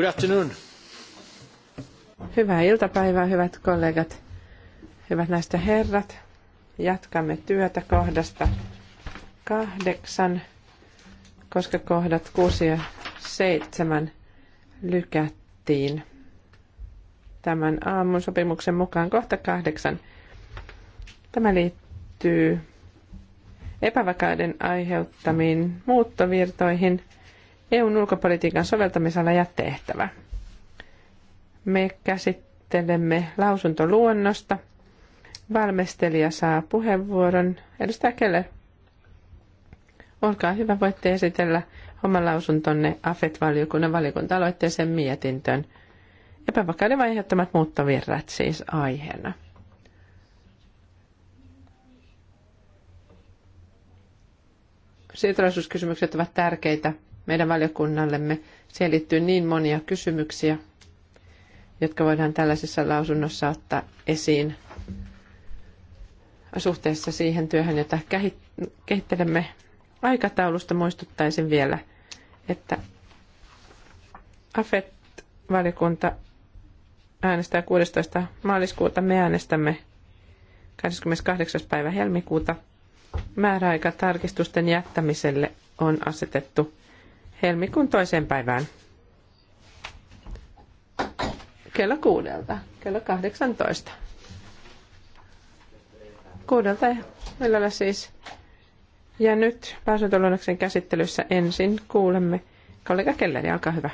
Good afternoon. Hyvää iltapäivää, hyvät kollegat, hyvät näistä herrat. Jatkamme työtä kohdasta kahdeksan, koska kohdat kuusi ja seitsemän lykättiin tämän aamun sopimuksen mukaan kohta kahdeksan. Tämä liittyy epävakauden aiheuttamiin muuttovirtoihin – EUn ulkopolitiikan soveltamisala ja tehtävä. Me käsittelemme lausuntoluonnosta. Valmistelija saa puheenvuoron. Edustaja Keller, olkaa hyvä, voitte esitellä oman lausuntonne AFET-valiokunnan valiokunta-aloitteeseen mietintöön. Epävakauden aiheuttamat muuttovirrat siis aiheena. Siirtolaisuuskysymykset ovat tärkeitä meidän valiokunnallemme. Siihen liittyy niin monia kysymyksiä, jotka voidaan tällaisessa lausunnossa ottaa esiin suhteessa siihen työhön, jota kehittelemme. Aikataulusta muistuttaisin vielä, että AFET-valiokunta äänestää 16. maaliskuuta. Me äänestämme 28. päivä helmikuuta. Määräaika tarkistusten jättämiselle on asetettu helmikuun toiseen päivään. Kello kuudelta, kello 18. Kuudelta illalla siis. Ja nyt pääsytulonnoksen käsittelyssä ensin kuulemme kollega Kelleri, alkaa hyvä.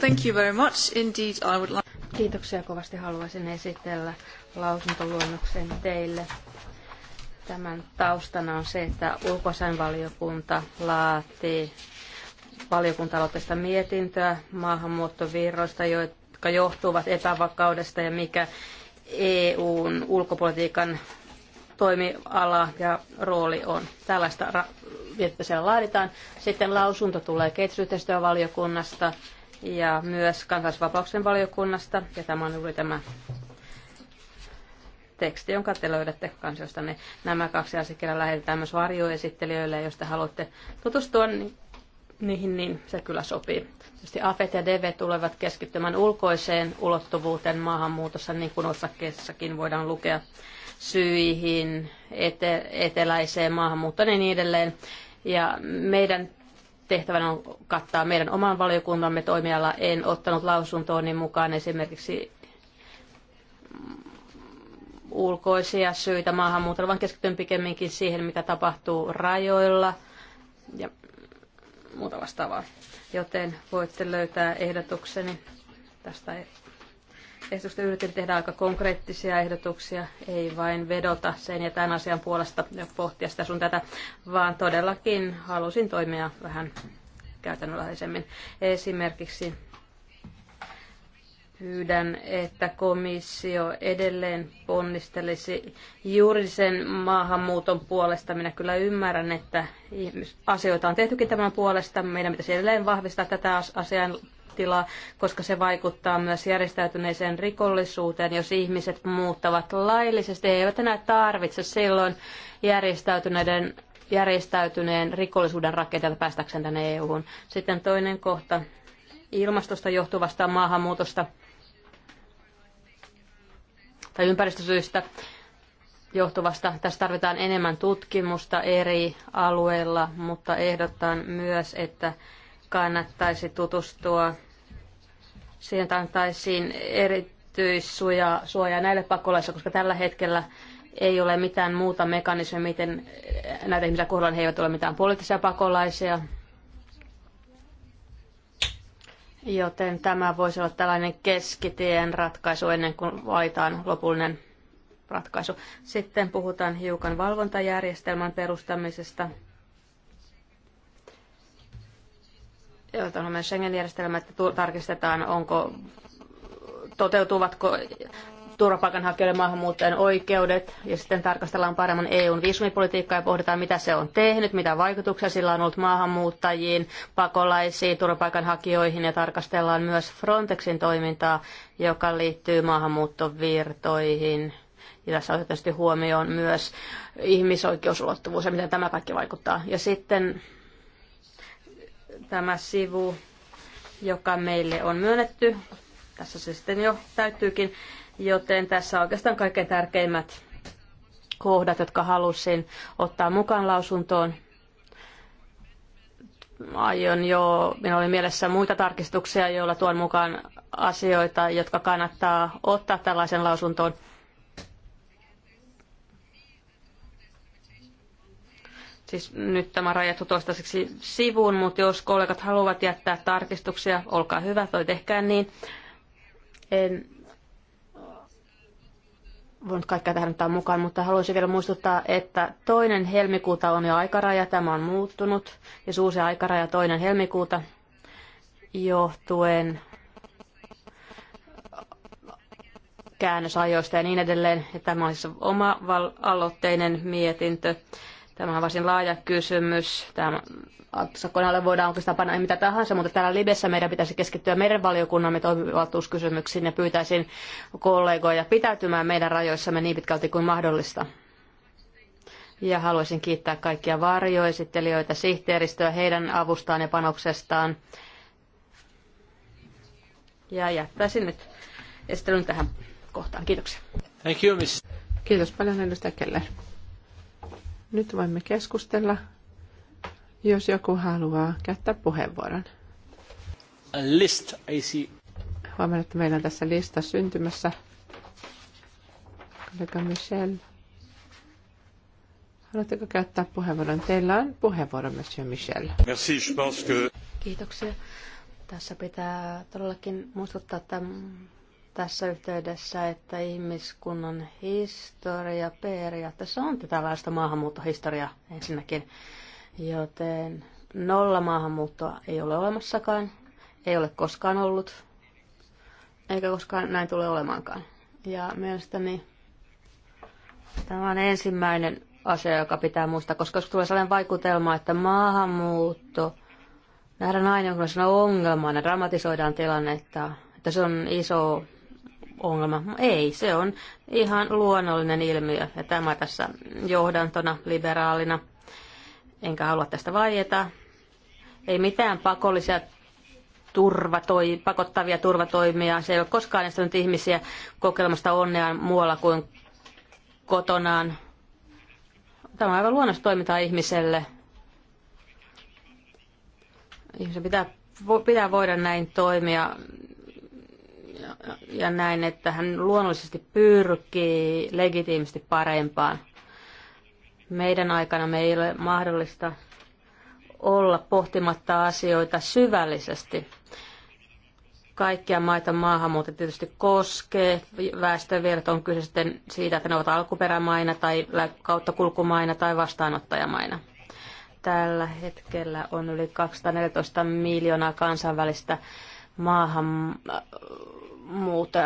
Thank you very much. Indeed, I would like... Kiitoksia kovasti haluaisin esitellä lausuntoluonnoksen teille. Tämän taustana on se, että ulkoisenvaliokunta laatii valiokunta mietintöä maahanmuuttovirroista, jotka johtuvat epävakaudesta ja mikä EUn ulkopolitiikan toimiala ja rooli on. Tällaista mietintöä siellä laaditaan. Sitten lausunto tulee kehitysyhteistyövaliokunnasta ja myös kansallisvapauksen valiokunnasta. Ja tämä on juuri tämä teksti, jonka te löydätte kansiosta. Nämä kaksi asiakirjaa lähetetään myös varjoesittelijöille, jos te haluatte tutustua, niin niihin, niin se kyllä sopii. Tietysti AFET ja DV tulevat keskittymään ulkoiseen ulottuvuuteen maahanmuutossa, niin kuin osakkeessakin voidaan lukea syihin, ete- eteläiseen maahanmuuttoon ja niin edelleen. Ja meidän tehtävänä on kattaa meidän oman valiokuntamme toimiala. En ottanut lausuntoon niin mukaan esimerkiksi ulkoisia syitä maahanmuuttoon, vaan keskityn pikemminkin siihen, mitä tapahtuu rajoilla – ja muuta vastaavaa. Joten voitte löytää ehdotukseni tästä ehdotusta yritin tehdä aika konkreettisia ehdotuksia, ei vain vedota sen ja tämän asian puolesta ja pohtia sitä sun tätä, vaan todellakin halusin toimia vähän käytännönläheisemmin. Esimerkiksi pyydän, että komissio edelleen ponnistelisi juridisen maahanmuuton puolesta. Minä kyllä ymmärrän, että asioita on tehtykin tämän puolesta. Meidän pitäisi edelleen vahvistaa tätä asian tilaa, koska se vaikuttaa myös järjestäytyneeseen rikollisuuteen. Jos ihmiset muuttavat laillisesti, he eivät enää tarvitse silloin järjestäytyneiden järjestäytyneen rikollisuuden rakenteelta päästäkseen tänne EU-hun. Sitten toinen kohta ilmastosta johtuvasta maahanmuutosta tai ympäristösyistä johtuvasta. Tässä tarvitaan enemmän tutkimusta eri alueilla, mutta ehdotan myös, että kannattaisi tutustua siihen antaisiin erityissuojaa suojaa näille pakolaisille, koska tällä hetkellä ei ole mitään muuta mekanismia, miten näitä ihmisiä kohdellaan. He eivät ole mitään poliittisia pakolaisia, Joten tämä voisi olla tällainen keskitien ratkaisu ennen kuin vaitaan lopullinen ratkaisu. Sitten puhutaan hiukan valvontajärjestelmän perustamisesta. Jota on myös Schengen-järjestelmä, että tarkistetaan, onko toteutuvatko turvapaikanhakijoiden maahanmuuttajien oikeudet ja sitten tarkastellaan paremmin EUn viisumipolitiikkaa ja pohditaan, mitä se on tehnyt, mitä vaikutuksia sillä on ollut maahanmuuttajiin, pakolaisiin, turvapaikanhakijoihin ja tarkastellaan myös Frontexin toimintaa, joka liittyy maahanmuuttovirtoihin. Ja tässä on tietysti huomioon myös ihmisoikeusulottuvuus ja miten tämä kaikki vaikuttaa. Ja sitten tämä sivu, joka meille on myönnetty. Tässä se sitten jo täyttyykin. Joten tässä oikeastaan kaikkein tärkeimmät kohdat, jotka halusin ottaa mukaan lausuntoon. Aion jo, minulla oli mielessä muita tarkistuksia, joilla tuon mukaan asioita, jotka kannattaa ottaa tällaisen lausuntoon. Siis nyt tämä rajattu toistaiseksi sivuun, mutta jos kollegat haluavat jättää tarkistuksia, olkaa hyvä tai tehkää niin. En voinut kaikkea tähän ottaa mukaan, mutta haluaisin vielä muistuttaa, että toinen helmikuuta on jo aikaraja, tämä on muuttunut, ja uusi aikaraja toinen helmikuuta johtuen käännösajoista ja niin edelleen. Ja tämä on siis oma aloitteinen mietintö. Tämä on varsin laaja kysymys. Tämä sakkonalle voidaan oikeastaan panna mitä tahansa, mutta täällä Libessä meidän pitäisi keskittyä meidän valiokunnamme toimivaltuuskysymyksiin ja pyytäisin kollegoja pitäytymään meidän rajoissamme niin pitkälti kuin mahdollista. Ja haluaisin kiittää kaikkia varjoesittelijöitä, sihteeristöä heidän avustaan ja panoksestaan. Ja jättäisin nyt esittelyn tähän kohtaan. Kiitoksia. Thank you, miss. Kiitos paljon edustaja Keller. Nyt voimme keskustella, jos joku haluaa käyttää puheenvuoron. A list, I see. Huomaan, että meillä on tässä lista syntymässä. Kollega Michel. Haluatteko käyttää puheenvuoron? Teillä on puheenvuoro, Monsieur Michel. Merci, je pense que... Kiitoksia. Tässä pitää todellakin muistuttaa, että tässä yhteydessä, että ihmiskunnan historia periaatteessa on tällaista maahanmuuttohistoriaa ensinnäkin, joten nolla maahanmuuttoa ei ole olemassakaan, ei ole koskaan ollut, eikä koskaan näin tule olemaankaan. Ja mielestäni tämä on ensimmäinen asia, joka pitää muistaa, koska tulee sellainen vaikutelma, että maahanmuutto nähdään aina jonkinlaisena ongelmana, dramatisoidaan tilannetta, että se on iso ongelma. Ei, se on ihan luonnollinen ilmiö ja tämä tässä johdantona liberaalina. Enkä halua tästä vaieta. Ei mitään pakollisia turvatoi, pakottavia turvatoimia. Se ei ole koskaan estänyt ihmisiä kokeilemasta onnea muualla kuin kotonaan. Tämä on aivan luonnollista toimintaa ihmiselle. Ihmisen pitää, pitää voida näin toimia ja näin, että hän luonnollisesti pyrkii legitiimisti parempaan. Meidän aikana me ei ole mahdollista olla pohtimatta asioita syvällisesti. Kaikkia maita maahanmuutta tietysti koskee. Väestövirta on kyse sitten siitä, että ne ovat alkuperämaina tai kauttakulkumaina tai vastaanottajamaina tällä hetkellä on yli 214 miljoonaa kansainvälistä maahan Muuta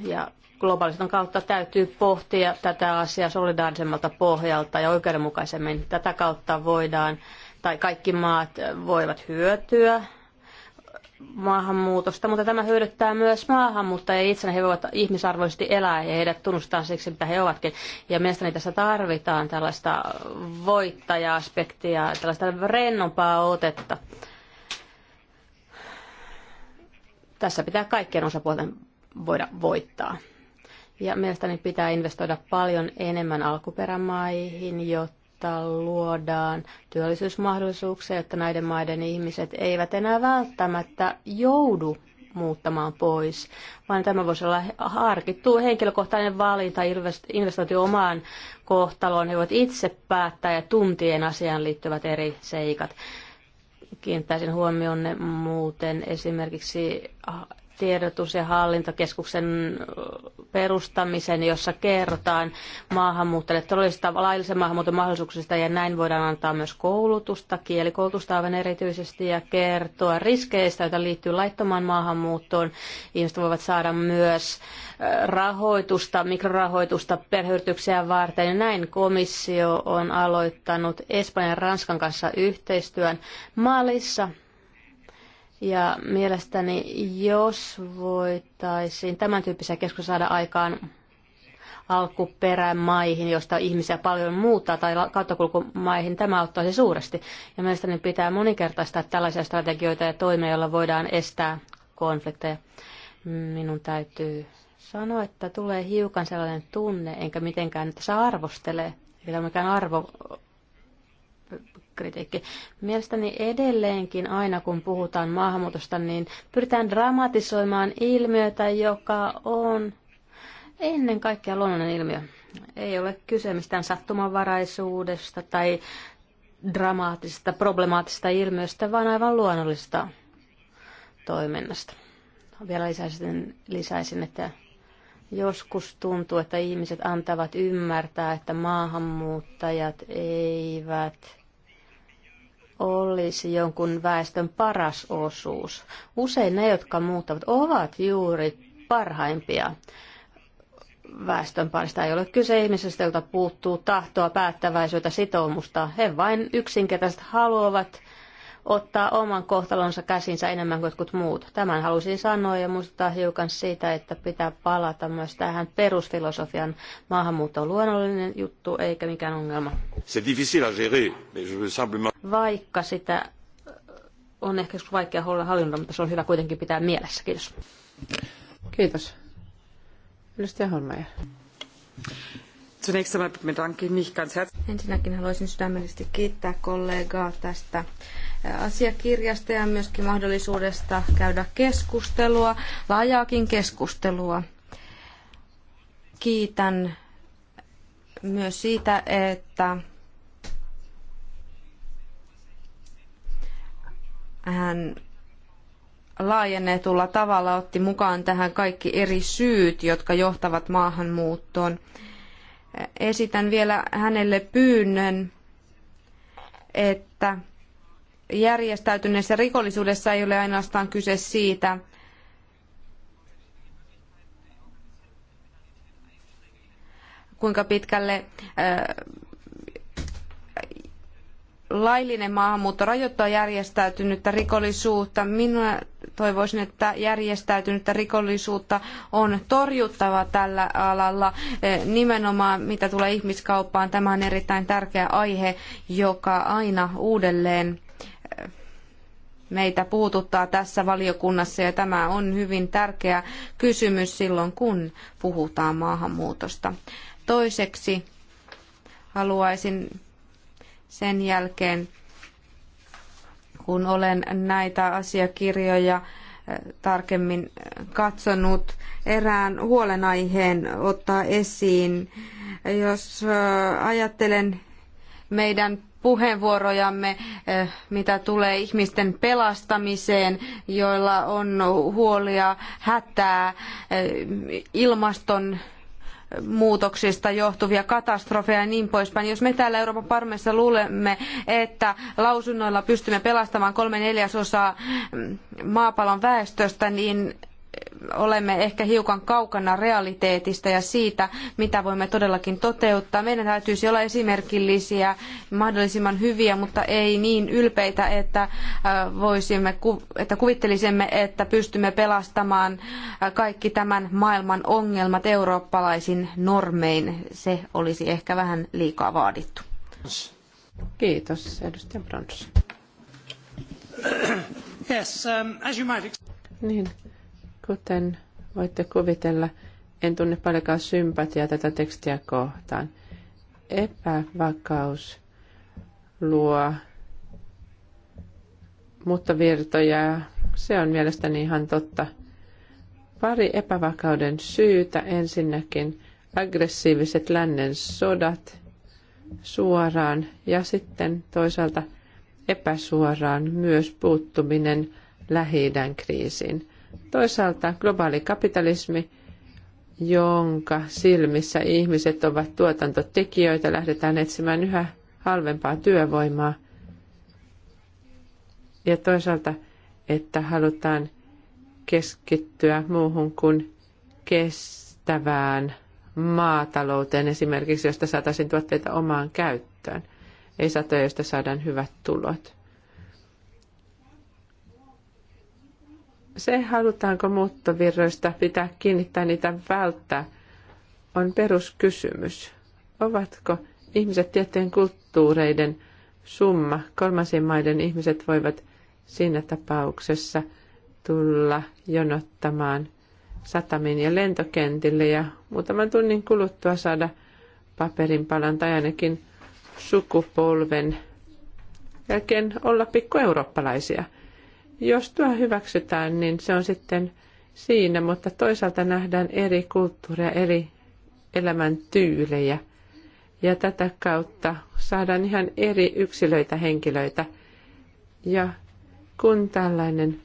Ja globaalisuuden kautta täytyy pohtia tätä asiaa solidaarisemmalta pohjalta ja oikeudenmukaisemmin. Tätä kautta voidaan, tai kaikki maat voivat hyötyä maahanmuutosta, mutta tämä hyödyttää myös maahanmuuttajia itsenä. He voivat ihmisarvoisesti elää ja heidät tunnustetaan siksi, mitä he ovatkin. Ja mielestäni tässä tarvitaan tällaista voittaja-aspektia, tällaista rennompaa otetta tässä pitää kaikkien osapuolten voida voittaa. Ja mielestäni pitää investoida paljon enemmän alkuperämaihin, jotta luodaan työllisyysmahdollisuuksia, että näiden maiden ihmiset eivät enää välttämättä joudu muuttamaan pois, vaan tämä voisi olla harkittu henkilökohtainen valinta, investointi omaan kohtaloon. He voivat itse päättää ja tuntien asiaan liittyvät eri seikat kiinnittäisin ne muuten esimerkiksi tiedotus- ja hallintokeskuksen perustamisen, jossa kerrotaan maahanmuuttajille todellisista laillisen maahanmuuton mahdollisuuksista ja näin voidaan antaa myös koulutusta, kielikoulutusta aivan erityisesti ja kertoa riskeistä, joita liittyy laittomaan maahanmuuttoon. Ihmiset voivat saada myös rahoitusta, mikrorahoitusta perheyrityksiä varten ja näin komissio on aloittanut Espanjan ja Ranskan kanssa yhteistyön Malissa ja mielestäni, jos voitaisiin tämän tyyppisiä keskusteluja saada aikaan maihin, joista ihmisiä paljon muuttaa, tai kauttakulkumaihin, tämä auttaisi suuresti. Ja mielestäni pitää moninkertaistaa tällaisia strategioita ja toimia, joilla voidaan estää konflikteja. Minun täytyy sanoa, että tulee hiukan sellainen tunne, enkä mitenkään että saa arvostelee, ei ole mikään arvo kritiikki. Mielestäni edelleenkin aina kun puhutaan maahanmuutosta, niin pyritään dramatisoimaan ilmiötä, joka on ennen kaikkea luonnollinen ilmiö. Ei ole kyse mistään sattumanvaraisuudesta tai dramaattisesta, problemaattisesta ilmiöstä, vaan aivan luonnollista toiminnasta. Vielä lisäisin, lisäisin että joskus tuntuu, että ihmiset antavat ymmärtää, että maahanmuuttajat eivät olisi jonkun väestön paras osuus. Usein ne, jotka muuttavat, ovat juuri parhaimpia väestön parista. Ei ole kyse ihmisestä, jolta puuttuu tahtoa, päättäväisyyttä, sitoumusta. He vain yksinkertaisesti haluavat ottaa oman kohtalonsa käsinsä enemmän kuin jotkut muut. Tämän halusin sanoa ja muistuttaa hiukan siitä, että pitää palata myös tähän perusfilosofian maahanmuutto on luonnollinen juttu eikä mikään ongelma. Vaikka sitä on ehkä vaikea hallinnon, mutta se on hyvä kuitenkin pitää mielessä. Kiitos. Kiitos. Edustaja Holmeja. Zunächst einmal bedanke ich mich ganz herzlich. Ensinnäkin haluaisin sydämellisesti kiittää kollegaa tästä asiakirjasta ja myöskin mahdollisuudesta käydä keskustelua, laajaakin keskustelua. Kiitän myös siitä, että hän laajennetulla tavalla otti mukaan tähän kaikki eri syyt, jotka johtavat maahanmuuttoon. Esitän vielä hänelle pyynnön, että järjestäytyneessä rikollisuudessa ei ole ainoastaan kyse siitä, kuinka pitkälle äh, laillinen maahanmuutto rajoittaa järjestäytynyttä rikollisuutta. Minä toivoisin, että järjestäytynyttä rikollisuutta on torjuttava tällä alalla. Äh, nimenomaan mitä tulee ihmiskauppaan, tämä on erittäin tärkeä aihe, joka aina uudelleen meitä puututtaa tässä valiokunnassa ja tämä on hyvin tärkeä kysymys silloin, kun puhutaan maahanmuutosta. Toiseksi haluaisin sen jälkeen, kun olen näitä asiakirjoja eh, tarkemmin katsonut, erään huolenaiheen ottaa esiin. Jos eh, ajattelen meidän puheenvuorojamme, eh, mitä tulee ihmisten pelastamiseen, joilla on huolia, hätää, eh, ilmaston muutoksista johtuvia katastrofeja ja niin poispäin. Jos me täällä Euroopan parmeissa luulemme, että lausunnoilla pystymme pelastamaan kolme neljäsosaa mm, maapallon väestöstä, niin olemme ehkä hiukan kaukana realiteetista ja siitä, mitä voimme todellakin toteuttaa. Meidän täytyisi olla esimerkillisiä, mahdollisimman hyviä, mutta ei niin ylpeitä, että, äh, voisimme, että kuvittelisimme, että pystymme pelastamaan äh, kaikki tämän maailman ongelmat eurooppalaisin normein. Se olisi ehkä vähän liikaa vaadittu. Kiitos, edustaja Brons. Yes, um, as you might... Niin, Kuten voitte kuvitella, en tunne paljonkaan sympatiaa tätä tekstiä kohtaan. Epävakaus luo mutta virtoja. Se on mielestäni ihan totta. Pari epävakauden syytä. Ensinnäkin aggressiiviset lännen sodat suoraan ja sitten toisaalta epäsuoraan myös puuttuminen lähi kriisiin. Toisaalta globaali kapitalismi, jonka silmissä ihmiset ovat tuotantotekijöitä, lähdetään etsimään yhä halvempaa työvoimaa. Ja toisaalta, että halutaan keskittyä muuhun kuin kestävään maatalouteen esimerkiksi, josta saataisiin tuotteita omaan käyttöön. Ei satoja, josta saadaan hyvät tulot. Se, halutaanko muuttovirroista pitää kiinnittää niitä välttää, on peruskysymys. Ovatko ihmiset tiettyjen kulttuureiden summa? Kolmansien maiden ihmiset voivat siinä tapauksessa tulla jonottamaan satamiin ja lentokentille ja muutaman tunnin kuluttua saada paperin palan tai ainakin sukupolven jälkeen olla pikku eurooppalaisia – jos tuo hyväksytään, niin se on sitten siinä, mutta toisaalta nähdään eri kulttuureja, eri elämäntyylejä. Ja tätä kautta saadaan ihan eri yksilöitä, henkilöitä. Ja kun tällainen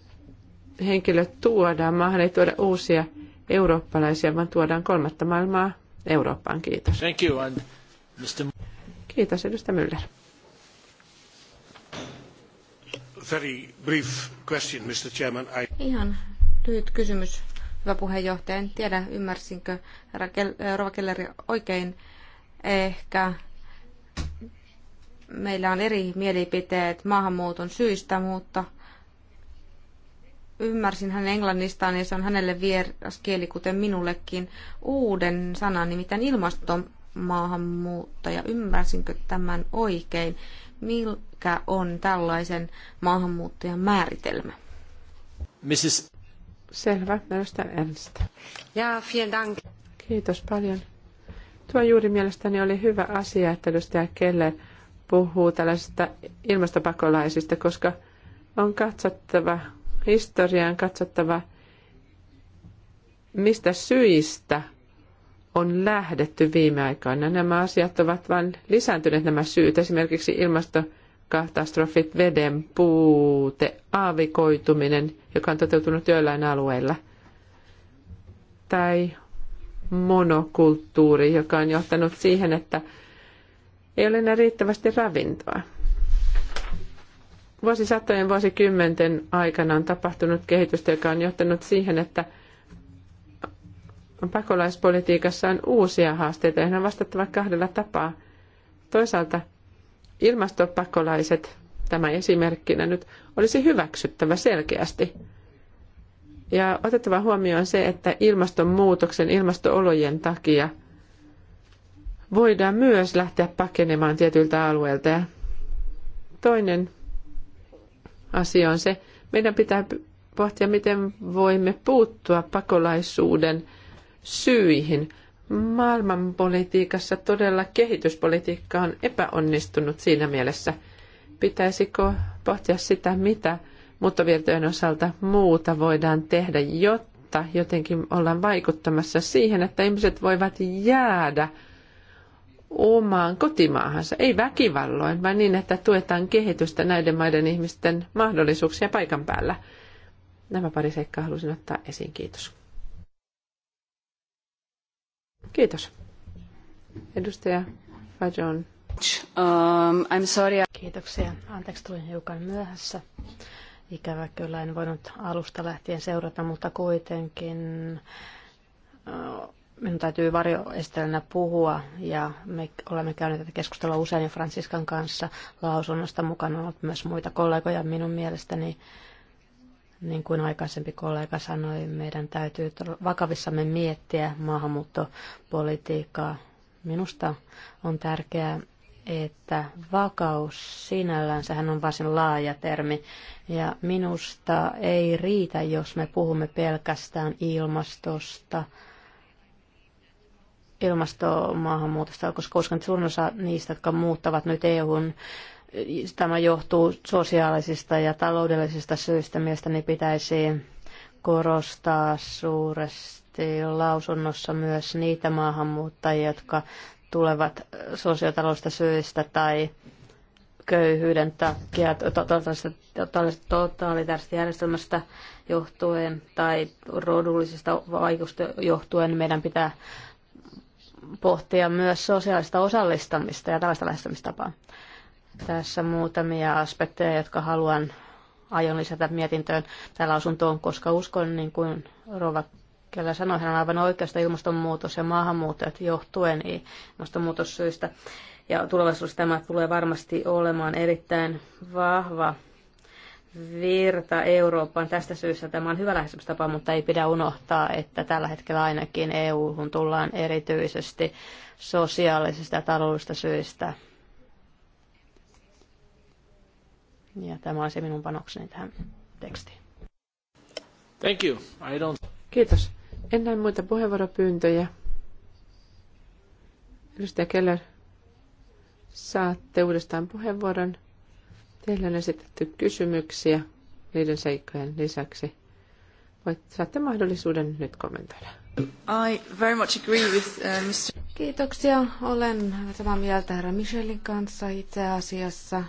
henkilö tuodaan maahan, ei tuoda uusia eurooppalaisia, vaan tuodaan kolmatta maailmaa Eurooppaan. Kiitos. Thank you, and Mr. Kiitos, edustaja Müller. Very brief question, Mr. Chairman. I... Ihan lyhyt kysymys, hyvä puheenjohtaja. En tiedä, ymmärsinkö äh, Rova Kelleri oikein. Ehkä meillä on eri mielipiteet maahanmuuton syistä, mutta ymmärsin hänen englannistaan ja se on hänelle vieras kieli, kuten minullekin, uuden sanan, nimittäin ilmastomaahanmuuttaja. Ymmärsinkö tämän oikein? mikä on tällaisen maahanmuuttajan määritelmä? Mrs. Selvä, minusta Ernst. Ja, vielen dank. Kiitos paljon. Tuo juuri mielestäni oli hyvä asia, että edustaja Keller puhuu tällaisista ilmastopakolaisista, koska on katsottava historiaan, katsottava mistä syistä – on lähdetty viime aikoina. Nämä asiat ovat vain lisääntyneet nämä syyt, esimerkiksi ilmastokatastrofit, veden puute, aavikoituminen, joka on toteutunut joillain alueilla, tai monokulttuuri, joka on johtanut siihen, että ei ole enää riittävästi ravintoa. Vuosisatojen, vuosikymmenten aikana on tapahtunut kehitystä, joka on johtanut siihen, että – on on uusia haasteita, joihin on vastattava kahdella tapaa. Toisaalta ilmastopakolaiset, tämä esimerkkinä nyt, olisi hyväksyttävä selkeästi. Ja otettava huomioon se, että ilmastonmuutoksen, ilmastoolojen takia voidaan myös lähteä pakenemaan tietyiltä alueilta. Ja toinen asia on se, meidän pitää pohtia, miten voimme puuttua pakolaisuuden – syihin. Maailmanpolitiikassa todella kehityspolitiikka on epäonnistunut siinä mielessä. Pitäisikö pohtia sitä, mitä muuttovirtojen osalta muuta voidaan tehdä, jotta jotenkin ollaan vaikuttamassa siihen, että ihmiset voivat jäädä omaan kotimaahansa, ei väkivalloin, vaan niin, että tuetaan kehitystä näiden maiden ihmisten mahdollisuuksia paikan päällä. Nämä pari seikkaa halusin ottaa esiin. Kiitos. Kiitos. Edustaja Fajon. Um, I'm sorry. Kiitoksia. Anteeksi, tulin hiukan myöhässä. Ikävä kyllä en voinut alusta lähtien seurata, mutta kuitenkin uh, minun täytyy varjoestelynä puhua ja me olemme käyneet tätä keskustelua usein ja Franciskan kanssa lausunnosta mukana on ollut myös muita kollegoja minun mielestäni. Niin kuin aikaisempi kollega sanoi, meidän täytyy vakavissamme miettiä maahanmuuttopolitiikkaa. Minusta on tärkeää, että vakaus sinällään, sehän on varsin laaja termi, ja minusta ei riitä, jos me puhumme pelkästään ilmastosta, ilmastomaahanmuutosta, koska uskon, että suurin osa niistä, jotka muuttavat nyt EUn Tämä johtuu sosiaalisista ja taloudellisista syistä. Mielestäni pitäisi korostaa suuresti lausunnossa myös niitä maahanmuuttajia, jotka tulevat sosiaalista syistä tai köyhyyden takia totaalitäristä järjestelmästä johtuen tai rodullisista vaikutusta johtuen meidän pitää pohtia myös sosiaalista osallistamista ja tällaista lähestymistapaa. Tässä muutamia aspekteja, jotka haluan aion lisätä mietintöön tai lausuntoon, koska uskon, niin kuin Rova Kyllä sanoin, hän on aivan oikeasta ilmastonmuutos ja maahanmuuttajat johtuen niin ilmastonmuutossyistä. Ja tulevaisuudessa tämä tulee varmasti olemaan erittäin vahva virta Eurooppaan. Tästä syystä tämä on hyvä lähestymistapa, mutta ei pidä unohtaa, että tällä hetkellä ainakin EU-hun tullaan erityisesti sosiaalisista ja taloudellisista syistä Ja tämä on se minun panokseni tähän tekstiin. Thank you. I don't... Kiitos. En näe muita puheenvuoropyyntöjä. Edustaja Keller, saatte uudestaan puheenvuoron. Teillä on esitetty kysymyksiä niiden seikkojen lisäksi. Voit, saatte mahdollisuuden nyt kommentoida. I very much agree with, uh, Mr. Kiitoksia. Olen samaa mieltä herra Michelin kanssa itse asiassa.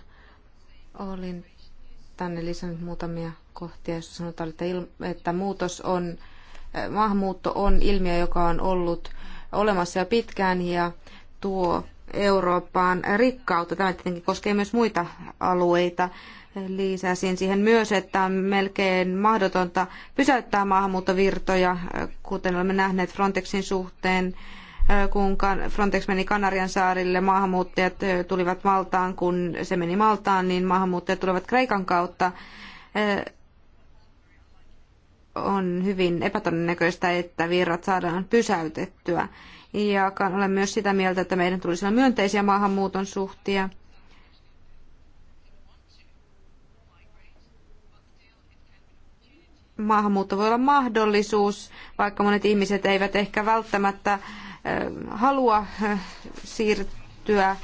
Olin tänne lisännyt muutamia kohtia, jossa sanotaan, että, il- että muutos on, äh, maahanmuutto on ilmiö, joka on ollut olemassa jo pitkään ja tuo Eurooppaan rikkautta. Tämä tietenkin koskee myös muita alueita. Lisäsin siihen myös, että on melkein mahdotonta pysäyttää maahanmuuttovirtoja, äh, kuten olemme nähneet Frontexin suhteen kun Frontex meni Kanarian saarille, maahanmuuttajat tulivat Maltaan, kun se meni Maltaan, niin maahanmuuttajat tulevat Kreikan kautta. On hyvin epätodennäköistä, että virrat saadaan pysäytettyä. Ja olen myös sitä mieltä, että meidän tulisi olla myönteisiä maahanmuuton suhtia. Maahanmuutto voi olla mahdollisuus, vaikka monet ihmiset eivät ehkä välttämättä äh, halua äh, siirtyä äh,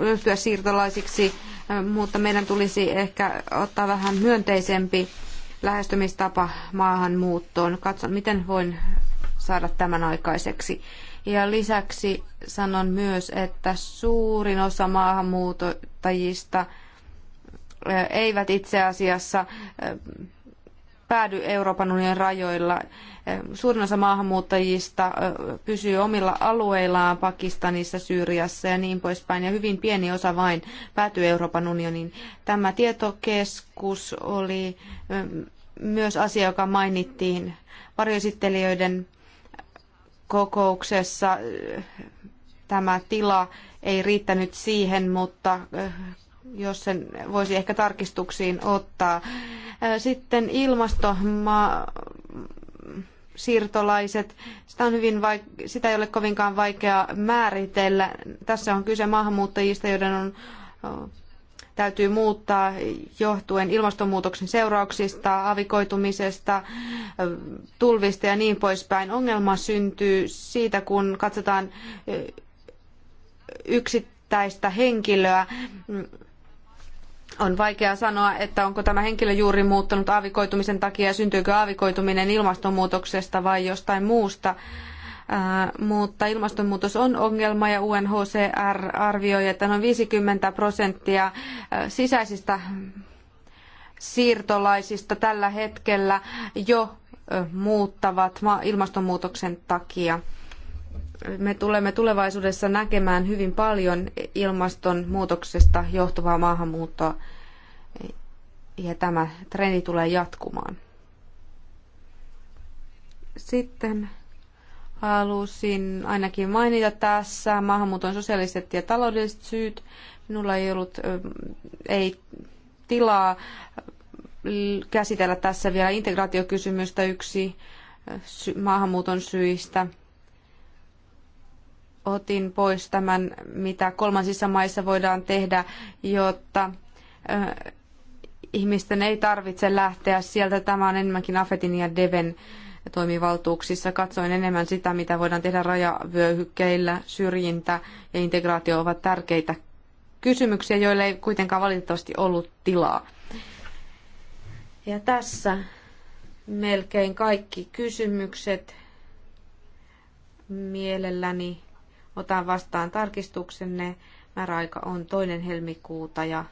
ryhtyä siirtolaisiksi, äh, mutta meidän tulisi ehkä ottaa vähän myönteisempi lähestymistapa maahanmuuttoon. Katson, miten voin saada tämän aikaiseksi. Ja lisäksi sanon myös, että suurin osa maahanmuuttajista eivät itse asiassa päädy Euroopan unionin rajoilla. Suurin osa maahanmuuttajista pysyy omilla alueillaan Pakistanissa, Syyriassa ja niin poispäin, ja hyvin pieni osa vain päätyy Euroopan unioniin. Tämä tietokeskus oli myös asia, joka mainittiin varjoesittelijöiden kokouksessa. Tämä tila ei riittänyt siihen, mutta jos sen voisi ehkä tarkistuksiin ottaa. Sitten ilmastoma siirtolaiset. Sitä, on hyvin vaik- sitä ei ole kovinkaan vaikea määritellä. Tässä on kyse maahanmuuttajista, joiden on, täytyy muuttaa johtuen ilmastonmuutoksen seurauksista, avikoitumisesta, tulvista ja niin poispäin. Ongelma syntyy siitä, kun katsotaan yksittäistä henkilöä on vaikea sanoa, että onko tämä henkilö juuri muuttunut aavikoitumisen takia ja syntyykö aavikoituminen ilmastonmuutoksesta vai jostain muusta. mutta ilmastonmuutos on ongelma ja UNHCR arvioi, että noin 50 prosenttia sisäisistä siirtolaisista tällä hetkellä jo muuttavat ilmastonmuutoksen takia me tulemme tulevaisuudessa näkemään hyvin paljon ilmastonmuutoksesta johtuvaa maahanmuuttoa ja tämä trendi tulee jatkumaan. Sitten halusin ainakin mainita tässä maahanmuuton sosiaaliset ja taloudelliset syyt. Minulla ei ollut ei tilaa käsitellä tässä vielä integraatiokysymystä yksi maahanmuuton syistä – otin pois tämän, mitä kolmansissa maissa voidaan tehdä, jotta ihmisten ei tarvitse lähteä sieltä. Tämä on enemmänkin Afetin ja Deven toimivaltuuksissa. Katsoin enemmän sitä, mitä voidaan tehdä rajavyöhykkeillä. Syrjintä ja integraatio ovat tärkeitä kysymyksiä, joille ei kuitenkaan valitettavasti ollut tilaa. Ja tässä melkein kaikki kysymykset mielelläni Otan vastaan tarkistuksenne. Määräaika on toinen helmikuuta ja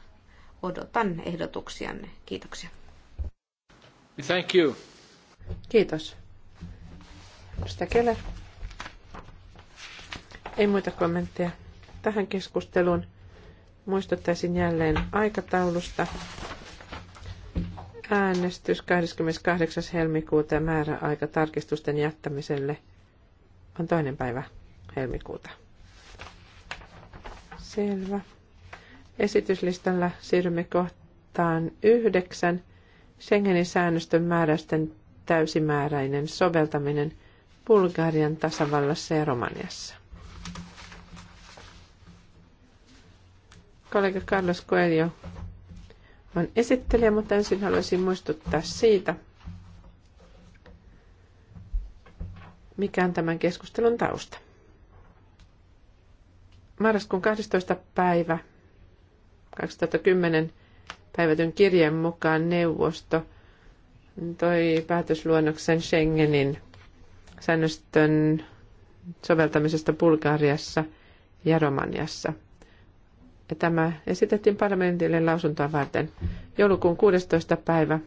odotan ehdotuksianne. Kiitoksia. Thank you. Kiitos. Edustaja kele. Ei muita kommentteja tähän keskusteluun. Muistuttaisin jälleen aikataulusta. Äänestys 28. helmikuuta ja määräaika tarkistusten jättämiselle on toinen päivä helmikuuta. Selvä. Esityslistalla siirrymme kohtaan yhdeksän. Schengenin säännöstön määräysten täysimääräinen soveltaminen Bulgarian tasavallassa ja Romaniassa. Kollega Carlos Coelho on esittelijä, mutta ensin haluaisin muistuttaa siitä, mikä on tämän keskustelun tausta marraskuun 12. päivä 2010 päivätyn kirjeen mukaan neuvosto toi päätösluonnoksen Schengenin säännöstön soveltamisesta Bulgariassa ja Romaniassa. Ja tämä esitettiin parlamentille lausuntoa varten. Joulukuun 16. päivä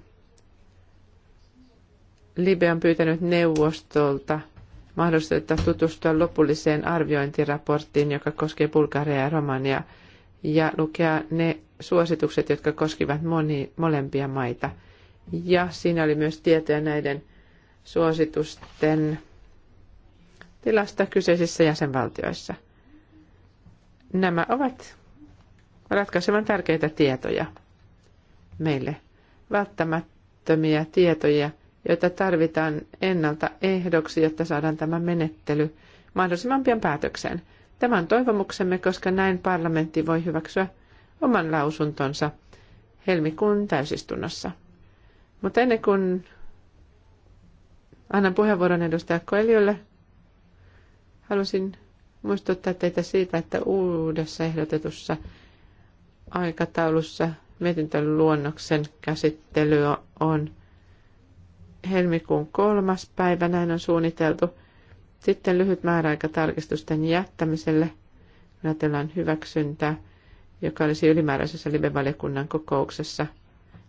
Libe on pyytänyt neuvostolta mahdollisuutta tutustua lopulliseen arviointiraporttiin, joka koskee Bulgariaa ja Romania, ja lukea ne suositukset, jotka koskivat moni, molempia maita. Ja siinä oli myös tietoja näiden suositusten tilasta kyseisissä jäsenvaltioissa. Nämä ovat ratkaisevan tärkeitä tietoja meille, välttämättömiä tietoja, joita tarvitaan ennalta ehdoksi, jotta saadaan tämä menettely mahdollisimman pian päätökseen. Tämä on toivomuksemme, koska näin parlamentti voi hyväksyä oman lausuntonsa helmikuun täysistunnossa. Mutta ennen kuin annan puheenvuoron edustaja Koeliolle, halusin muistuttaa teitä siitä, että uudessa ehdotetussa aikataulussa mietintöluonnoksen käsittely on helmikuun kolmas päivä, näin on suunniteltu. Sitten lyhyt määräaika tarkistusten jättämiselle, ajatellaan hyväksyntää, joka olisi ylimääräisessä live-valiokunnan kokouksessa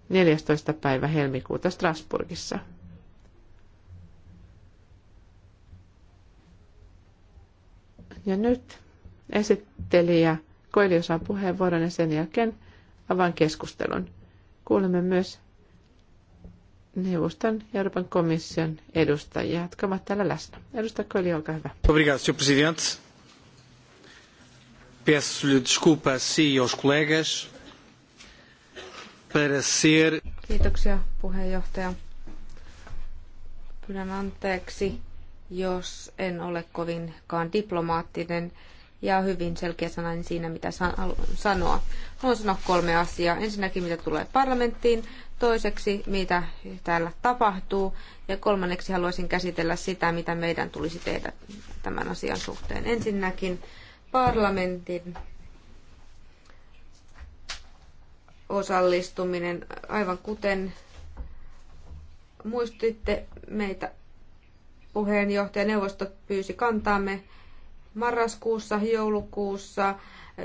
14. päivä helmikuuta Strasburgissa. Ja nyt esittelijä Koili osaa puheenvuoron ja sen jälkeen avaan keskustelun. Kuulemme myös neuvoston ja Euroopan komission edustajia, jotka ovat täällä läsnä. Edustaja Koili, olkaa hyvä. Obrigado, senhor presidente. Peço-lhe desculpa a si e aos colegas para ser... Kiitoksia, puheenjohtaja. Pyydän anteeksi, jos en ole kovinkaan diplomaattinen ja hyvin selkeä sanainen siinä, mitä san- haluan sanoa. Haluan sanoa kolme asiaa. Ensinnäkin, mitä tulee parlamenttiin, toiseksi, mitä täällä tapahtuu, ja kolmanneksi haluaisin käsitellä sitä, mitä meidän tulisi tehdä tämän asian suhteen. Ensinnäkin parlamentin osallistuminen, aivan kuten muistitte meitä neuvosto pyysi kantaamme marraskuussa, joulukuussa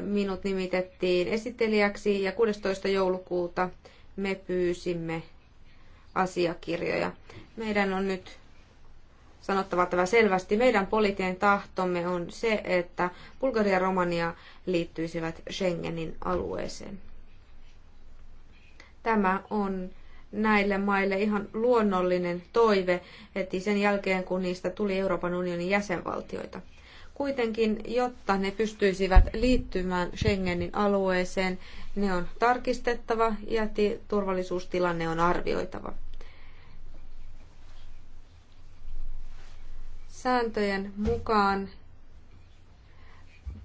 minut nimitettiin esittelijäksi ja 16. joulukuuta me pyysimme asiakirjoja. Meidän on nyt sanottava tämä selvästi. Meidän poliittinen tahtomme on se, että Bulgaria ja Romania liittyisivät Schengenin alueeseen. Tämä on näille maille ihan luonnollinen toive heti sen jälkeen, kun niistä tuli Euroopan unionin jäsenvaltioita. Kuitenkin, jotta ne pystyisivät liittymään Schengenin alueeseen, ne on tarkistettava ja turvallisuustilanne on arvioitava. Sääntöjen mukaan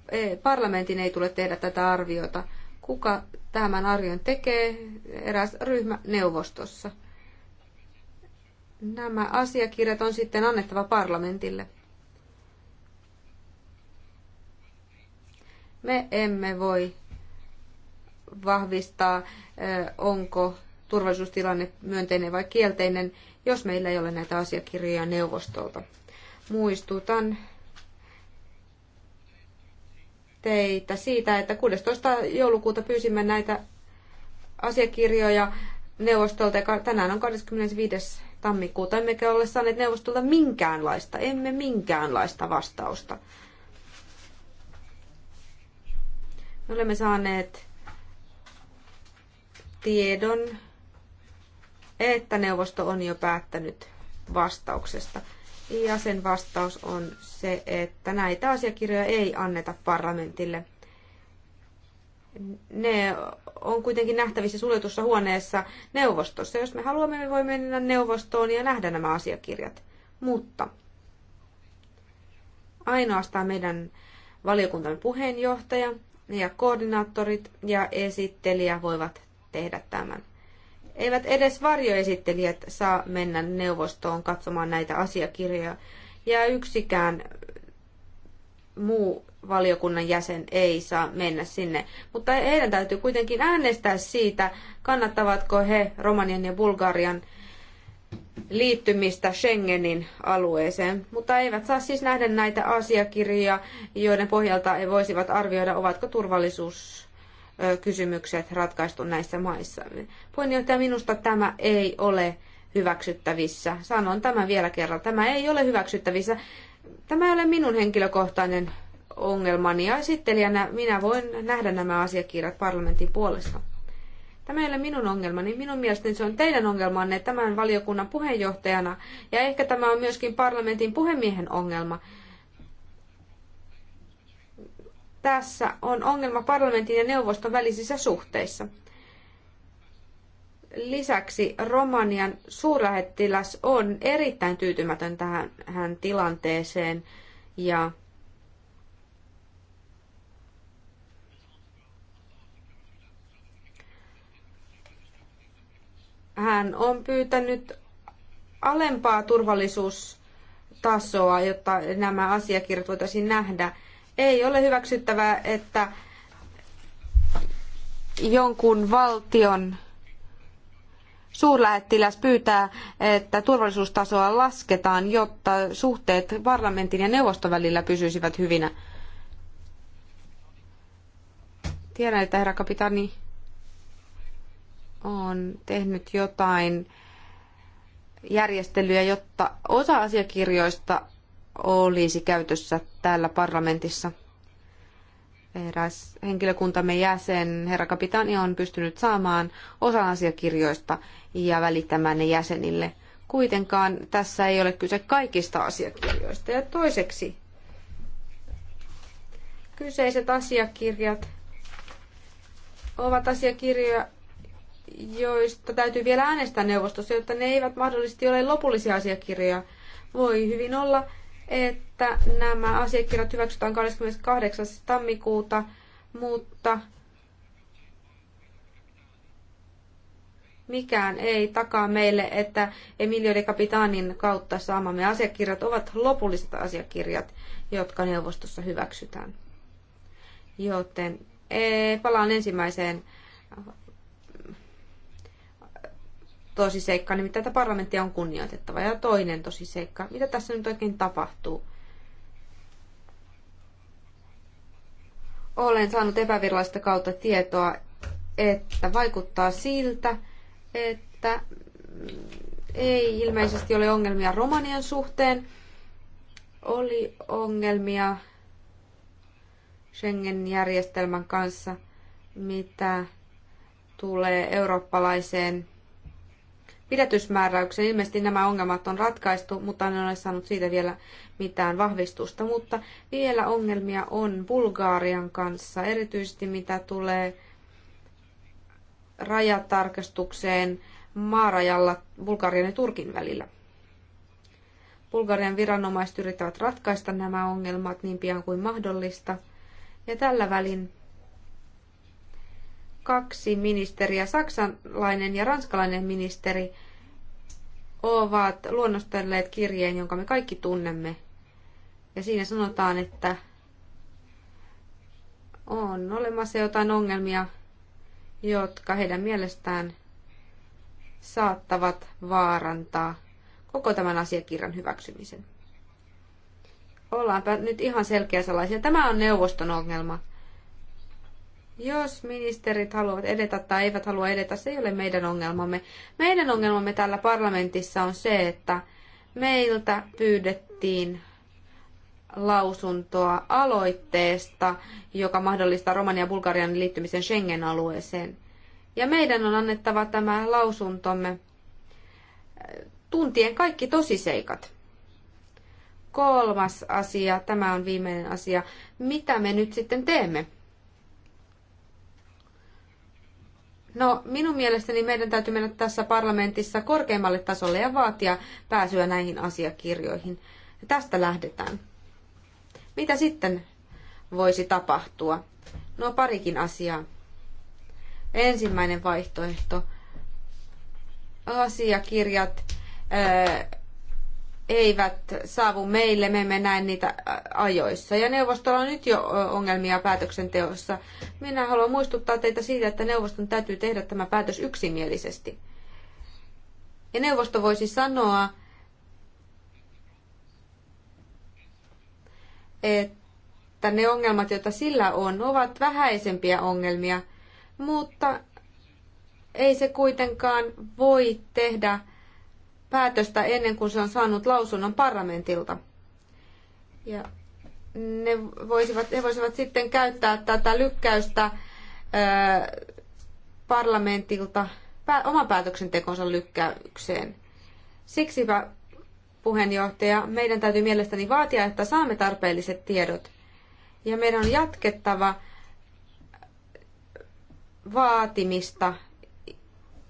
eh, parlamentin ei tule tehdä tätä arviota. Kuka tämän arvion tekee? Eräs ryhmä neuvostossa. Nämä asiakirjat on sitten annettava parlamentille. Me emme voi vahvistaa, onko turvallisuustilanne myönteinen vai kielteinen, jos meillä ei ole näitä asiakirjoja neuvostolta. Muistutan teitä siitä, että 16. joulukuuta pyysimme näitä asiakirjoja neuvostolta ja tänään on 25. tammikuuta. Emmekä ole saaneet neuvostolta minkäänlaista, emme minkäänlaista vastausta. Me olemme saaneet tiedon, että neuvosto on jo päättänyt vastauksesta. Ja sen vastaus on se, että näitä asiakirjoja ei anneta parlamentille. Ne on kuitenkin nähtävissä suljetussa huoneessa neuvostossa. Jos me haluamme, me voimme mennä neuvostoon ja nähdä nämä asiakirjat. Mutta ainoastaan meidän valiokuntamme puheenjohtaja ja koordinaattorit ja esittelijä voivat tehdä tämän. Eivät edes varjoesittelijät saa mennä neuvostoon katsomaan näitä asiakirjoja, ja yksikään muu valiokunnan jäsen ei saa mennä sinne. Mutta heidän täytyy kuitenkin äänestää siitä, kannattavatko he Romanian ja Bulgarian liittymistä Schengenin alueeseen, mutta eivät saa siis nähdä näitä asiakirjoja, joiden pohjalta he voisivat arvioida, ovatko turvallisuuskysymykset ratkaistu näissä maissa. Puheenjohtaja, minusta tämä ei ole hyväksyttävissä. Sanon tämän vielä kerran. Tämä ei ole hyväksyttävissä. Tämä ei ole minun henkilökohtainen ongelmani ja esittelijänä minä voin nähdä nämä asiakirjat parlamentin puolesta. Tämä ei ole minun ongelmani. Minun mielestäni se on teidän ongelmanne tämän valiokunnan puheenjohtajana. Ja ehkä tämä on myöskin parlamentin puhemiehen ongelma. Tässä on ongelma parlamentin ja neuvoston välisissä suhteissa. Lisäksi Romanian suurlähettiläs on erittäin tyytymätön tähän tilanteeseen ja hän on pyytänyt alempaa turvallisuustasoa, jotta nämä asiakirjat voitaisiin nähdä. Ei ole hyväksyttävää, että jonkun valtion suurlähettiläs pyytää, että turvallisuustasoa lasketaan, jotta suhteet parlamentin ja neuvoston välillä pysyisivät hyvinä. Tiedän, että herra kapitani on tehnyt jotain järjestelyjä, jotta osa asiakirjoista olisi käytössä täällä parlamentissa. Eräs henkilökuntamme jäsen, herra kapitaani, on pystynyt saamaan osa asiakirjoista ja välittämään ne jäsenille. Kuitenkaan tässä ei ole kyse kaikista asiakirjoista. Ja toiseksi, kyseiset asiakirjat ovat asiakirjoja, joista täytyy vielä äänestää neuvostossa, jotta ne eivät mahdollisesti ole lopullisia asiakirjoja. Voi hyvin olla, että nämä asiakirjat hyväksytään 28. tammikuuta, mutta mikään ei takaa meille, että Emilio de Capitanin kautta saamamme asiakirjat ovat lopulliset asiakirjat, jotka neuvostossa hyväksytään. Joten eh, palaan ensimmäiseen Tosi seikka, niin tätä parlamenttia on kunnioitettava. Ja toinen tosi seikka, mitä tässä nyt oikein tapahtuu? Olen saanut epävirallista kautta tietoa, että vaikuttaa siltä, että ei ilmeisesti ole ongelmia Romanian suhteen. Oli ongelmia Schengen-järjestelmän kanssa, mitä tulee eurooppalaiseen pidätysmääräyksen. Ilmeisesti nämä ongelmat on ratkaistu, mutta en ole saanut siitä vielä mitään vahvistusta. Mutta vielä ongelmia on Bulgaarian kanssa, erityisesti mitä tulee rajatarkastukseen maarajalla Bulgarian ja Turkin välillä. Bulgarian viranomaiset yrittävät ratkaista nämä ongelmat niin pian kuin mahdollista. Ja tällä välin kaksi ministeriä, saksalainen ja ranskalainen ministeri, ovat luonnostelleet kirjeen, jonka me kaikki tunnemme. Ja siinä sanotaan, että on olemassa jotain ongelmia, jotka heidän mielestään saattavat vaarantaa koko tämän asiakirjan hyväksymisen. Ollaanpa nyt ihan selkeä salaisia. Tämä on neuvoston ongelma. Jos ministerit haluavat edetä tai eivät halua edetä, se ei ole meidän ongelmamme. Meidän ongelmamme täällä parlamentissa on se, että meiltä pyydettiin lausuntoa aloitteesta, joka mahdollistaa Romanian ja Bulgarian liittymisen Schengen-alueeseen. Ja meidän on annettava tämä lausuntomme äh, tuntien kaikki tosiseikat. Kolmas asia, tämä on viimeinen asia, mitä me nyt sitten teemme? No, minun mielestäni meidän täytyy mennä tässä parlamentissa korkeimmalle tasolle ja vaatia pääsyä näihin asiakirjoihin. Ja tästä lähdetään. Mitä sitten voisi tapahtua? No, parikin asiaa. Ensimmäinen vaihtoehto. Asiakirjat ää, eivät saavu meille, me emme näe niitä ajoissa. Ja neuvostolla on nyt jo ongelmia päätöksenteossa. Minä haluan muistuttaa teitä siitä, että neuvoston täytyy tehdä tämä päätös yksimielisesti. Ja neuvosto voisi sanoa, että ne ongelmat, joita sillä on, ovat vähäisempiä ongelmia, mutta ei se kuitenkaan voi tehdä päätöstä ennen kuin se on saanut lausunnon parlamentilta. Ja ne voisivat, ne voisivat sitten käyttää tätä lykkäystä parlamentilta pää, oman päätöksentekonsa lykkäykseen. Siksipä, puheenjohtaja, meidän täytyy mielestäni vaatia, että saamme tarpeelliset tiedot. Ja meidän on jatkettava vaatimista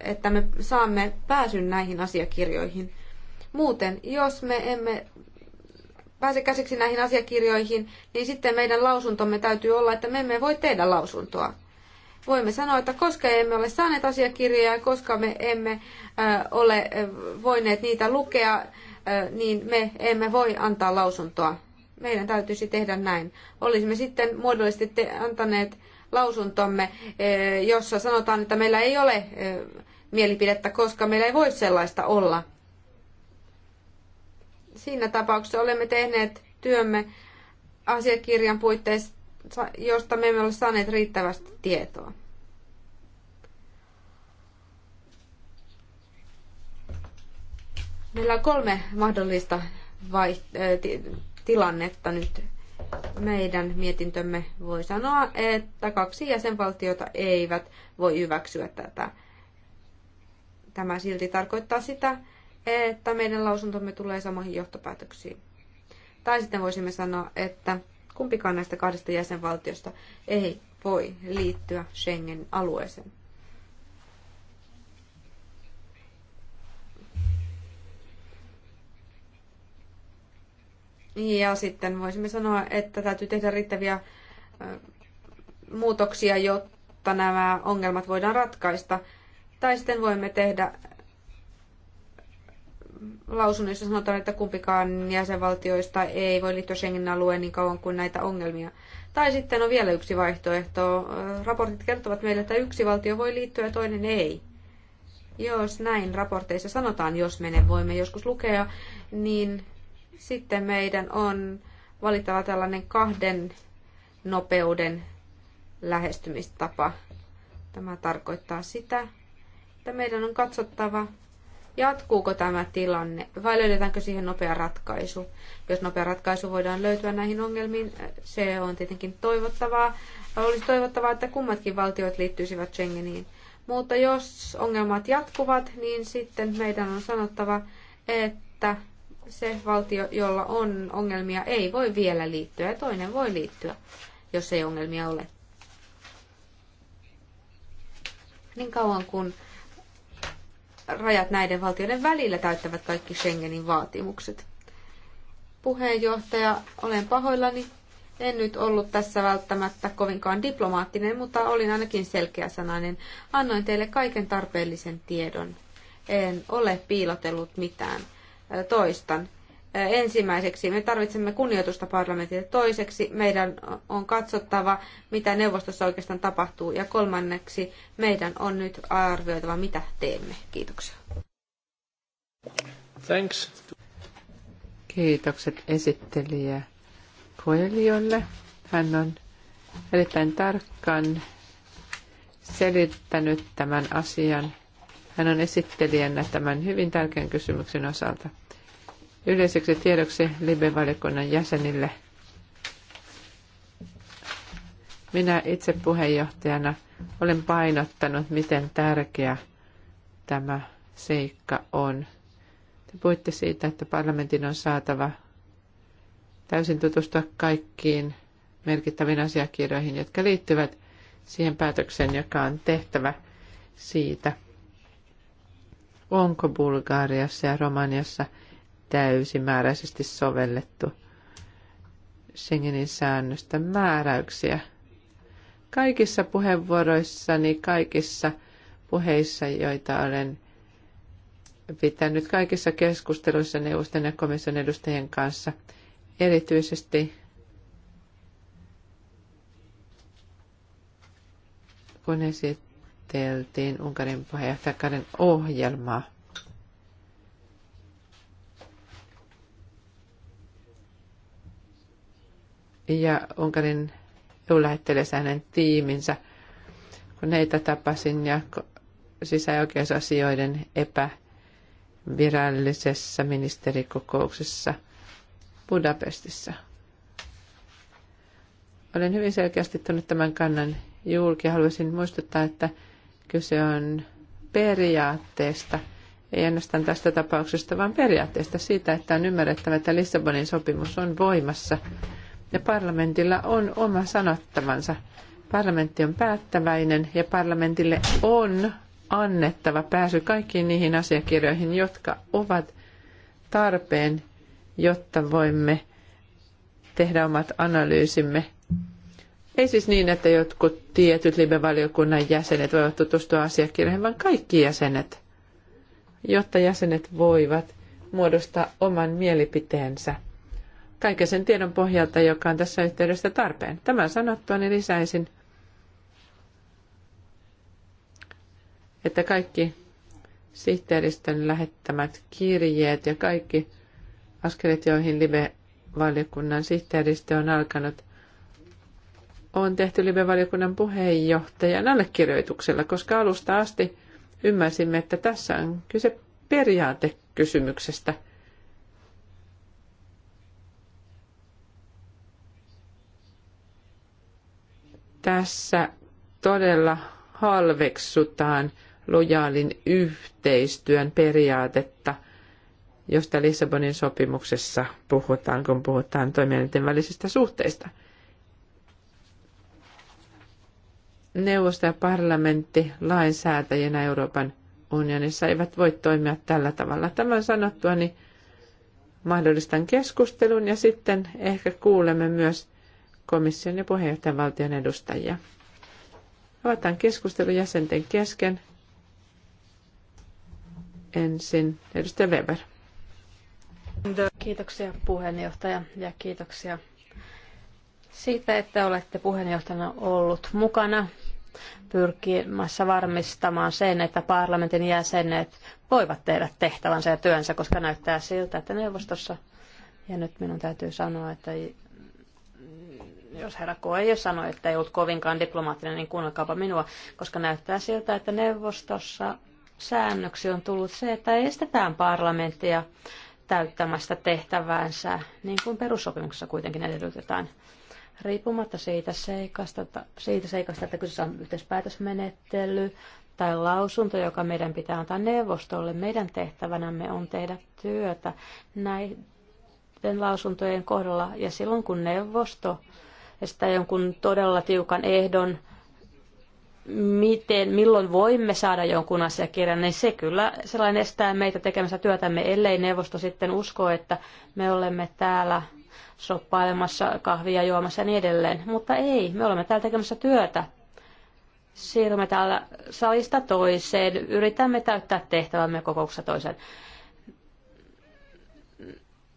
että me saamme pääsyn näihin asiakirjoihin. Muuten, jos me emme pääse käsiksi näihin asiakirjoihin, niin sitten meidän lausuntomme täytyy olla, että me emme voi tehdä lausuntoa. Voimme sanoa, että koska emme ole saaneet asiakirjoja, koska me emme ole voineet niitä lukea, niin me emme voi antaa lausuntoa. Meidän täytyisi tehdä näin. Olisimme sitten muodollisesti antaneet lausuntomme, eh, jossa sanotaan, että meillä ei ole eh, mielipidettä, koska meillä ei voi sellaista olla. Siinä tapauksessa olemme tehneet työmme asiakirjan puitteissa, josta me emme ole saaneet riittävästi tietoa. Meillä on kolme mahdollista eh, tilannetta nyt meidän mietintömme voi sanoa, että kaksi jäsenvaltiota eivät voi hyväksyä tätä. Tämä silti tarkoittaa sitä, että meidän lausuntomme tulee samoihin johtopäätöksiin. Tai sitten voisimme sanoa, että kumpikaan näistä kahdesta jäsenvaltiosta ei voi liittyä Schengen-alueeseen. Ja sitten voisimme sanoa, että täytyy tehdä riittäviä muutoksia, jotta nämä ongelmat voidaan ratkaista. Tai sitten voimme tehdä lausunnoissa jossa sanotaan, että kumpikaan jäsenvaltioista ei voi liittyä Schengen alueen niin kauan kuin näitä ongelmia. Tai sitten on vielä yksi vaihtoehto. Raportit kertovat meille, että yksi valtio voi liittyä ja toinen ei. Jos näin raporteissa sanotaan, jos menen, voimme joskus lukea, niin sitten meidän on valittava tällainen kahden nopeuden lähestymistapa. Tämä tarkoittaa sitä, että meidän on katsottava, jatkuuko tämä tilanne vai löydetäänkö siihen nopea ratkaisu. Jos nopea ratkaisu voidaan löytyä näihin ongelmiin, se on tietenkin toivottavaa. Olisi toivottavaa, että kummatkin valtiot liittyisivät Schengeniin. Mutta jos ongelmat jatkuvat, niin sitten meidän on sanottava, että se valtio, jolla on ongelmia, ei voi vielä liittyä ja toinen voi liittyä, jos ei ongelmia ole. Niin kauan kuin rajat näiden valtioiden välillä täyttävät kaikki Schengenin vaatimukset. Puheenjohtaja, olen pahoillani. En nyt ollut tässä välttämättä kovinkaan diplomaattinen, mutta olin ainakin selkeäsanainen. Annoin teille kaiken tarpeellisen tiedon. En ole piilotellut mitään. Toistan. Ensimmäiseksi me tarvitsemme kunnioitusta parlamentille. Toiseksi meidän on katsottava, mitä neuvostossa oikeastaan tapahtuu. Ja kolmanneksi meidän on nyt arvioitava, mitä teemme. Kiitoksia. Thanks. Kiitokset esittelijä Koeliolle. Hän on erittäin tarkkaan selittänyt tämän asian. Hän on esittelijänä tämän hyvin tärkeän kysymyksen osalta. Yleiseksi tiedoksi Libe-valiokunnan jäsenille. Minä itse puheenjohtajana olen painottanut, miten tärkeä tämä seikka on. Te puhuitte siitä, että parlamentin on saatava täysin tutustua kaikkiin merkittäviin asiakirjoihin, jotka liittyvät siihen päätökseen, joka on tehtävä siitä, onko Bulgariassa ja Romaniassa – täysimääräisesti sovellettu Schengenin säännöstä määräyksiä. Kaikissa puheenvuoroissani, kaikissa puheissa, joita olen pitänyt kaikissa keskusteluissa neuvoston ja komission edustajien kanssa, erityisesti kun esiteltiin Unkarin puheenjohtajakauden ohjelmaa. ja Unkarin EU-lähettiläs hänen tiiminsä, kun heitä tapasin ja sisäoikeusasioiden epävirallisessa ministerikokouksessa Budapestissa. Olen hyvin selkeästi tunnut tämän kannan julki haluaisin muistuttaa, että kyse on periaatteesta, ei ainoastaan tästä tapauksesta, vaan periaatteesta siitä, että on ymmärrettävä, että Lissabonin sopimus on voimassa – ja parlamentilla on oma sanottavansa. Parlamentti on päättäväinen ja parlamentille on annettava pääsy kaikkiin niihin asiakirjoihin, jotka ovat tarpeen, jotta voimme tehdä omat analyysimme. Ei siis niin, että jotkut tietyt live-valiokunnan jäsenet voivat tutustua asiakirjoihin, vaan kaikki jäsenet, jotta jäsenet voivat muodostaa oman mielipiteensä – kaiken sen tiedon pohjalta, joka on tässä yhteydessä tarpeen. Tämän sanottua niin lisäisin, että kaikki sihteeristön lähettämät kirjeet ja kaikki askelet, joihin live-valiokunnan sihteeristö on alkanut, on tehty live-valiokunnan puheenjohtajan allekirjoituksella, koska alusta asti ymmärsimme, että tässä on kyse periaatekysymyksestä – Tässä todella halveksutaan lojaalin yhteistyön periaatetta, josta Lissabonin sopimuksessa puhutaan, kun puhutaan toimielinten välisistä suhteista. Neuvosto ja parlamentti lainsäätäjinä Euroopan unionissa eivät voi toimia tällä tavalla. Tämän sanottuani mahdollistan keskustelun ja sitten ehkä kuulemme myös komission ja puheenjohtajan valtion edustajia. Avataan keskustelu jäsenten kesken. Ensin edustaja Weber. Kiitoksia puheenjohtaja ja kiitoksia siitä, että olette puheenjohtajana ollut mukana pyrkimässä varmistamaan sen, että parlamentin jäsenet voivat tehdä tehtävänsä ja työnsä, koska näyttää siltä, että neuvostossa, ja nyt minun täytyy sanoa, että jos herra Koejo sanoi, että ei ollut kovinkaan diplomaattinen, niin kuunnelkaapa minua, koska näyttää siltä, että neuvostossa säännöksi on tullut se, että estetään parlamenttia täyttämästä tehtäväänsä, niin kuin perussopimuksessa kuitenkin edellytetään. Riippumatta siitä seikasta, siitä seikasta, että kyseessä on yhteispäätösmenettely tai lausunto, joka meidän pitää antaa neuvostolle, meidän tehtävänämme on tehdä työtä näin lausuntojen kohdalla. Ja silloin kun neuvosto estää jonkun todella tiukan ehdon, miten, milloin voimme saada jonkun asiakirjan, niin se kyllä sellainen estää meitä tekemässä työtämme, ellei neuvosto sitten usko, että me olemme täällä soppailemassa kahvia juomassa ja niin edelleen. Mutta ei, me olemme täällä tekemässä työtä. Siirrymme täällä salista toiseen, yritämme täyttää tehtävämme kokouksessa toiseen.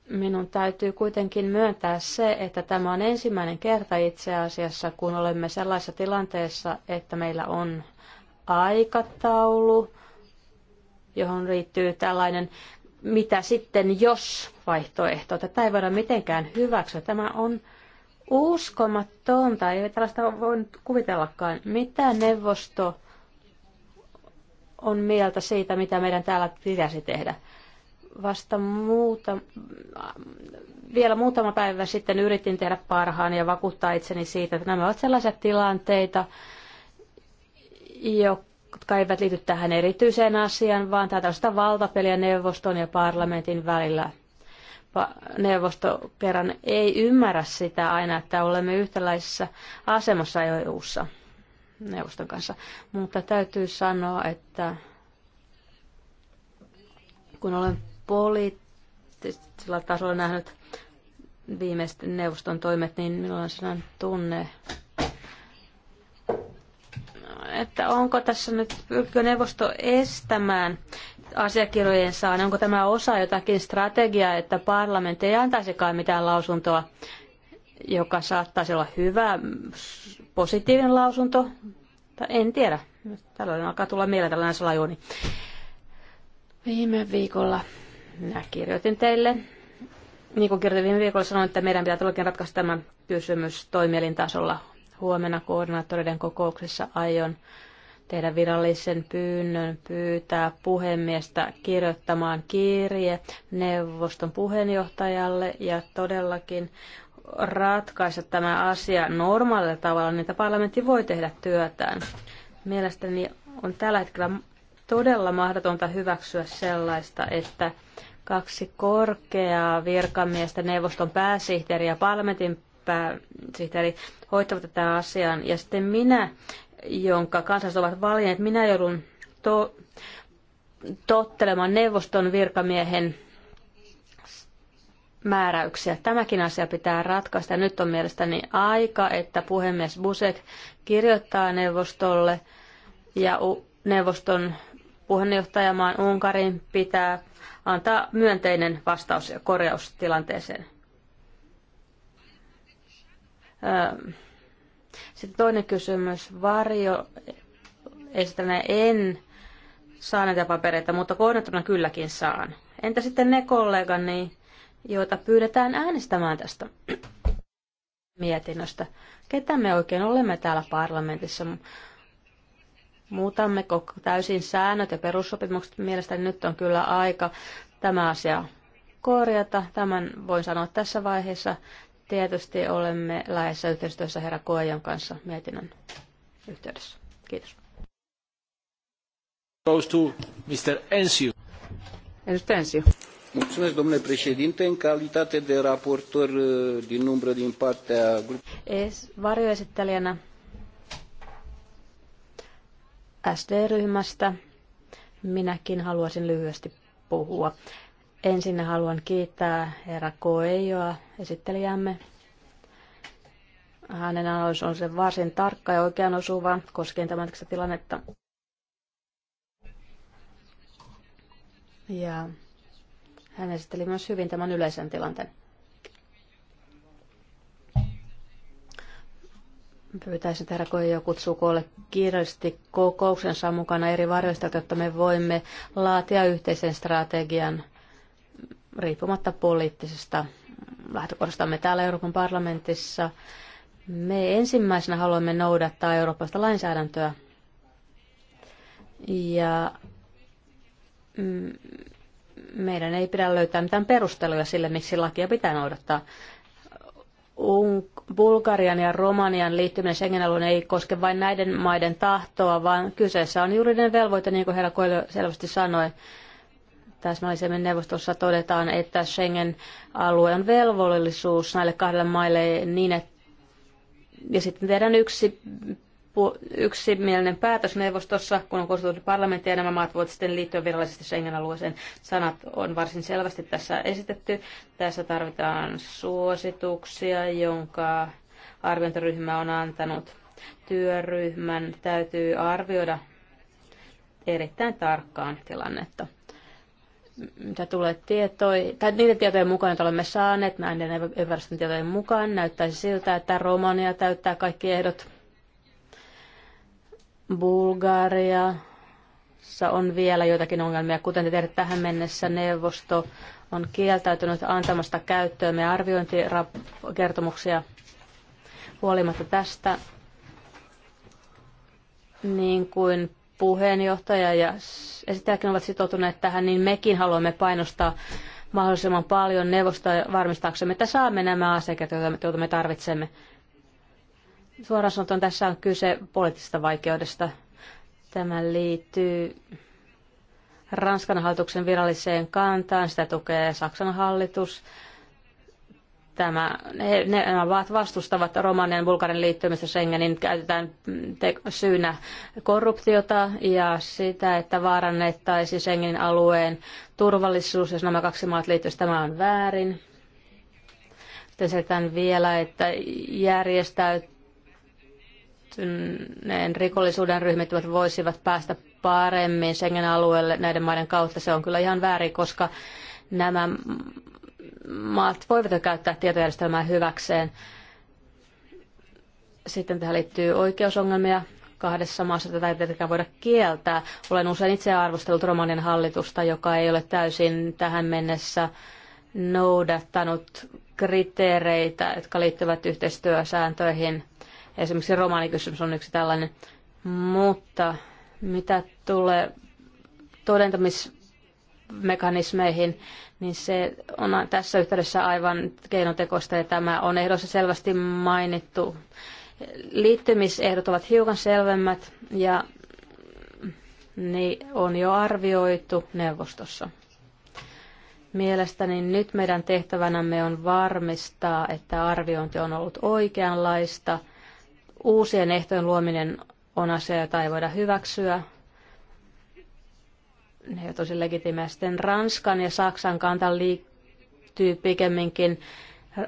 Minun täytyy kuitenkin myöntää se, että tämä on ensimmäinen kerta itse asiassa, kun olemme sellaisessa tilanteessa, että meillä on aikataulu, johon liittyy tällainen mitä sitten jos vaihtoehto. Tätä ei voida mitenkään hyväksyä. Tämä on uskomatonta. Ei tällaista voi kuvitellakaan. Mitä neuvosto on mieltä siitä, mitä meidän täällä pitäisi tehdä? vasta muuta, vielä muutama päivä sitten yritin tehdä parhaan ja vakuuttaa itseni siitä, että nämä ovat sellaisia tilanteita, jotka eivät liity tähän erityiseen asiaan, vaan tämä tällaista valtapeliä neuvoston ja parlamentin välillä. Neuvosto kerran ei ymmärrä sitä aina, että olemme yhtäläisessä asemassa EU-ssa neuvoston kanssa. Mutta täytyy sanoa, että kun olen poliittisella tasolla nähnyt viimeiset neuvoston toimet, niin minulla on sellainen tunne, että onko tässä nyt pyrkikö neuvosto estämään asiakirjojen saan, onko tämä osa jotakin strategiaa, että parlamentti ei antaisikaan mitään lausuntoa, joka saattaisi olla hyvä, positiivinen lausunto, tai en tiedä. Tällöin alkaa tulla mieleen tällainen salajuoni. Viime viikolla minä kirjoitin teille, niin kuin kirjoitin viime viikolla, sanoin, että meidän pitää todellakin ratkaista tämä kysymys toimielintasolla. Huomenna koordinaattoreiden kokouksessa aion tehdä virallisen pyynnön pyytää puhemiestä kirjoittamaan kirje neuvoston puheenjohtajalle ja todellakin ratkaista tämä asia normaalilla tavalla, niin että parlamentti voi tehdä työtään. Mielestäni on tällä hetkellä todella mahdotonta hyväksyä sellaista, että kaksi korkeaa virkamiestä, neuvoston pääsihteeri ja parlamentin pääsihteeri, hoitavat tätä asiaa. Ja sitten minä, jonka kansalaiset ovat valinneet, minä joudun to- tottelemaan neuvoston virkamiehen määräyksiä. Tämäkin asia pitää ratkaista. Nyt on mielestäni aika, että puhemies Busek kirjoittaa neuvostolle ja neuvoston puheenjohtajamaan Unkarin pitää antaa myönteinen vastaus ja korjaus tilanteeseen. Sitten toinen kysymys. Varjo esitäneen en saa näitä papereita, mutta kohdattuna kylläkin saan. Entä sitten ne kollegani, joita pyydetään äänestämään tästä mietinnöstä? Ketä me oikein olemme täällä parlamentissa? Muutammeko täysin säännöt ja perussopimukset? Mielestäni nyt on kyllä aika tämä asia korjata. Tämän voin sanoa tässä vaiheessa. Tietysti olemme läheisessä yhteistyössä herra Koejon kanssa mietinnön yhteydessä. Kiitos. Goes to Mr. Ensio. Edustaja Ensio. Mulțumesc, domnule președinte. În calitate de raportor eh, din umbră din partea grupului... Varjoesittelijänä SD-ryhmästä. Minäkin haluaisin lyhyesti puhua. Ensin haluan kiittää herra Koejoa, esittelijämme. Hänen analyys on sen varsin tarkka ja oikean osuva koskien tämän tilannetta. Ja hän esitteli myös hyvin tämän yleisen tilanteen. Pyytäisin, että herra jo kutsuu koolle kiireellisesti kokouksensa mukana eri varjoista, jotta me voimme laatia yhteisen strategian riippumatta poliittisesta lähtökohdastamme täällä Euroopan parlamentissa. Me ensimmäisenä haluamme noudattaa eurooppalaista lainsäädäntöä ja mm, meidän ei pidä löytää mitään perusteluja sille, miksi lakia pitää noudattaa. Bulgarian ja Romanian liittyminen Schengen-alueen ei koske vain näiden maiden tahtoa, vaan kyseessä on juridinen velvoite, niin kuin herra Koelio selvästi sanoi. Täsmällisemmin neuvostossa todetaan, että Schengen-alue on velvollisuus näille kahdelle maille niin, että ja sitten tehdään yksi yksimielinen päätös neuvostossa, kun on konsultoitu parlamentti ja nämä maat voivat sitten liittyä virallisesti Schengen-alueeseen. Sanat on varsin selvästi tässä esitetty. Tässä tarvitaan suosituksia, jonka arviointiryhmä on antanut. Työryhmän täytyy arvioida erittäin tarkkaan tilannetta mitä tulee tietoihin, tai niiden tietojen mukaan, joita olemme saaneet, näiden Everstin tietojen mukaan, näyttäisi siltä, että Romania täyttää kaikki ehdot Bulgaria on vielä joitakin ongelmia. Kuten te tiedätte, tähän mennessä neuvosto on kieltäytynyt antamasta käyttöömme arviointikertomuksia huolimatta tästä, niin kuin puheenjohtaja ja esittäjäkin ovat sitoutuneet tähän, niin mekin haluamme painostaa mahdollisimman paljon neuvostoa varmistaaksemme, että saamme nämä asiakirjat, joita me tarvitsemme. Suoraan sanottuna tässä on kyse poliittisesta vaikeudesta. Tämä liittyy Ranskan hallituksen viralliseen kantaan, sitä tukee Saksan hallitus. Tämä, ne, ne vastustavat Romanian Bulgarian liittymistä Schengenin, käytetään te, syynä korruptiota ja sitä, että vaarannettaisiin Schengenin alueen turvallisuus, jos nämä kaksi maat liittyisivät, tämä on väärin. Sitten vielä, että järjestäyt ne rikollisuuden ryhmittymät voisivat päästä paremmin Schengen-alueelle näiden maiden kautta. Se on kyllä ihan väärin, koska nämä maat voivat jo käyttää tietojärjestelmää hyväkseen. Sitten tähän liittyy oikeusongelmia kahdessa maassa tätä ei tietenkään voida kieltää. Olen usein itse arvostellut Romanian hallitusta, joka ei ole täysin tähän mennessä noudattanut kriteereitä, jotka liittyvät yhteistyösääntöihin Esimerkiksi romaanikysymys on yksi tällainen. Mutta mitä tulee todentamismekanismeihin, niin se on tässä yhteydessä aivan keinotekoista ja tämä on ehdossa selvästi mainittu. Liittymisehdot ovat hiukan selvemmät ja niin on jo arvioitu neuvostossa. Mielestäni nyt meidän tehtävänämme on varmistaa, että arviointi on ollut oikeanlaista – Uusien ehtojen luominen on asia, jota ei voida hyväksyä. Ne ovat tosi legitiimejä. Sitten Ranskan ja Saksan kanta liittyy pikemminkin äh,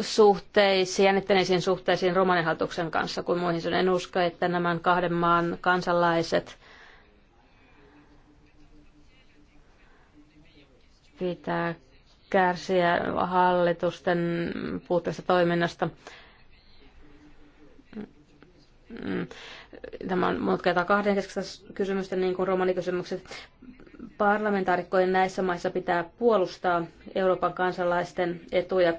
suhteisiin, jännittäneisiin suhteisiin romanihaltuksen kanssa kuin muihin. Sen en usko, että nämä kahden maan kansalaiset pitää kärsiä hallitusten puutteesta toiminnasta mm, tämä on monta kertaa kahdenkeskistä kysymysten niin kuin romanikysymykset. Parlamentaarikkojen näissä maissa pitää puolustaa Euroopan kansalaisten etuja.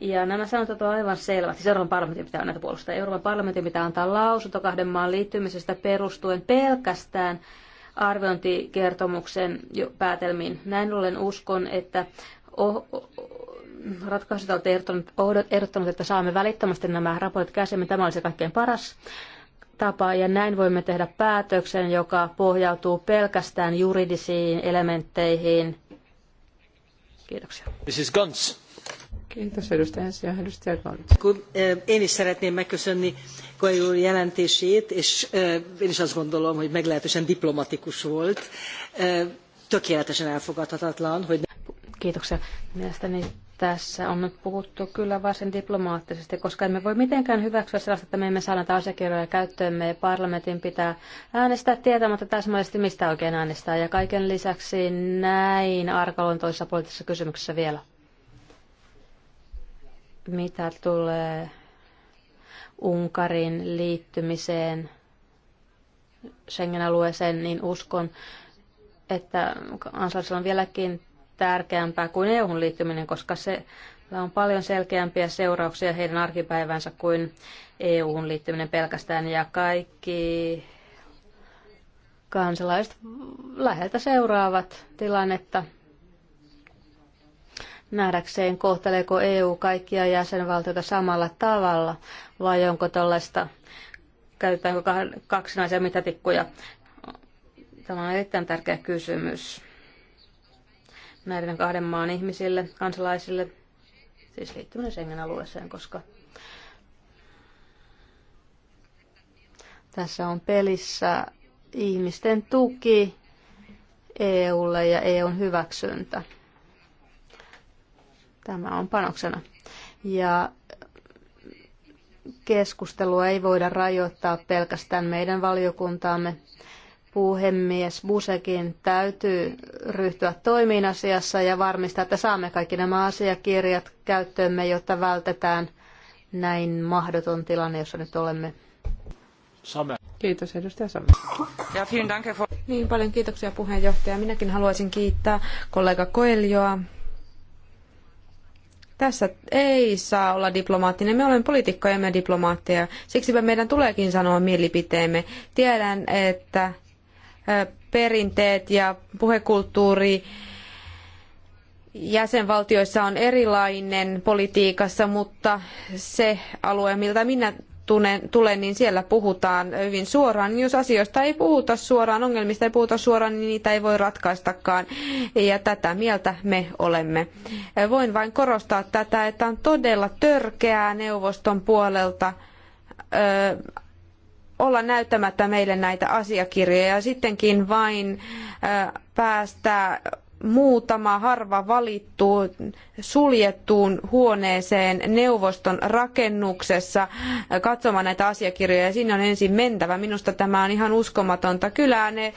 Ja nämä sanotut ovat aivan selvät. Siis Euroopan parlamentin pitää näitä puolustaa. Euroopan parlamentin pitää antaa lausunto kahden maan liittymisestä perustuen pelkästään arviointikertomuksen päätelmiin. Näin ollen uskon, että ratkaisut olette ehdottanut, ehdottanut, että saamme välittömästi nämä raportit käsimme. Tämä olisi kaikkein paras tapa ja näin voimme tehdä päätöksen, joka pohjautuu pelkästään juridisiin elementteihin. Kiitoksia. Mrs. Guns. Kiitos edustaja ja edustaja Guns. Eh, én is szeretném megköszönni Kajó jelentését, és eh, én is azt gondolom, hogy meglehetősen diplomatikus volt. Eh, tökéletesen elfogadhatatlan, hogy... Kiitoksia. Mielestäni tässä on nyt puhuttu kyllä varsin diplomaattisesti, koska emme voi mitenkään hyväksyä sellaista, että me emme saa näitä asiakirjoja käyttöömme ja parlamentin pitää äänestää tietämättä täsmällisesti, mistä oikein äänestää. Ja kaiken lisäksi näin toisessa poliittisessa kysymyksessä vielä. Mitä tulee Unkarin liittymiseen Schengen-alueeseen, niin uskon, että kansalaisilla on vieläkin tärkeämpää kuin EU:hun liittyminen, koska se on paljon selkeämpiä seurauksia heidän arkipäivänsä kuin EU:hun liittyminen pelkästään ja kaikki kansalaiset läheltä seuraavat tilannetta nähdäkseen, kohteleeko EU kaikkia jäsenvaltioita samalla tavalla vai onko tällaista, käytetäänkö kaksinaisia mitatikkuja? Tämä on erittäin tärkeä kysymys näiden kahden maan ihmisille, kansalaisille, siis liittyminen Schengen-alueeseen, koska tässä on pelissä ihmisten tuki EUlle ja EUn hyväksyntä. Tämä on panoksena. Ja keskustelua ei voida rajoittaa pelkästään meidän valiokuntaamme puhemies Busekin täytyy ryhtyä toimiin asiassa ja varmistaa, että saamme kaikki nämä asiakirjat käyttöömme, jotta vältetään näin mahdoton tilanne, jossa nyt olemme. Same. Kiitos edustaja Same. Ja danke for... Niin paljon kiitoksia puheenjohtaja. Minäkin haluaisin kiittää kollega Koeljoa. Tässä ei saa olla diplomaattinen. Me olemme poliitikkoja ja diplomaatteja. Siksipä meidän tuleekin sanoa mielipiteemme. Tiedän, että perinteet ja puhekulttuuri jäsenvaltioissa on erilainen politiikassa, mutta se alue, miltä minä tulen, niin siellä puhutaan hyvin suoraan. Jos asioista ei puhuta suoraan, ongelmista ei puhuta suoraan, niin niitä ei voi ratkaistakaan. Ja tätä mieltä me olemme. Voin vain korostaa tätä, että on todella törkeää neuvoston puolelta olla näyttämättä meille näitä asiakirjoja ja sittenkin vain päästä muutama harva valittu suljettuun huoneeseen neuvoston rakennuksessa katsomaan näitä asiakirjoja ja sinne on ensin mentävä. Minusta tämä on ihan uskomatonta. Kyllä ne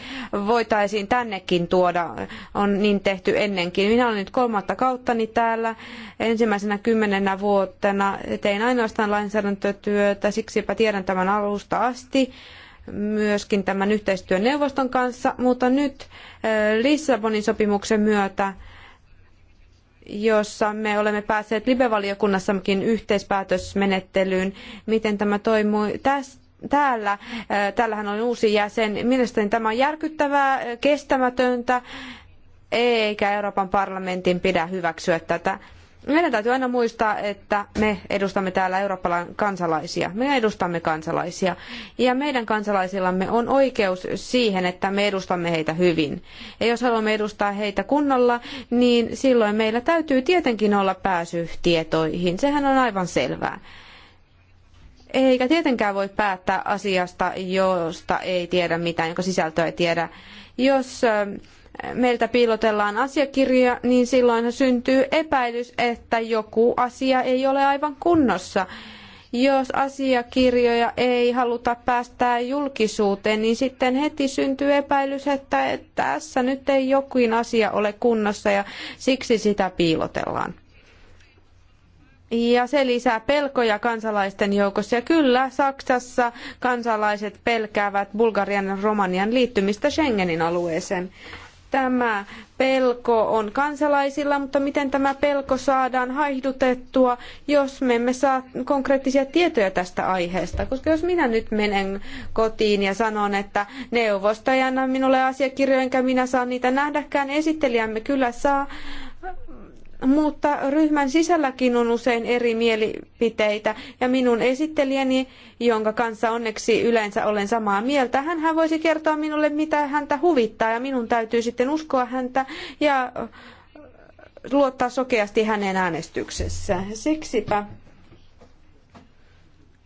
voitaisiin tännekin tuoda, on niin tehty ennenkin. Minä olen nyt kolmatta kauttani täällä. Ensimmäisenä kymmenenä vuotena tein ainoastaan lainsäädäntötyötä, siksipä tiedän tämän alusta asti myöskin tämän yhteistyön neuvoston kanssa, mutta nyt Lissabonin sopimuksen myötä jossa me olemme päässeet live-valiokunnassakin yhteispäätösmenettelyyn. Miten tämä toimii tästä? Täällä, täällähän on uusi jäsen. Mielestäni tämä on järkyttävää, kestämätöntä, eikä Euroopan parlamentin pidä hyväksyä tätä meidän täytyy aina muistaa, että me edustamme täällä Euroopan kansalaisia. Me edustamme kansalaisia. Ja meidän kansalaisillamme on oikeus siihen, että me edustamme heitä hyvin. Ja jos haluamme edustaa heitä kunnolla, niin silloin meillä täytyy tietenkin olla pääsy tietoihin. Sehän on aivan selvää. Eikä tietenkään voi päättää asiasta, josta ei tiedä mitään, jonka sisältöä ei tiedä. Jos meiltä piilotellaan asiakirjoja, niin silloin syntyy epäilys, että joku asia ei ole aivan kunnossa. Jos asiakirjoja ei haluta päästää julkisuuteen, niin sitten heti syntyy epäilys, että tässä nyt ei jokin asia ole kunnossa ja siksi sitä piilotellaan. Ja se lisää pelkoja kansalaisten joukossa. Ja kyllä, Saksassa kansalaiset pelkäävät Bulgarian ja Romanian liittymistä Schengenin alueeseen. Tämä pelko on kansalaisilla, mutta miten tämä pelko saadaan haihdutettua, jos me emme saa konkreettisia tietoja tästä aiheesta? Koska jos minä nyt menen kotiin ja sanon, että neuvostajana minulle asiakirjoja, enkä minä saa niitä nähdäkään, esittelijämme kyllä saa, mutta ryhmän sisälläkin on usein eri mielipiteitä ja minun esittelijäni, jonka kanssa onneksi yleensä olen samaa mieltä, hän voisi kertoa minulle, mitä häntä huvittaa ja minun täytyy sitten uskoa häntä ja äh, luottaa sokeasti hänen äänestyksessä. Siksipä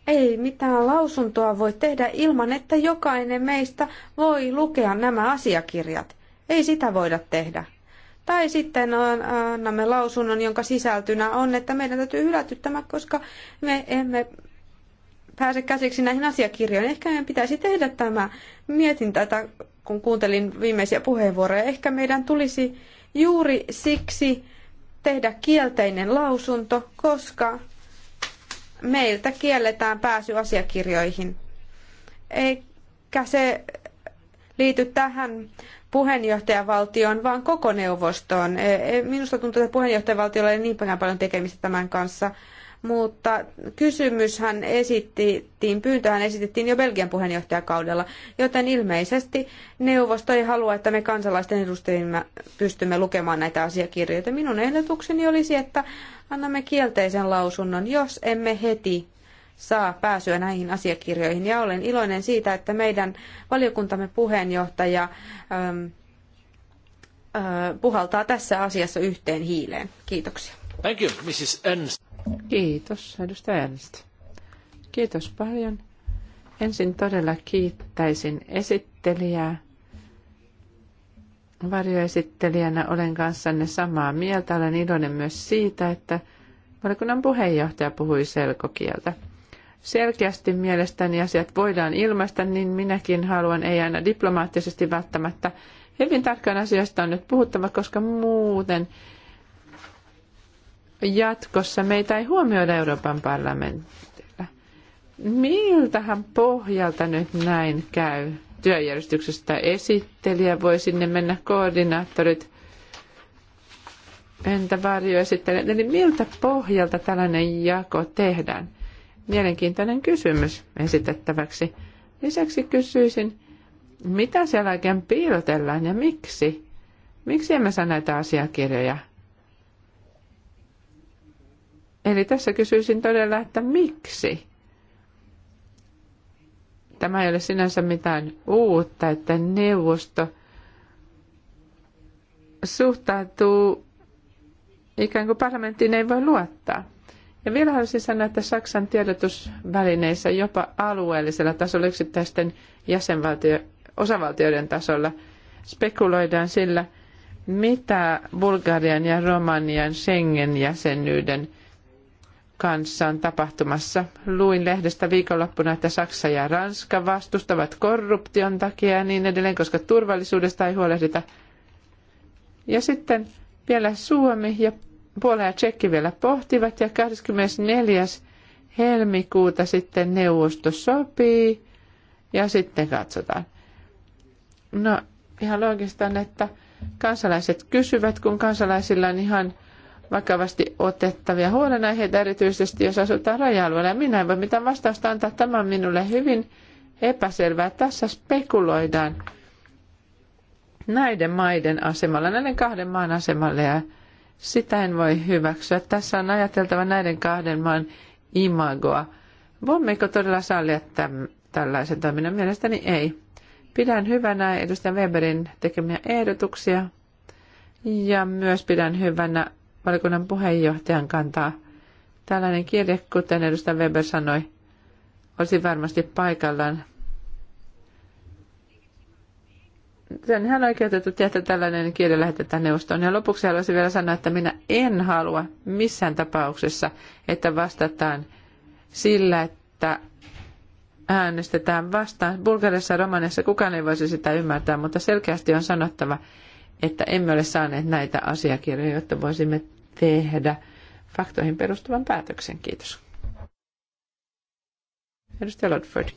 ei mitään lausuntoa voi tehdä ilman, että jokainen meistä voi lukea nämä asiakirjat. Ei sitä voida tehdä. Tai sitten annamme lausunnon, jonka sisältynä on, että meidän täytyy hylätä tämä, koska me emme pääse käsiksi näihin asiakirjoihin. Ehkä meidän pitäisi tehdä tämä. Mietin tätä, kun kuuntelin viimeisiä puheenvuoroja. Ehkä meidän tulisi juuri siksi tehdä kielteinen lausunto, koska meiltä kielletään pääsy asiakirjoihin. Eikä se liity tähän puheenjohtajavaltioon, vaan koko neuvostoon. E, e, minusta tuntuu, että puheenjohtajavaltiolla ei niin paljon tekemistä tämän kanssa, mutta kysymyshän esittiin, pyyntöhän esitettiin jo Belgian puheenjohtajakaudella, joten ilmeisesti neuvosto ei halua, että me kansalaisten edustajina pystymme lukemaan näitä asiakirjoja. Minun ehdotukseni olisi, että annamme kielteisen lausunnon, jos emme heti saa pääsyä näihin asiakirjoihin. Ja olen iloinen siitä, että meidän valiokuntamme puheenjohtaja ähm, äh, puhaltaa tässä asiassa yhteen hiileen. Kiitoksia. Thank you, Mrs. Ernst. Kiitos, edustaja Ernst. Kiitos paljon. Ensin todella kiittäisin esittelijää. Varjoesittelijänä olen kanssanne samaa mieltä. Olen iloinen myös siitä, että valiokunnan puheenjohtaja puhui selkokieltä selkeästi mielestäni asiat voidaan ilmaista, niin minäkin haluan, ei aina diplomaattisesti välttämättä. Hyvin tarkkaan asiasta on nyt puhuttava, koska muuten jatkossa meitä ei huomioida Euroopan parlamentilla. Miltähän pohjalta nyt näin käy? Työjärjestyksestä esittelijä voi sinne mennä, koordinaattorit, entä varjoesittelijät? Eli miltä pohjalta tällainen jako tehdään? mielenkiintoinen kysymys esitettäväksi. Lisäksi kysyisin, mitä siellä oikein piilotellaan ja miksi? Miksi emme saa näitä asiakirjoja? Eli tässä kysyisin todella, että miksi? Tämä ei ole sinänsä mitään uutta, että neuvosto suhtautuu ikään kuin parlamenttiin ei voi luottaa. Ja vielä haluaisin sanoa, että Saksan tiedotusvälineissä jopa alueellisella tasolla yksittäisten jäsenvaltio, osavaltioiden tasolla spekuloidaan sillä, mitä Bulgarian ja Romanian Schengen-jäsenyyden kanssa on tapahtumassa. Luin lehdestä viikonloppuna, että Saksa ja Ranska vastustavat korruption takia ja niin edelleen, koska turvallisuudesta ei huolehdita. Ja sitten vielä Suomi ja Puola ja Tsekki vielä pohtivat ja 24. helmikuuta sitten neuvosto sopii ja sitten katsotaan. No ihan loogista on, että kansalaiset kysyvät, kun kansalaisilla on ihan vakavasti otettavia huolenaiheita, erityisesti jos asutaan raja-alueella. Ja minä en voi mitään vastausta antaa. Tämä on minulle hyvin epäselvää. Tässä spekuloidaan näiden maiden asemalla, näiden kahden maan asemalla ja sitä en voi hyväksyä. Tässä on ajateltava näiden kahden maan imagoa. Voimmeko todella sallia tämän, tällaisen toiminnan? Mielestäni ei. Pidän hyvänä edustaja Weberin tekemiä ehdotuksia ja myös pidän hyvänä valikunnan puheenjohtajan kantaa. Tällainen kirje, kuten edustaja Weber sanoi, olisi varmasti paikallaan sen hän oikeutettu että tällainen kirja lähetetään neuvostoon. Ja lopuksi haluaisin vielä sanoa, että minä en halua missään tapauksessa, että vastataan sillä, että äänestetään vastaan. Bulgariassa ja Romaniassa kukaan ei voisi sitä ymmärtää, mutta selkeästi on sanottava, että emme ole saaneet näitä asiakirjoja, jotta voisimme tehdä faktoihin perustuvan päätöksen. Kiitos. Edustaja Lodford.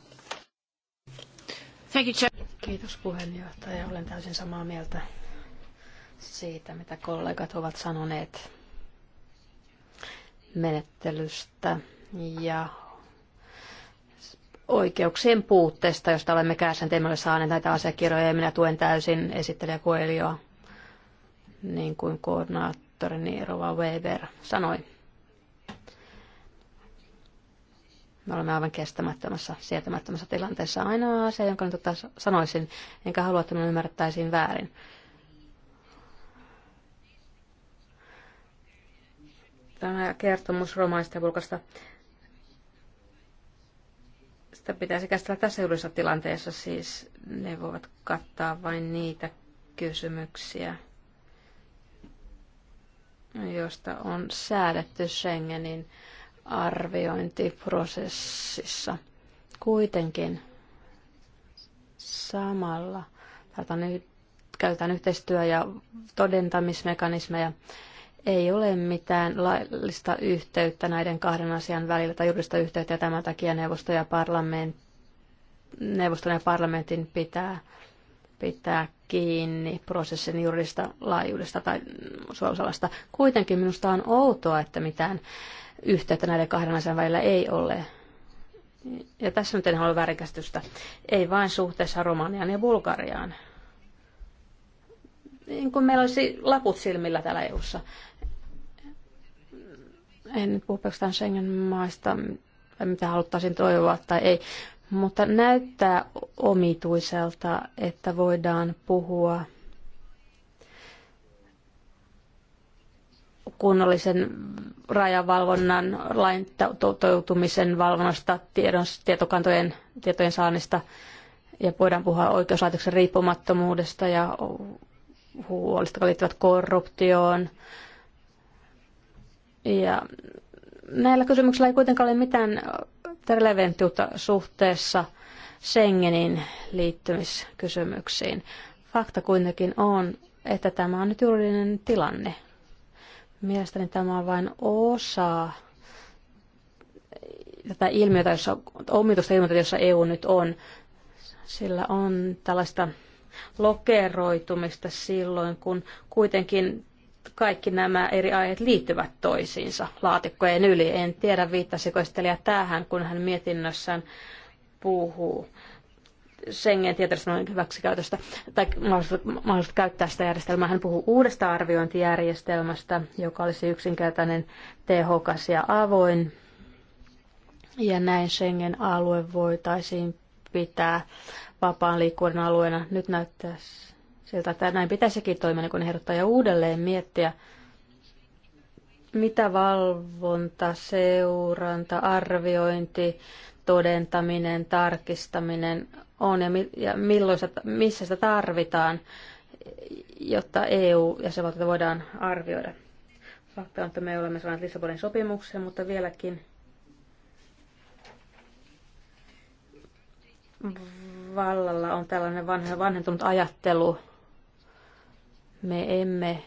Kiitos puheenjohtaja. Olen täysin samaa mieltä siitä, mitä kollegat ovat sanoneet menettelystä ja oikeuksien puutteesta, josta olemme käsänteemmälle saaneet näitä asiakirjoja. Ja minä tuen täysin esittelijä Koelioa, niin kuin koordinaattori Rova Weber sanoi. Me olemme aivan kestämättömässä, sietämättömässä tilanteessa. Aina asia, jonka nyt tota sanoisin, enkä halua, että minä ymmärrettäisiin väärin. Tämä kertomus romaista ja sitä pitäisi käsitellä tässä juridisessa tilanteessa, siis ne voivat kattaa vain niitä kysymyksiä, joista on säädetty Schengenin arviointiprosessissa. Kuitenkin samalla käytetään yhteistyö- ja todentamismekanismeja. Ei ole mitään laillista yhteyttä näiden kahden asian välillä tai juridista yhteyttä ja tämän takia neuvosto ja parlament, neuvoston ja parlamentin pitää pitää kiinni prosessin juridista laajuudesta tai suojelusalasta. Kuitenkin minusta on outoa, että mitään yhteyttä näiden kahden asian välillä ei ole. Ja tässä nyt en halua väärinkäsitystä. Ei vain suhteessa Romaniaan ja Bulgariaan. Niin kuin meillä olisi laput silmillä täällä EU-ssa. En nyt puhu pelkästään Schengen-maista, mitä haluttaisiin toivoa tai ei. Mutta näyttää omituiselta, että voidaan puhua kunnollisen rajavalvonnan, lain toteutumisen valvonnasta, tiedon, tietokantojen, tietojen saannista ja voidaan puhua oikeuslaitoksen riippumattomuudesta ja huolista, jotka liittyvät korruptioon. Ja näillä kysymyksillä ei kuitenkaan ole mitään relevanttiutta suhteessa Schengenin liittymiskysymyksiin. Fakta kuitenkin on, että tämä on nyt juridinen tilanne. Mielestäni tämä on vain osa tätä ilmiötä, jossa, omitusta ilmiötä, jossa EU nyt on. Sillä on tällaista lokeroitumista silloin, kun kuitenkin kaikki nämä eri aiheet liittyvät toisiinsa laatikkojen yli. En tiedä, viittasiko esittelijä tähän, kun hän mietinnössään puhuu Schengen tietojärjestelmän hyväksikäytöstä tai mahdollisuus käyttää sitä järjestelmää. Hän puhuu uudesta arviointijärjestelmästä, joka olisi yksinkertainen, tehokas ja avoin. Ja näin Schengen-alue voitaisiin pitää vapaan liikkuvan alueena. Nyt näyttäisi siltä, että näin pitäisikin toimia, niin kun ehdottaa ja uudelleen miettiä, mitä valvonta, seuranta, arviointi, todentaminen, tarkistaminen on ja, mi- ja milloin sitä, missä sitä tarvitaan, jotta EU ja se voidaan arvioida. Fakta on, että me olemme saaneet Lissabonin sopimuksen, mutta vieläkin vallalla on tällainen vanhentunut ajattelu, me emme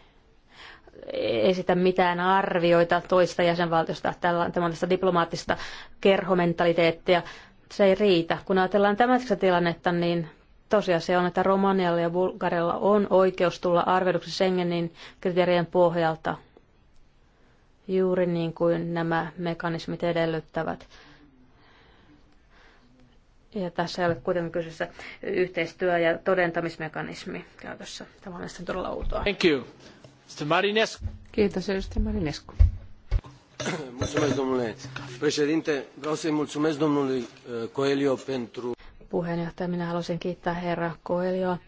esitä mitään arvioita toista jäsenvaltiosta. Tämä on tällaista diplomaattista kerhomentaliteettia. Se ei riitä. Kun ajatellaan tämänhetkistä tilannetta, niin tosiasia on, että Romanialla ja Bulgarialla on oikeus tulla arvioiduksi Schengenin kriteerien pohjalta juuri niin kuin nämä mekanismit edellyttävät. Ja tässä ei ole kuitenkin kyseessä yhteistyö- ja todentamismekanismi käytössä. Tämä on mielestäni todella outoa. Thank you. Mr. Marinescu. Kiitos, edustaja Marinescu. Mulțumesc, domnule președinte. Vreau să-i mulțumesc domnului uh, Coelio pentru... Puheenjohtaja, minä haluaisin kiittää herra Coelioa.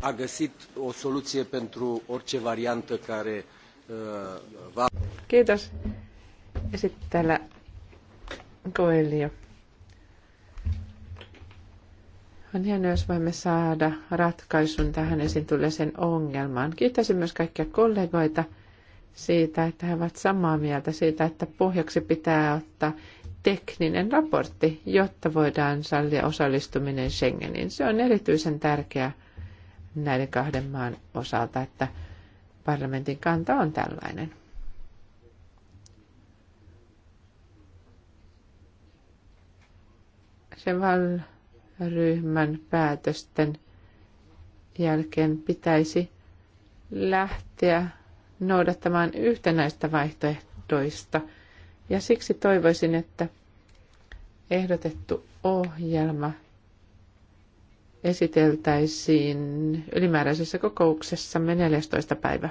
A găsit o soluție pentru orice variantă care uh, va... Kiitos. Ja sitten täällä Coelio On hienoa, jos voimme saada ratkaisun tähän esiin tulleeseen ongelmaan. Kiittäisin myös kaikkia kollegoita siitä, että he ovat samaa mieltä siitä, että pohjaksi pitää ottaa tekninen raportti, jotta voidaan sallia osallistuminen Schengeniin. Se on erityisen tärkeää näiden kahden maan osalta, että parlamentin kanta on tällainen. Se val ryhmän päätösten jälkeen pitäisi lähteä noudattamaan yhtenäistä vaihtoehdoista. Ja siksi toivoisin, että ehdotettu ohjelma esiteltäisiin ylimääräisessä kokouksessa 14. päivä.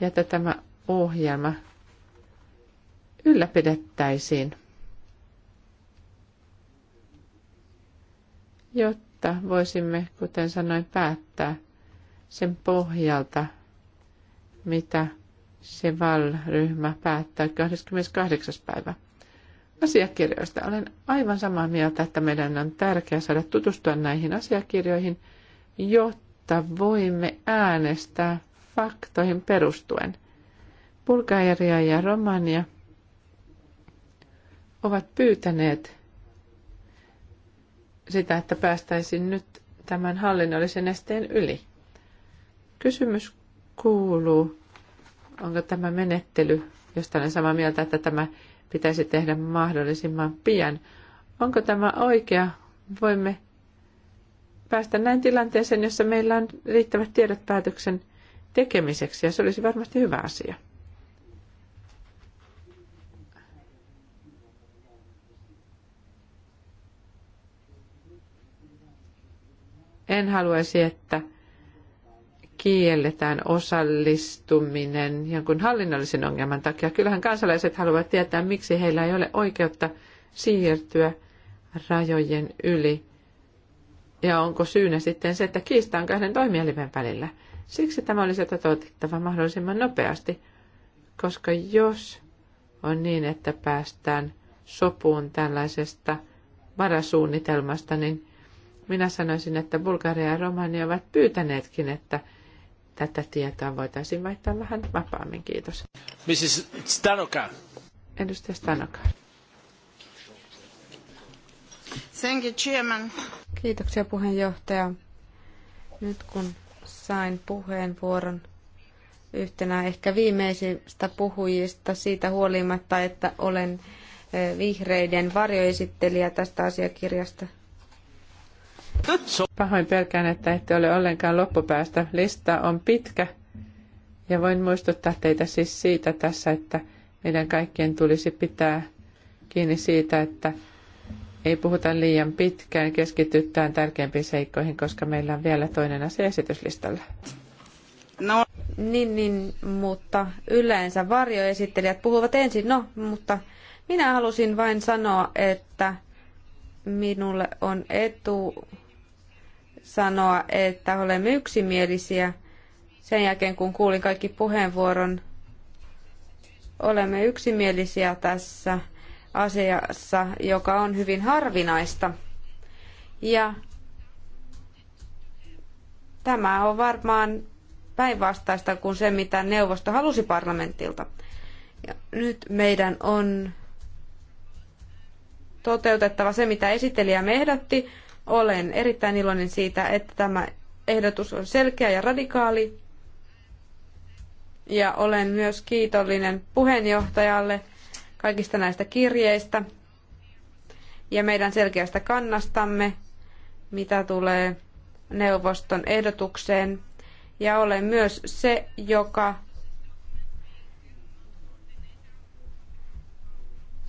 Ja että tämä ohjelma ylläpidettäisiin jotta voisimme, kuten sanoin, päättää sen pohjalta, mitä se VAL-ryhmä päättää 28. päivä asiakirjoista. Olen aivan samaa mieltä, että meidän on tärkeää saada tutustua näihin asiakirjoihin, jotta voimme äänestää faktoihin perustuen. Bulgaria ja Romania ovat pyytäneet sitä, että päästäisiin nyt tämän hallinnollisen esteen yli. Kysymys kuuluu, onko tämä menettely, josta olen samaa mieltä, että tämä pitäisi tehdä mahdollisimman pian. Onko tämä oikea? Voimme päästä näin tilanteeseen, jossa meillä on riittävät tiedot päätöksen tekemiseksi, ja se olisi varmasti hyvä asia. En haluaisi, että kielletään osallistuminen jonkun hallinnollisen ongelman takia. Kyllähän kansalaiset haluavat tietää, miksi heillä ei ole oikeutta siirtyä rajojen yli. Ja onko syynä sitten se, että kiista on kahden toimielimen välillä. Siksi tämä olisi toteutettava mahdollisimman nopeasti, koska jos on niin, että päästään sopuun tällaisesta varasuunnitelmasta, niin minä sanoisin, että Bulgaria ja Romania ovat pyytäneetkin, että tätä tietoa voitaisiin vaihtaa vähän vapaammin. Kiitos. Mrs. Stanoka. Edustaja Stanoka. Thank you, Chairman. Kiitoksia puheenjohtaja. Nyt kun sain puheenvuoron yhtenä ehkä viimeisistä puhujista siitä huolimatta, että olen eh, vihreiden varjoesittelijä tästä asiakirjasta. Pahoin pelkään, että ette ole ollenkaan loppupäästä. Lista on pitkä. Ja voin muistuttaa teitä siis siitä tässä, että meidän kaikkien tulisi pitää kiinni siitä, että ei puhuta liian pitkään, keskitytään tärkeimpiin seikkoihin, koska meillä on vielä toinen asia esityslistalla. No. Niin, niin, mutta yleensä varjoesittelijät puhuvat ensin. No, mutta minä halusin vain sanoa, että minulle on etu sanoa, että olemme yksimielisiä. Sen jälkeen, kun kuulin kaikki puheenvuoron, olemme yksimielisiä tässä asiassa, joka on hyvin harvinaista. Ja tämä on varmaan päinvastaista kuin se, mitä neuvosto halusi parlamentilta. Ja nyt meidän on toteutettava se, mitä esittelijä me ehdotti, olen erittäin iloinen siitä, että tämä ehdotus on selkeä ja radikaali. Ja olen myös kiitollinen puheenjohtajalle kaikista näistä kirjeistä ja meidän selkeästä kannastamme, mitä tulee neuvoston ehdotukseen. Ja olen myös se, joka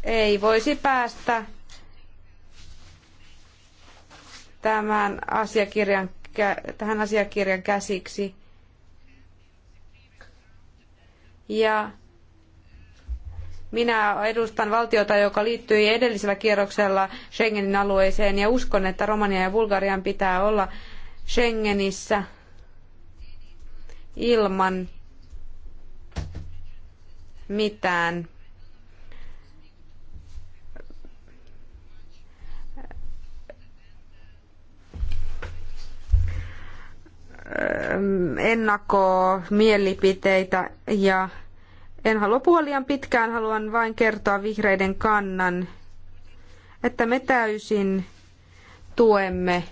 ei voisi päästä tämän asiakirjan, tähän asiakirjan käsiksi. Ja minä edustan valtiota, joka liittyi edellisellä kierroksella Schengenin alueeseen ja uskon, että Romania ja Bulgarian pitää olla Schengenissä ilman mitään ennakkomielipiteitä ja en halua puhua liian pitkään, haluan vain kertoa vihreiden kannan, että me täysin tuemme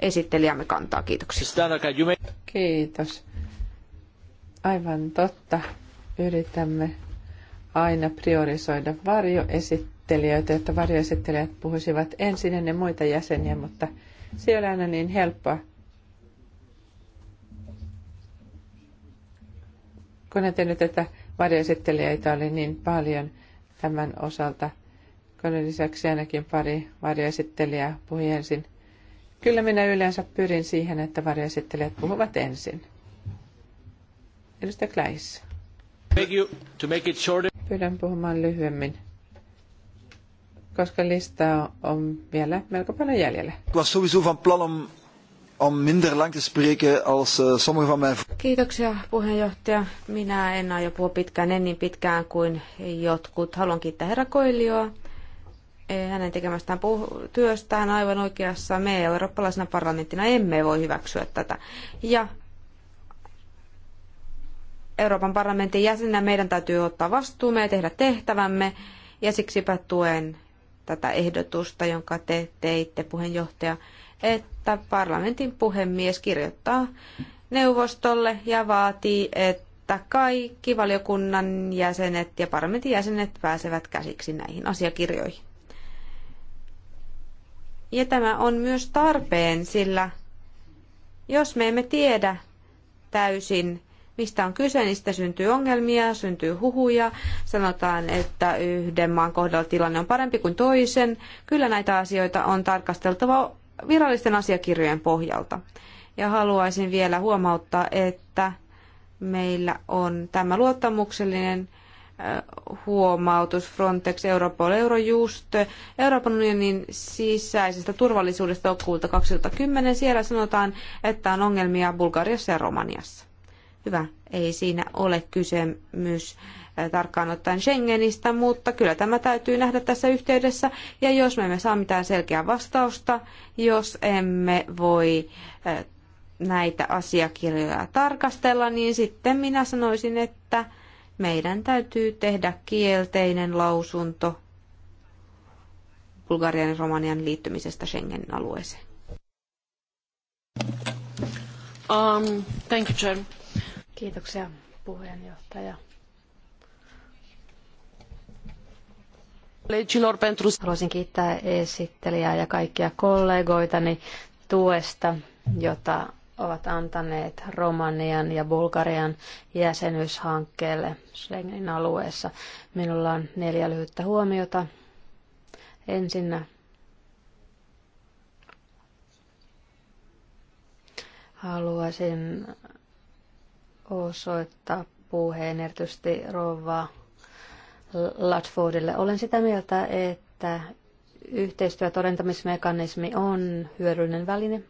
esittelijämme kantaa. Kiitoksia. Kiitos. Aivan totta. Yritämme aina priorisoida varjoesittelijöitä, että varjoesittelijät puhuisivat ensin ennen muita jäseniä, mutta se ei ole aina niin helppoa. Kun ne tehnyt tätä varjoesittelijöitä oli niin paljon tämän osalta, kun lisäksi ainakin pari varjoesittelijää puhui ensin. Kyllä minä yleensä pyrin siihen, että varjoesittelijät puhuvat ensin. Edustaja Kläis. Pyydän puhumaan lyhyemmin, koska listaa on vielä melko paljon jäljellä om minder lang te spreken als uh, sommige van mijn... Kiitoksia puheenjohtaja. Minä en aio puhua pitkään, en niin pitkään kuin jotkut. Haluan kiittää herra Koilioa eh, hänen tekemästään puh- työstään aivan oikeassa. Me eurooppalaisena parlamenttina emme voi hyväksyä tätä. Ja Euroopan parlamentin jäsenenä meidän täytyy ottaa vastuumme ja tehdä tehtävämme. Ja siksipä tuen tätä ehdotusta, jonka te teitte puheenjohtaja että parlamentin puhemies kirjoittaa neuvostolle ja vaatii, että kaikki valiokunnan jäsenet ja parlamentin jäsenet pääsevät käsiksi näihin asiakirjoihin. Ja tämä on myös tarpeen, sillä jos me emme tiedä täysin, mistä on kyse, niin sitä syntyy ongelmia, syntyy huhuja, sanotaan, että yhden maan kohdalla tilanne on parempi kuin toisen. Kyllä näitä asioita on tarkasteltava virallisten asiakirjojen pohjalta. Ja haluaisin vielä huomauttaa, että meillä on tämä luottamuksellinen huomautus Frontex, Europol, Eurojust, Euroopan unionin sisäisestä turvallisuudesta okkuulta 2010. Siellä sanotaan, että on ongelmia Bulgariassa ja Romaniassa. Hyvä, ei siinä ole kysymys Äh, tarkkaan ottaen Schengenistä, mutta kyllä tämä täytyy nähdä tässä yhteydessä. Ja jos me emme saa mitään selkeää vastausta, jos emme voi äh, näitä asiakirjoja tarkastella, niin sitten minä sanoisin, että meidän täytyy tehdä kielteinen lausunto Bulgarian ja Romanian liittymisestä Schengen alueeseen. Um, thank you, Chair. Kiitoksia puheenjohtaja. Haluaisin kiittää esittelijää ja kaikkia kollegoitani tuesta, jota ovat antaneet Romanian ja Bulgarian jäsenyyshankkeelle Schengenin alueessa. Minulla on neljä lyhyttä huomiota. Ensinnä haluaisin osoittaa puheen erityisesti rouva Latfordille. Olen sitä mieltä, että yhteistyötodentamismekanismi on hyödyllinen väline,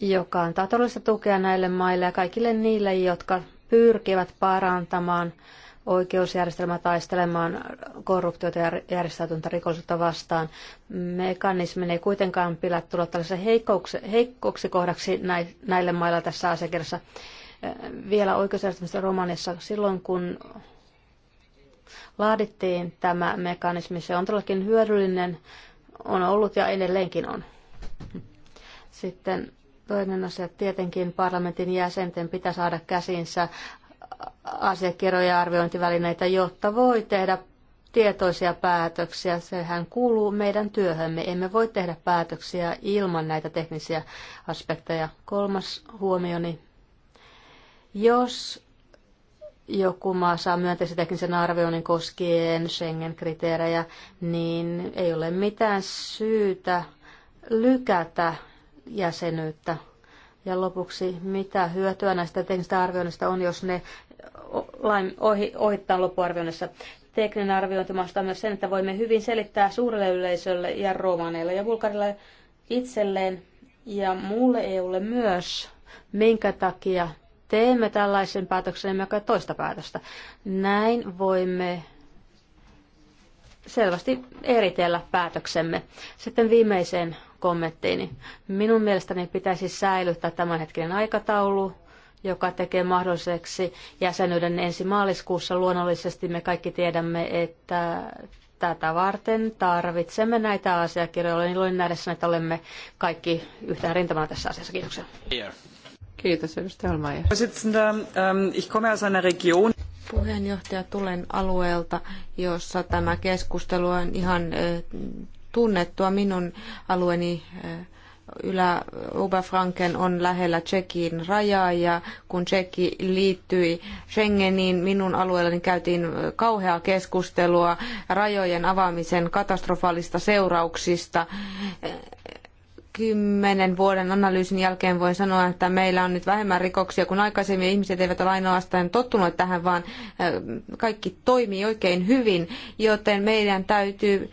joka antaa todellista tukea näille maille ja kaikille niille, jotka pyrkivät parantamaan oikeusjärjestelmää taistelemaan korruptiota ja järjestäytyntä rikollisuutta vastaan. Mekanismin ei kuitenkaan pidä tulla tällaisen heikkouksi, heikkouksi kohdaksi näille mailla tässä asiakirjassa vielä oikeusjärjestelmässä Romanissa silloin, kun laadittiin tämä mekanismi. Se on todellakin hyödyllinen, on ollut ja edelleenkin on. Sitten toinen asia, tietenkin parlamentin jäsenten pitää saada käsinsä asiakirjoja ja arviointivälineitä, jotta voi tehdä tietoisia päätöksiä. Sehän kuuluu meidän työhömme. Emme voi tehdä päätöksiä ilman näitä teknisiä aspekteja. Kolmas huomioni jos joku maa saa myönteisen teknisen arvioinnin koskien Schengen-kriteerejä, niin ei ole mitään syytä lykätä jäsenyyttä. Ja lopuksi, mitä hyötyä näistä teknisistä arvioinnista on, jos ne ohi, ohittaa loppuarvioinnissa? Tekninen arviointi maastaa myös sen, että voimme hyvin selittää suurelle yleisölle ja romaneille ja vulkarille itselleen ja muulle EUlle myös, minkä takia teemme tällaisen päätöksen, emmekä toista päätöstä. Näin voimme selvästi eritellä päätöksemme. Sitten viimeiseen kommenttiini. Minun mielestäni pitäisi säilyttää tämänhetkinen aikataulu, joka tekee mahdolliseksi jäsenyyden ensi maaliskuussa. Luonnollisesti me kaikki tiedämme, että tätä varten tarvitsemme näitä asiakirjoja. Olen iloinen nähdessä, että olemme kaikki yhtään rintamalla tässä asiassa. Kiitoksia. Kiitos, edustaja Holmeier. Ähm, ich komme aus einer Region. Puheenjohtaja, tulen alueelta, jossa tämä keskustelu on ihan äh, tunnettua. Minun alueeni äh, Ylä Oberfranken on lähellä Tsekin rajaa ja kun Tseki liittyi Schengeniin, minun alueellani käytiin äh, kauheaa keskustelua rajojen avaamisen katastrofaalista seurauksista kymmenen vuoden analyysin jälkeen voin sanoa, että meillä on nyt vähemmän rikoksia kuin aikaisemmin. Ihmiset eivät ole ainoastaan tottuneet tähän, vaan kaikki toimii oikein hyvin, joten meidän täytyy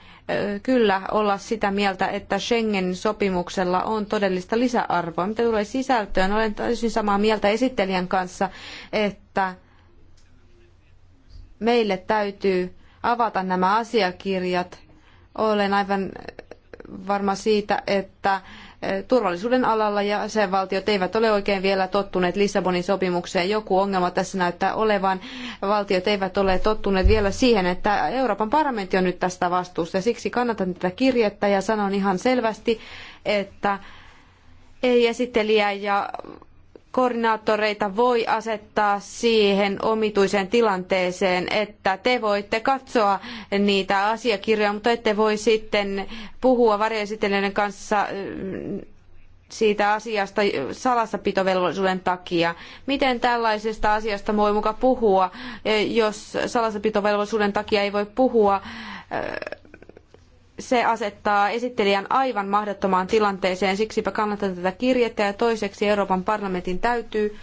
kyllä olla sitä mieltä, että Schengen-sopimuksella on todellista lisäarvoa. Mitä tulee sisältöön, olen täysin samaa mieltä esittelijän kanssa, että meille täytyy avata nämä asiakirjat. Olen aivan varma siitä, että eh, turvallisuuden alalla ja sen valtiot eivät ole oikein vielä tottuneet Lissabonin sopimukseen. Joku ongelma tässä näyttää olevan. Valtiot eivät ole tottuneet vielä siihen, että Euroopan parlamentti on nyt tästä vastuussa. Siksi kannatan tätä kirjettä ja sanon ihan selvästi, että ei esittelijä ja koordinaattoreita voi asettaa siihen omituiseen tilanteeseen, että te voitte katsoa niitä asiakirjoja, mutta ette voi sitten puhua varjoesittelijöiden kanssa siitä asiasta salassapitovelvollisuuden takia. Miten tällaisesta asiasta voi muka puhua, jos salassapitovelvollisuuden takia ei voi puhua se asettaa esittelijän aivan mahdottomaan tilanteeseen, siksipä kannatan tätä kirjettä ja toiseksi Euroopan parlamentin täytyy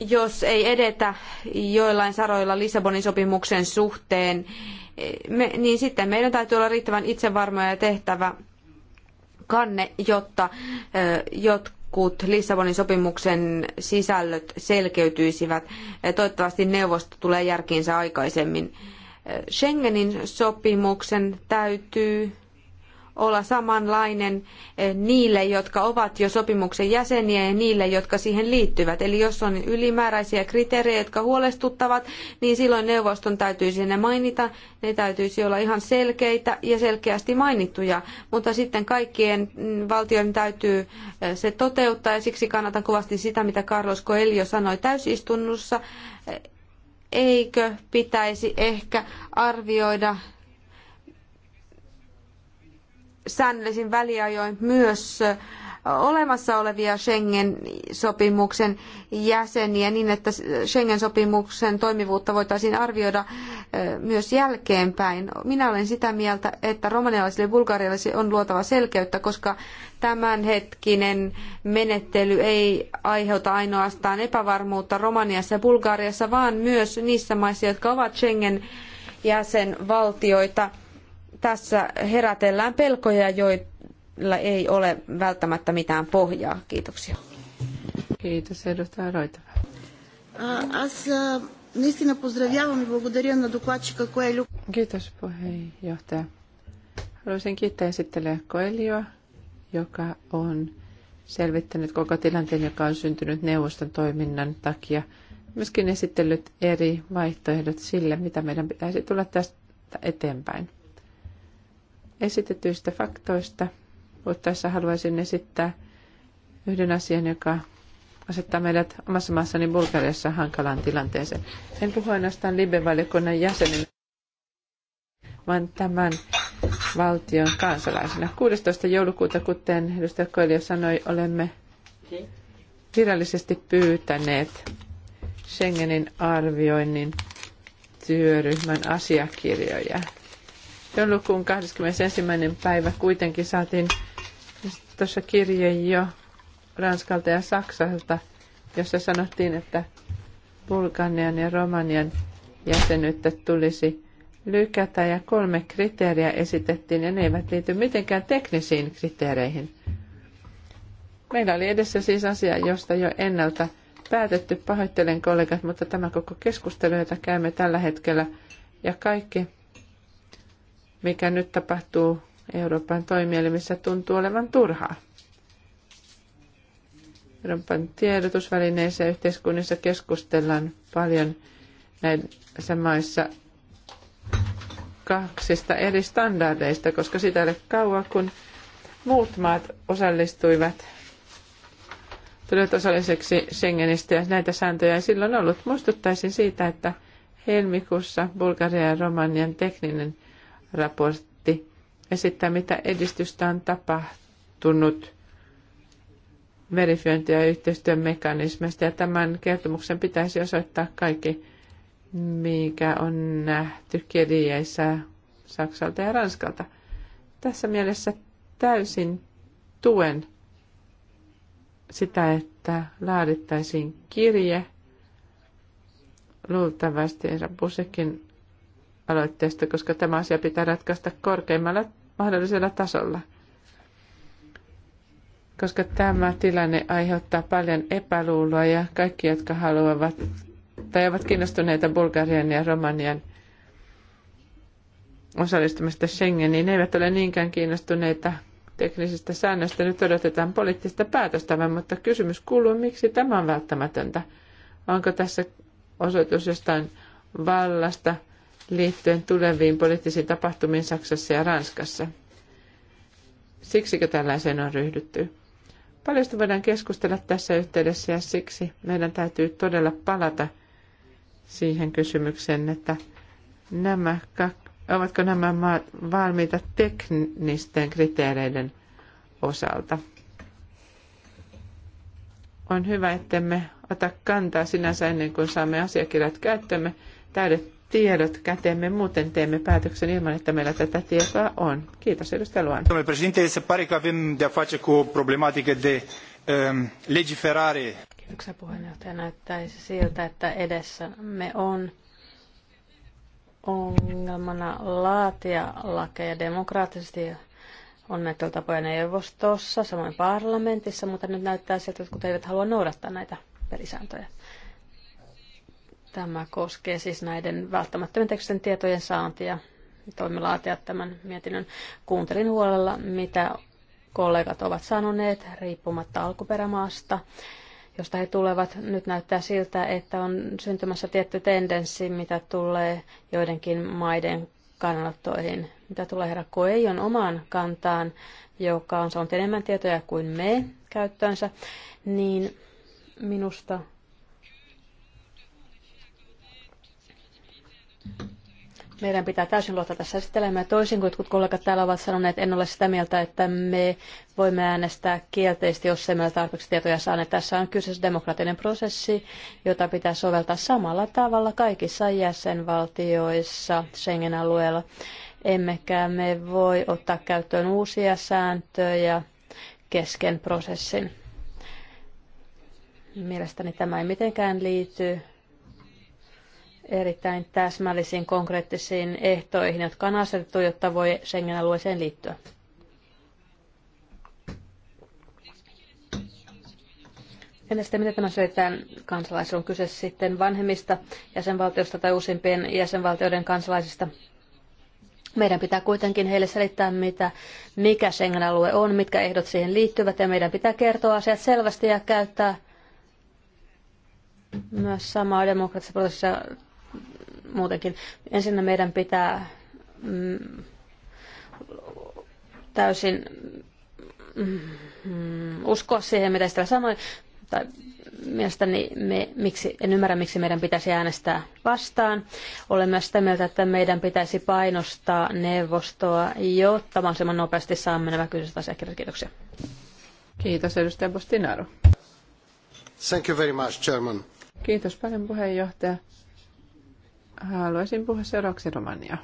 jos ei edetä joillain saroilla Lissabonin sopimuksen suhteen, niin sitten meidän täytyy olla riittävän itsevarmoja ja tehtävä kanne, jotta, jotkut Lissabonin sopimuksen sisällöt selkeytyisivät. Eh, toivottavasti neuvosto tulee järkiinsä aikaisemmin. Eh, Schengenin sopimuksen täytyy olla samanlainen eh, niille, jotka ovat jo sopimuksen jäseniä ja niille, jotka siihen liittyvät. Eli jos on ylimääräisiä kriteerejä, jotka huolestuttavat, niin silloin neuvoston täytyisi ne mainita. Ne täytyisi olla ihan selkeitä ja selkeästi mainittuja, mutta sitten kaikkien mm, valtioiden täytyy eh, se toteuttaa ja siksi kannatan kovasti sitä, mitä Carlos Coelho sanoi täysistunnossa. Eh, eikö pitäisi ehkä arvioida säännöllisin väliajoin myös olemassa olevia Schengen-sopimuksen jäseniä niin, että Schengen-sopimuksen toimivuutta voitaisiin arvioida myös jälkeenpäin. Minä olen sitä mieltä, että romanialaisille ja bulgarialaisille on luotava selkeyttä, koska tämänhetkinen menettely ei aiheuta ainoastaan epävarmuutta Romaniassa ja Bulgariassa, vaan myös niissä maissa, jotka ovat Schengen-jäsenvaltioita – tässä herätellään pelkoja, joilla ei ole välttämättä mitään pohjaa. Kiitoksia. Kiitos, edustaja Roitava. Аз наистина поздравявам и на докладчика Коелю. Kiitos puheenjohtaja. Haluaisin kiittää esittelijä Koelioa, joka on selvittänyt koko tilanteen, joka on syntynyt neuvoston toiminnan takia. Myöskin esitellyt eri vaihtoehdot sille, mitä meidän pitäisi tulla tästä eteenpäin esitetyistä faktoista, mutta tässä haluaisin esittää yhden asian, joka asettaa meidät omassa maassani Bulgariassa hankalaan tilanteeseen. En puhu ainoastaan Libe-valiokunnan jäsenenä, vaan tämän valtion kansalaisena. 16. joulukuuta, kuten edustaja Koelio sanoi, olemme virallisesti pyytäneet Schengenin arvioinnin työryhmän asiakirjoja joulukuun 21. päivä kuitenkin saatiin tuossa kirje jo Ranskalta ja Saksalta, jossa sanottiin, että Bulganian ja Romanian jäsenyyttä tulisi lykätä ja kolme kriteeriä esitettiin ja ne eivät liity mitenkään teknisiin kriteereihin. Meillä oli edessä siis asia, josta jo ennalta päätetty. Pahoittelen kollegat, mutta tämä koko keskustelu, jota käymme tällä hetkellä ja kaikki mikä nyt tapahtuu Euroopan toimielimissä, tuntuu olevan turhaa. Euroopan tiedotusvälineissä ja yhteiskunnissa keskustellaan paljon näissä maissa kaksista eri standardeista, koska sitä ei ole kauan, kun muut maat osallistuivat tulivat osalliseksi Schengenistä ja näitä sääntöjä ei silloin ollut. Muistuttaisin siitä, että helmikuussa Bulgarian ja Romanian tekninen raportti esittää, mitä edistystä on tapahtunut verifiointi- ja yhteistyön Ja tämän kertomuksen pitäisi osoittaa kaikki, mikä on nähty kirjeissä Saksalta ja Ranskalta. Tässä mielessä täysin tuen sitä, että laadittaisiin kirje. Luultavasti Eera Busekin aloitteesta, koska tämä asia pitää ratkaista korkeimmalla mahdollisella tasolla. Koska tämä tilanne aiheuttaa paljon epäluuloa ja kaikki, jotka haluavat tai ovat kiinnostuneita Bulgarian ja Romanian osallistumista Schengeniin, eivät ole niinkään kiinnostuneita teknisistä säännöistä. Nyt odotetaan poliittista päätöstä, mutta kysymys kuuluu, miksi tämä on välttämätöntä. Onko tässä osoitus jostain vallasta, liittyen tuleviin poliittisiin tapahtumiin Saksassa ja Ranskassa. Siksikö tällaiseen on ryhdytty? Paljosta voidaan keskustella tässä yhteydessä ja siksi meidän täytyy todella palata siihen kysymykseen, että nämä, ovatko nämä maat valmiita teknisten kriteereiden osalta. On hyvä, ettemme ota kantaa sinänsä ennen kuin saamme asiakirjat käyttöömme. Täydet tiedot käteemme, muuten teemme päätöksen ilman, että meillä tätä tietoa on. Kiitos edustaja Luan. se pare că avem de-a face cu problematică de ehm, legiferare. Kiitoksia puheenjohtaja. Näyttäisi siltä, että edessä me on ongelmana laatia lakeja demokraattisesti on näitä tapoja neuvostossa, samoin parlamentissa, mutta nyt näyttää siltä, että kun eivät halua noudattaa näitä pelisääntöjä. Tämä koskee siis näiden välttämättömän tekstin tietojen saantia. Toimme laatia tämän mietinnön. Kuuntelin huolella, mitä kollegat ovat sanoneet, riippumatta alkuperämaasta, josta he tulevat. Nyt näyttää siltä, että on syntymässä tietty tendenssi, mitä tulee joidenkin maiden kannanottoihin, mitä tulee herra Koeijon omaan kantaan, joka on saanut enemmän tietoja kuin me käyttöönsä, niin minusta meidän pitää täysin luottaa tässä esittelemään. Toisin kuin jotkut kollegat täällä ovat sanoneet, en ole sitä mieltä, että me voimme äänestää kielteisesti, jos emme ole tarpeeksi tietoja saaneet. Tässä on kyseessä siis demokraattinen prosessi, jota pitää soveltaa samalla tavalla kaikissa jäsenvaltioissa Schengen-alueella. Emmekä me voi ottaa käyttöön uusia sääntöjä kesken prosessin. Mielestäni tämä ei mitenkään liity erittäin täsmällisiin konkreettisiin ehtoihin, jotka on asetettu, jotta voi Schengen-alueeseen liittyä. Entä sitten, miten tämä selitetään kansalaisuus? On kyse sitten vanhemmista jäsenvaltioista tai uusimpien jäsenvaltioiden kansalaisista. Meidän pitää kuitenkin heille selittää, mitä, mikä Schengen-alue on, mitkä ehdot siihen liittyvät, ja meidän pitää kertoa asiat selvästi ja käyttää myös samaa demokraattisessa prosessissa muutenkin. Ensinnä meidän pitää mm, täysin mm, uskoa siihen, mitä sitä sanoin, tai mielestäni me, miksi, en ymmärrä, miksi meidän pitäisi äänestää vastaan. Olen myös sitä mieltä, että meidän pitäisi painostaa neuvostoa, jotta mahdollisimman nopeasti saamme nämä kyseiset asiakirjat. Kiitoksia. Kiitos, edustaja Bostinaro. Thank you very much, Chairman. Kiitos paljon puheenjohtaja. Haluaisin puhua seuraavaksi Romania.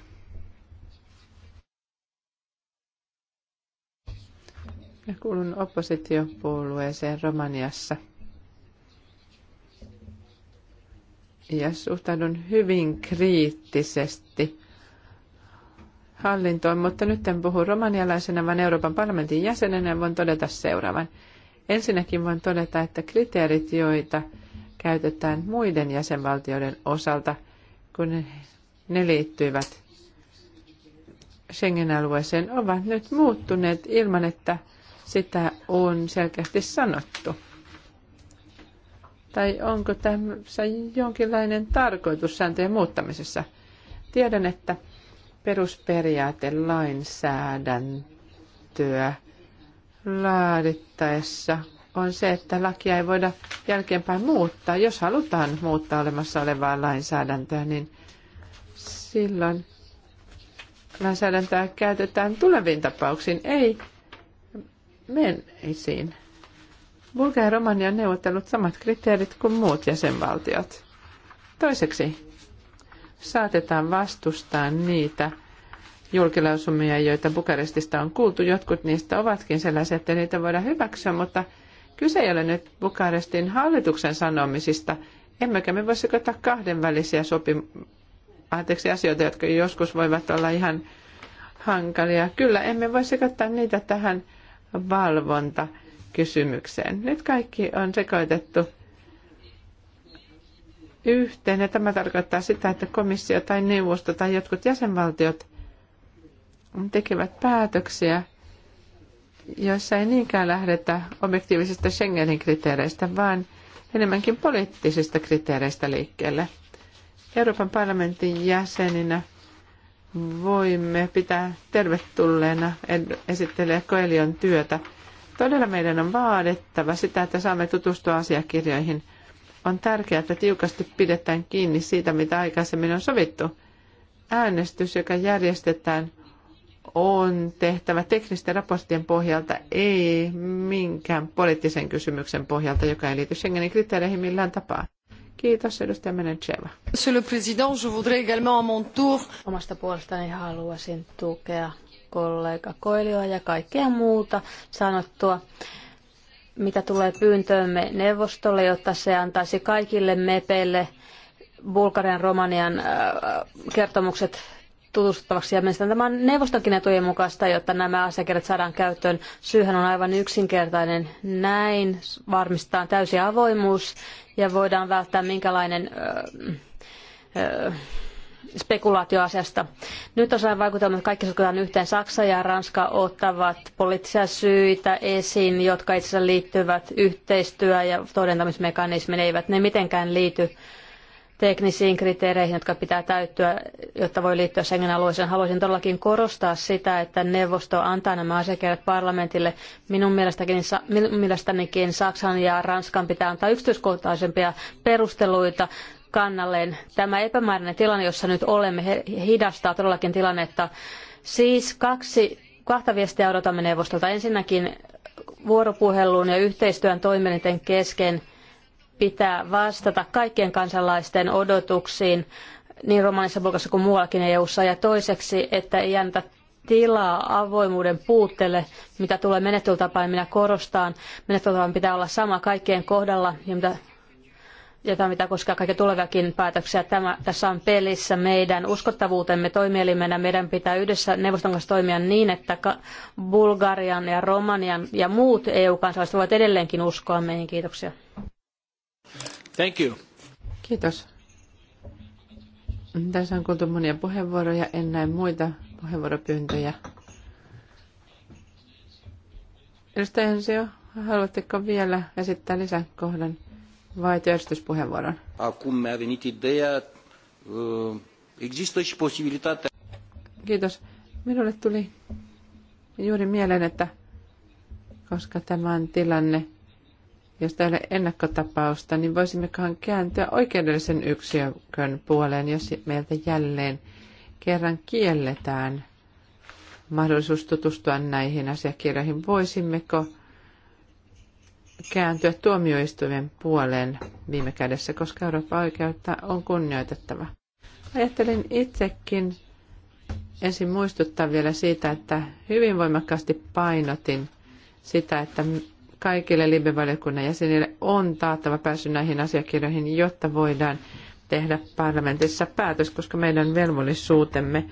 Minä kuulun oppositiopuolueeseen Romaniassa. Ja suhtaudun hyvin kriittisesti hallintoon, mutta nyt en puhu romanialaisena, vaan Euroopan parlamentin jäsenenä ja voin todeta seuraavan. Ensinnäkin voin todeta, että kriteerit, joita käytetään muiden jäsenvaltioiden osalta – kun ne liittyivät Schengen-alueeseen, ovat nyt muuttuneet ilman, että sitä on selkeästi sanottu. Tai onko tässä jonkinlainen tarkoitus sääntöjen muuttamisessa? Tiedän, että perusperiaate lainsäädäntöä laadittaessa on se, että lakia ei voida jälkeenpäin muuttaa. Jos halutaan muuttaa olemassa olevaa lainsäädäntöä, niin silloin lainsäädäntöä käytetään tuleviin tapauksiin, ei menisiin. Bulgaria ja Romania on neuvotellut samat kriteerit kuin muut jäsenvaltiot. Toiseksi, saatetaan vastustaa niitä julkilausumia, joita Bukarestista on kuultu. Jotkut niistä ovatkin sellaisia, että niitä voidaan hyväksyä, mutta – Kyse ei ole nyt Bukarestin hallituksen sanomisista. Emmekä me voisi sekoittaa kahdenvälisiä sopim... Anteeksi, asioita, jotka joskus voivat olla ihan hankalia. Kyllä, emme voi sekoittaa niitä tähän valvontakysymykseen. Nyt kaikki on sekoitettu yhteen, ja tämä tarkoittaa sitä, että komissio tai neuvosto tai jotkut jäsenvaltiot tekevät päätöksiä, joissa ei niinkään lähdetä objektiivisista Schengenin kriteereistä, vaan enemmänkin poliittisista kriteereistä liikkeelle. Euroopan parlamentin jäseninä voimme pitää tervetulleena esittelee Koelion työtä. Todella meidän on vaadettava sitä, että saamme tutustua asiakirjoihin. On tärkeää, että tiukasti pidetään kiinni siitä, mitä aikaisemmin on sovittu. Äänestys, joka järjestetään on tehtävä teknisten raporttien pohjalta, ei minkään poliittisen kysymyksen pohjalta, joka ei liity Schengenin kriteereihin millään tapaa. Kiitos, edustaja Menecheva. Monsieur le Président, je voudrais également à mon tour... Omasta puolestani haluaisin tukea kollega Koilioa ja kaikkea muuta sanottua mitä tulee pyyntöömme neuvostolle, jotta se antaisi kaikille mepeille Bulgarian Romanian äh, kertomukset tutustuttavaksi. Ja mielestäni tämä on neuvostonkin etujen mukaista, jotta nämä asiakirjat saadaan käyttöön. Syyhän on aivan yksinkertainen. Näin varmistetaan täysi avoimuus ja voidaan välttää minkälainen öö, öö, spekulaatio asiasta. Nyt on saanut vaikutelma, että kaikki sotketaan yhteen. Saksa ja Ranska ottavat poliittisia syitä esiin, jotka itse asiassa liittyvät yhteistyö- ja todentamismekanismiin. Eivät ne mitenkään liity teknisiin kriteereihin, jotka pitää täyttyä, jotta voi liittyä Schengen-alueeseen. Haluaisin todellakin korostaa sitä, että neuvosto antaa nämä asiakirjat parlamentille. Minun mielestäkin, minun mielestänikin Saksan ja Ranskan pitää antaa yksityiskohtaisempia perusteluita kannalleen. Tämä epämääräinen tilanne, jossa nyt olemme, hidastaa todellakin tilannetta. Siis kaksi, kahta viestiä odotamme neuvostolta. Ensinnäkin vuoropuhelun ja yhteistyön toimielinten kesken – pitää vastata kaikkien kansalaisten odotuksiin niin Romanissa, Bulgassa kuin muuallakin EU-ssa. Ja toiseksi, että ei anneta tilaa avoimuuden puutteelle, mitä tulee menettelytapaan, minä korostaan. menettelytapaan pitää olla sama kaikkien kohdalla ja mitä tämä mitä koskee kaikkia tuleviakin päätöksiä. Tämä, tässä on pelissä meidän uskottavuutemme toimielimenä. Meidän pitää yhdessä neuvoston kanssa toimia niin, että Bulgarian ja Romanian ja muut EU-kansalaiset voivat edelleenkin uskoa meihin. Kiitoksia. Thank you. Kiitos. Tässä on kuultu monia puheenvuoroja, en näe muita puheenvuoropyyntöjä. Edustaja Ensio, haluatteko vielä esittää lisäkohdan vai työstyspuheenvuoron? Uh, Kiitos. Minulle tuli juuri mieleen, että koska tämä on tilanne, jos ei ole ennakkotapausta, niin voisimmekohan kääntyä oikeudellisen yksikön puoleen, jos meiltä jälleen kerran kielletään mahdollisuus tutustua näihin asiakirjoihin. Voisimmeko kääntyä tuomioistuimen puoleen viime kädessä, koska Euroopan oikeutta on kunnioitettava. Ajattelin itsekin ensin muistuttaa vielä siitä, että hyvin voimakkaasti painotin sitä, että kaikille Libe-valiokunnan jäsenille on taattava pääsy näihin asiakirjoihin, jotta voidaan tehdä parlamentissa päätös, koska meidän velvollisuutemme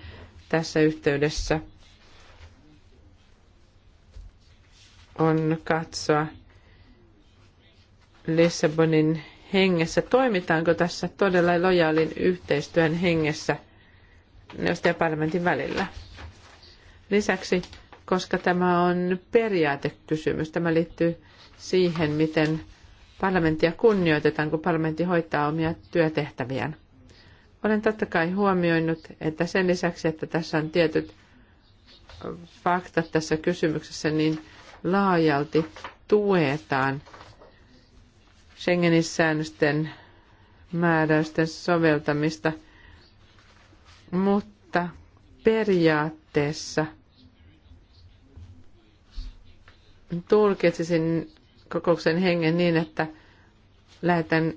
tässä yhteydessä on katsoa Lissabonin hengessä. Toimitaanko tässä todella lojaalin yhteistyön hengessä neuvostojen parlamentin välillä? Lisäksi koska tämä on periaatekysymys. Tämä liittyy siihen, miten parlamenttia kunnioitetaan, kun parlamentti hoitaa omia työtehtäviään. Olen totta kai huomioinut, että sen lisäksi, että tässä on tietyt faktat tässä kysymyksessä, niin laajalti tuetaan Schengenin säännösten määräysten soveltamista, mutta periaatteessa – tulkitsisin kokouksen hengen niin, että lähetän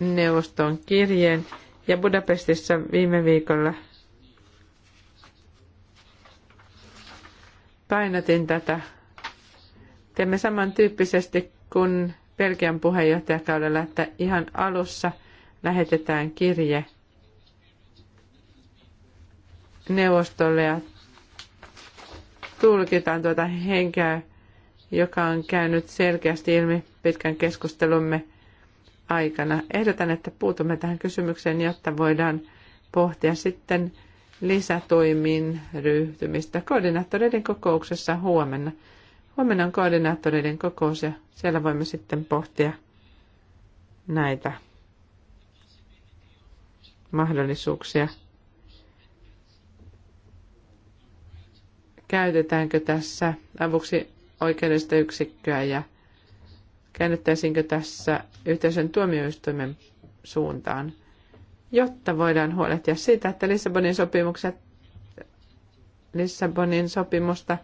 neuvoston kirjeen. Ja Budapestissa viime viikolla painotin tätä. Teemme samantyyppisesti kuin Belgian puheenjohtajakaudella, että ihan alussa lähetetään kirje neuvostolle ja tulkitaan tuota henkeä, joka on käynyt selkeästi ilmi pitkän keskustelumme aikana. Ehdotan, että puutumme tähän kysymykseen, jotta voidaan pohtia sitten lisätoimiin ryhtymistä koordinaattoreiden kokouksessa huomenna. Huomenna on koordinaattoreiden kokous ja siellä voimme sitten pohtia näitä mahdollisuuksia. käytetäänkö tässä avuksi oikeudellista yksikköä ja käännettäisiinkö tässä yhteisen tuomioistuimen suuntaan, jotta voidaan huolehtia siitä, että Lissabonin, sopimukset, Lissabonin sopimusta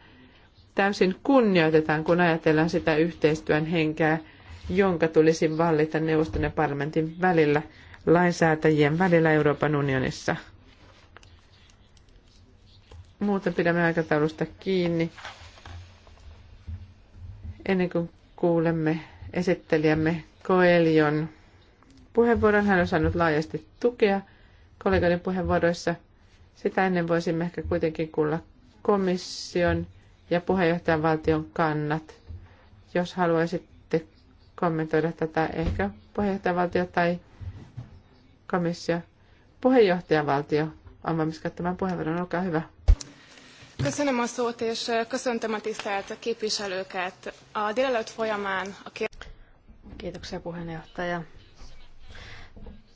täysin kunnioitetaan, kun ajatellaan sitä yhteistyön henkeä, jonka tulisi vallita neuvoston ja parlamentin välillä, lainsäätäjien välillä Euroopan unionissa – Muuten pidämme aikataulusta kiinni. Ennen kuin kuulemme esittelijämme Koelion puheenvuoron, hän on saanut laajasti tukea kollegoiden puheenvuoroissa. Sitä ennen voisimme ehkä kuitenkin kuulla komission ja puheenjohtajan valtion kannat. Jos haluaisitte kommentoida tätä, ehkä puheenjohtajavaltio tai komissio. Puheenjohtajavaltio on valmis käyttämään puheenvuoron, olkaa hyvä. Köszönöm a szót, és köszöntöm a tisztelt képviselőket. A délelőtt folyamán a kér... Kiitoksia puheenjohtaja.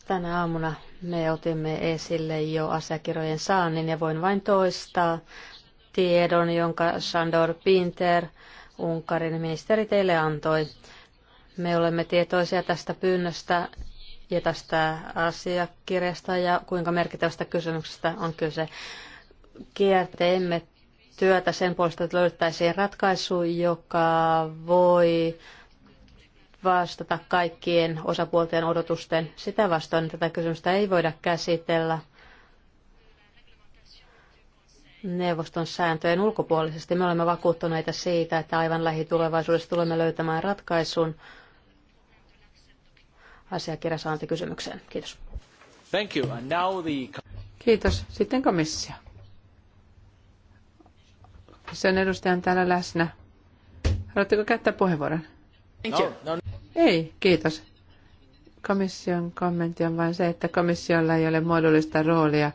Tänä aamuna me otimme esille jo asiakirjojen saannin ja voin vain toistaa tiedon, jonka Sandor Pinter, Unkarin ministeri, teille antoi. Me olemme tietoisia tästä pyynnöstä ja tästä asiakirjasta ja kuinka merkittävästä kysymyksestä on kyse kierteemme työtä sen puolesta, että löydettäisiin ratkaisu, joka voi vastata kaikkien osapuolten odotusten. Sitä vastoin tätä kysymystä ei voida käsitellä neuvoston sääntöjen ulkopuolisesti. Me olemme vakuuttuneita siitä, että aivan lähitulevaisuudessa tulemme löytämään ratkaisun asiakirjasaantikysymykseen. Kiitos. Thank you. And now the... Kiitos. Sitten komissio sen edustajan täällä läsnä. Haluatteko käyttää puheenvuoron? No, no. Ei, kiitos. Komission kommentti on vain se, että komissiolla ei ole muodollista roolia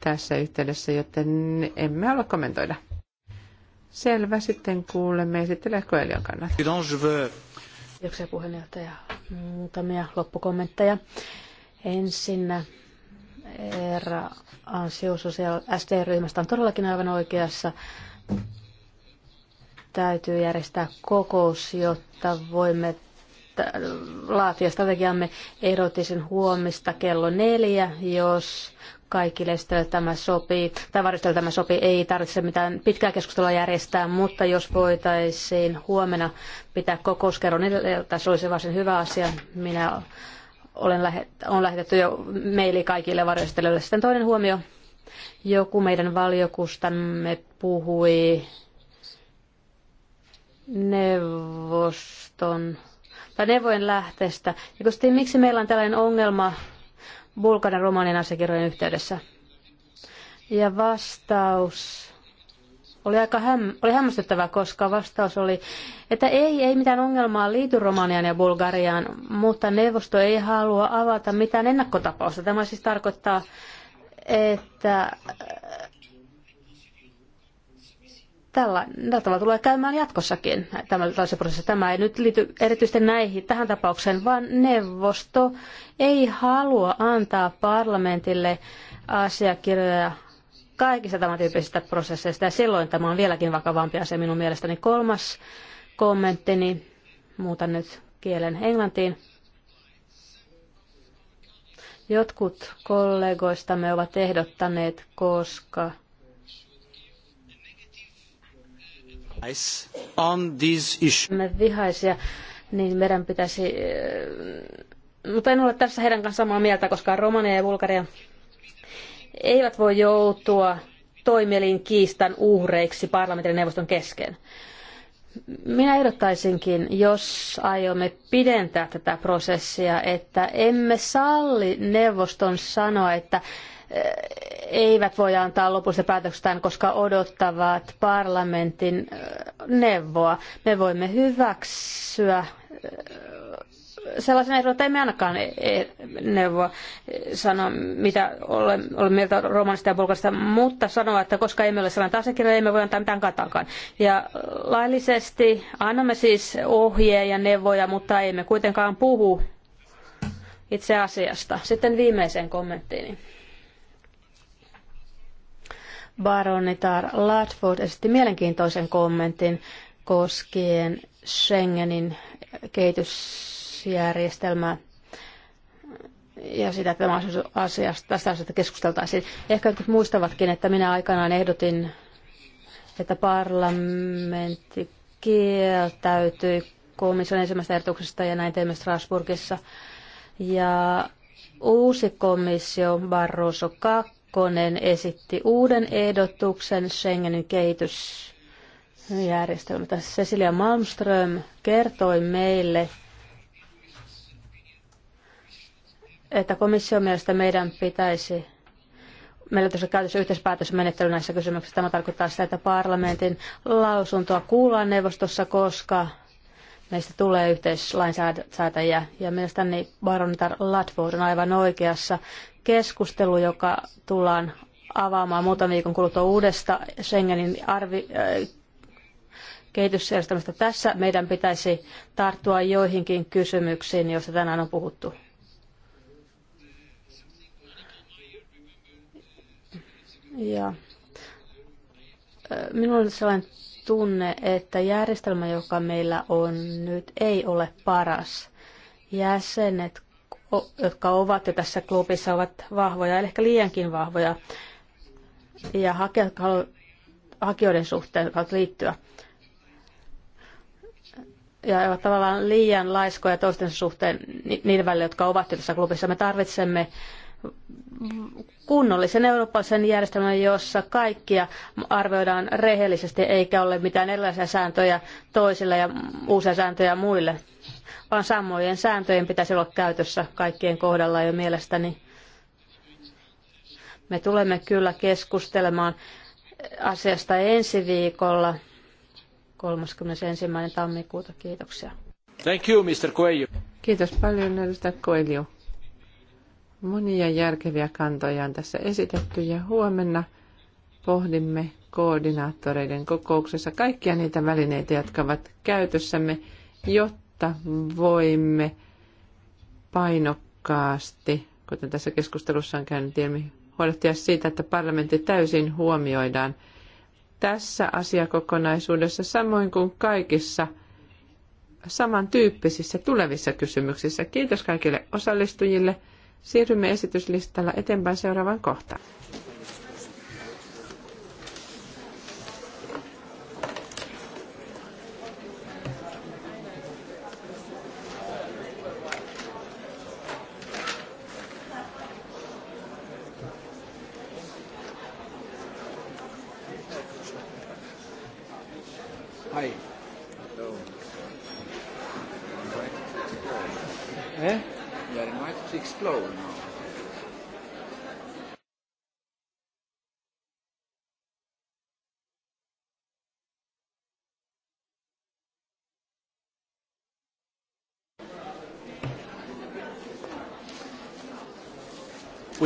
tässä yhteydessä, joten emme halua kommentoida. Selvä, sitten kuulemme esittelee Koelion kannat. Kiitoksia puheenjohtaja. Muutamia loppukommentteja. Ensin Eera eh, Ansius SD-ryhmästä on todellakin aivan oikeassa Täytyy järjestää kokous, jotta voimme laatia strategiamme erotisen huomista kello neljä, jos kaikille tämä sopii, tai tämä sopii, ei tarvitse mitään pitkää keskustelua järjestää, mutta jos voitaisiin huomenna pitää kokous kello neljältä, se olisi varsin hyvä asia. Minä olen lähet, on lähetetty jo meili kaikille varjostelijoille. Sitten toinen huomio joku meidän valiokustamme puhui neuvoston tai neuvojen lähteestä. Ja kosti, miksi meillä on tällainen ongelma Bulgarian romanien asiakirjojen yhteydessä? Ja vastaus oli aika häm, oli hämmästyttävä, koska vastaus oli, että ei, ei mitään ongelmaa liity Romaniaan ja Bulgariaan, mutta neuvosto ei halua avata mitään ennakkotapausta. Tämä siis tarkoittaa että äh, tällä, tällä tavalla tulee käymään jatkossakin tällaisessa prosessissa. Tämä ei nyt liity erityisesti näihin, tähän tapaukseen, vaan neuvosto ei halua antaa parlamentille asiakirjoja kaikista tämän tyyppisistä prosesseista, ja silloin tämä on vieläkin vakavampi asia minun mielestäni. Kolmas kommenttini, muutan nyt kielen englantiin. Jotkut kollegoistamme ovat ehdottaneet, koska on me vihaisia, niin meidän pitäisi... Eh, mutta en ole tässä heidän kanssaan samaa mieltä, koska Romania ja Bulgaria eivät voi joutua toimielin kiistan uhreiksi parlamentin neuvoston kesken. Minä ehdottaisinkin, jos aiomme pidentää tätä prosessia, että emme salli neuvoston sanoa, että eh, eivät voi antaa lopullista päätöksestään, koska odottavat parlamentin eh, neuvoa. Me voimme hyväksyä eh, sellaisena että emme ainakaan e, e, neuvoa e, sanoa, mitä olemme mieltä romanista ja bulgarista, mutta sanoa, että koska emme ole sellainen asiakirja, emme voi antaa mitään katakaan. Ja laillisesti annamme siis ohjeja ja neuvoja, mutta emme kuitenkaan puhu itse asiasta. Sitten viimeiseen kommenttiin. Baronitar Latford esitti mielenkiintoisen kommentin koskien Schengenin kehitys rahoitusjärjestelmää ja sitä, että tämä asiasta, tästä asiasta keskusteltaisiin. Ehkä jotkut muistavatkin, että minä aikanaan ehdotin, että parlamentti kieltäytyi komission ensimmäisestä ehdotuksesta ja näin teimme Strasbourgissa. Ja uusi komissio Barroso 2 esitti uuden ehdotuksen Schengenin kehitysjärjestelmästä. Cecilia Malmström kertoi meille, että komission mielestä meidän pitäisi meillä tosiaan käytössä yhteispäätösmenettely näissä kysymyksissä. Tämä tarkoittaa sitä, että parlamentin lausuntoa kuullaan neuvostossa, koska meistä tulee yhteislainsäätäjiä. Ja mielestäni baronitar Latford on aivan oikeassa. Keskustelu, joka tullaan avaamaan muutaman viikon kuluttua uudesta Schengenin arvi, äh, kehitysjärjestelmästä. Tässä meidän pitäisi tarttua joihinkin kysymyksiin, joista tänään on puhuttu. Ja minulla on sellainen tunne, että järjestelmä, joka meillä on nyt, ei ole paras. Jäsenet, jotka ovat jo tässä klubissa, ovat vahvoja, eli ehkä liiankin vahvoja, ja hakijoiden suhteen haluavat liittyä. Ja ovat tavallaan liian laiskoja toisten suhteen niiden välillä, jotka ovat jo tässä klubissa. Me tarvitsemme kunnollisen eurooppalaisen järjestelmän, jossa kaikkia arvioidaan rehellisesti eikä ole mitään erilaisia sääntöjä toisille ja uusia sääntöjä muille, vaan samojen sääntöjen pitäisi olla käytössä kaikkien kohdalla jo mielestäni. Me tulemme kyllä keskustelemaan asiasta ensi viikolla 31. tammikuuta. Kiitoksia. Thank you, Mr. Coelho. Kiitos paljon, edustaja Coelho. Monia järkeviä kantoja on tässä esitetty ja huomenna pohdimme koordinaattoreiden kokouksessa kaikkia niitä välineitä, jotka ovat käytössämme, jotta voimme painokkaasti, kuten tässä keskustelussa on käynyt ilmi, huolehtia siitä, että parlamentti täysin huomioidaan tässä asiakokonaisuudessa samoin kuin kaikissa samantyyppisissä tulevissa kysymyksissä. Kiitos kaikille osallistujille. Siirrymme esityslistalla eteenpäin seuraavaan kohtaan.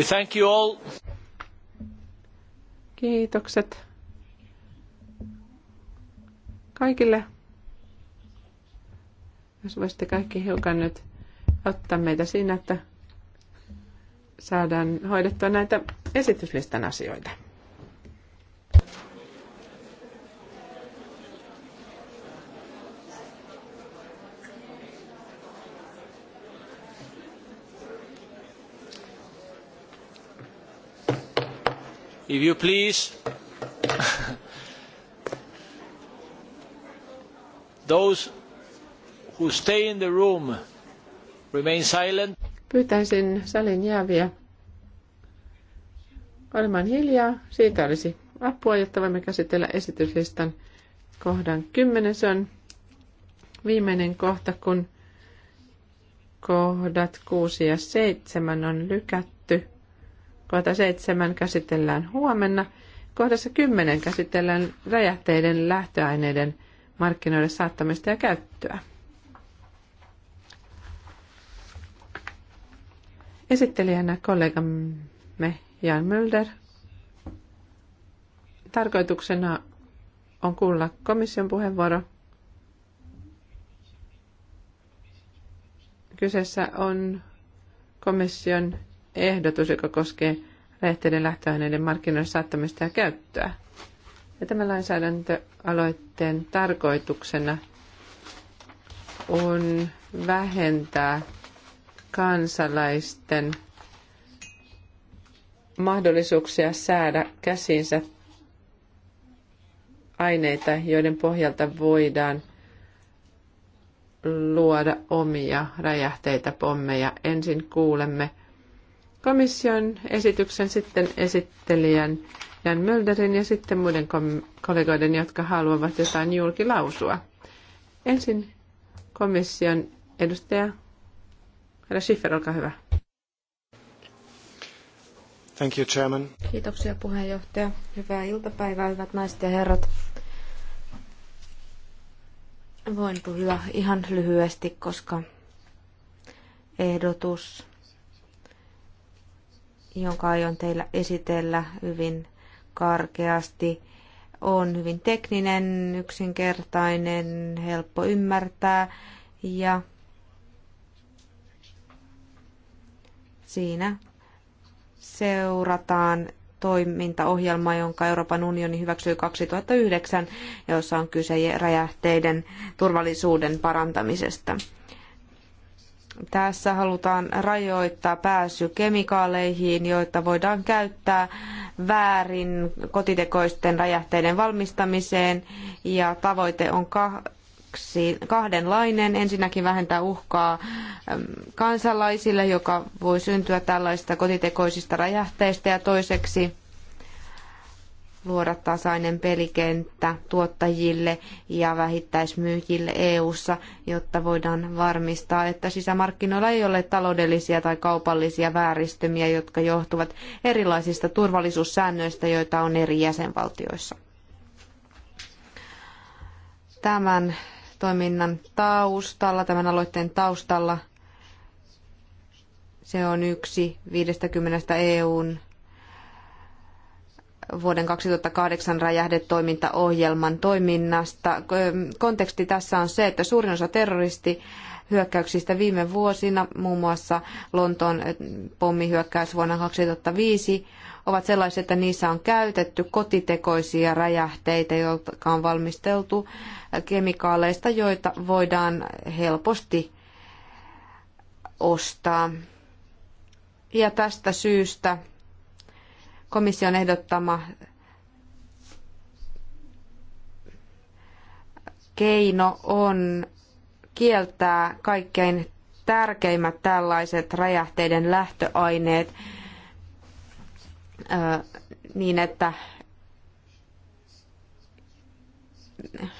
We thank you all. Kiitokset kaikille. Jos voisitte kaikki hiukan nyt ottaa meitä siinä, että saadaan hoidettua näitä esityslistan asioita. If you please, those who stay in the room remain silent. Pyytäisin salin jääviä olemaan hiljaa. Siitä olisi apua, jotta voimme käsitellä esityslistan kohdan 10. Se on viimeinen kohta, kun kohdat 6 ja 7 on lykätty Kohta seitsemän käsitellään huomenna. Kohdassa kymmenen käsitellään räjähteiden lähtöaineiden markkinoille saattamista ja käyttöä. Esittelijänä kollegamme Jan Mölder. Tarkoituksena on kuulla komission puheenvuoro. Kyseessä on komission ehdotus, joka koskee räjähteiden lähtöaineiden markkinoille saattamista ja käyttöä. Ja tämän lainsäädäntöaloitteen tarkoituksena on vähentää kansalaisten mahdollisuuksia säädä käsinsä aineita, joiden pohjalta voidaan luoda omia räjähteitä, pommeja. Ensin kuulemme komission esityksen, sitten esittelijän Jan Mölderin ja sitten muiden kollegoiden, jotka haluavat jotain julkilausua. Ensin komission edustaja Herra Schiffer, olkaa hyvä. Thank you, Chairman. Kiitoksia puheenjohtaja. Hyvää iltapäivää, hyvät naiset ja herrat. Voin puhua ihan lyhyesti, koska ehdotus jonka aion teillä esitellä hyvin karkeasti, on hyvin tekninen, yksinkertainen, helppo ymmärtää ja siinä seurataan toimintaohjelma, jonka Euroopan unioni hyväksyi 2009, jossa on kyse räjähteiden turvallisuuden parantamisesta. Tässä halutaan rajoittaa pääsy kemikaaleihin, joita voidaan käyttää väärin kotitekoisten räjähteiden valmistamiseen. Ja tavoite on kaksi, kahdenlainen. Ensinnäkin vähentää uhkaa kansalaisille, joka voi syntyä tällaista kotitekoisista räjähteistä. Ja toiseksi luoda tasainen pelikenttä tuottajille ja vähittäismyyjille EU:ssa, jotta voidaan varmistaa, että sisämarkkinoilla ei ole taloudellisia tai kaupallisia vääristymiä, jotka johtuvat erilaisista turvallisuussäännöistä, joita on eri jäsenvaltioissa. Tämän toiminnan taustalla, tämän aloitteen taustalla, se on yksi 50 EUn vuoden 2008 räjähdetoimintaohjelman toiminnasta. Konteksti tässä on se, että suurin osa terroristi hyökkäyksistä viime vuosina, muun muassa Lontoon pommihyökkäys vuonna 2005, ovat sellaisia, että niissä on käytetty kotitekoisia räjähteitä, jotka on valmisteltu kemikaaleista, joita voidaan helposti ostaa. Ja tästä syystä komission ehdottama keino on kieltää kaikkein tärkeimmät tällaiset räjähteiden lähtöaineet niin, että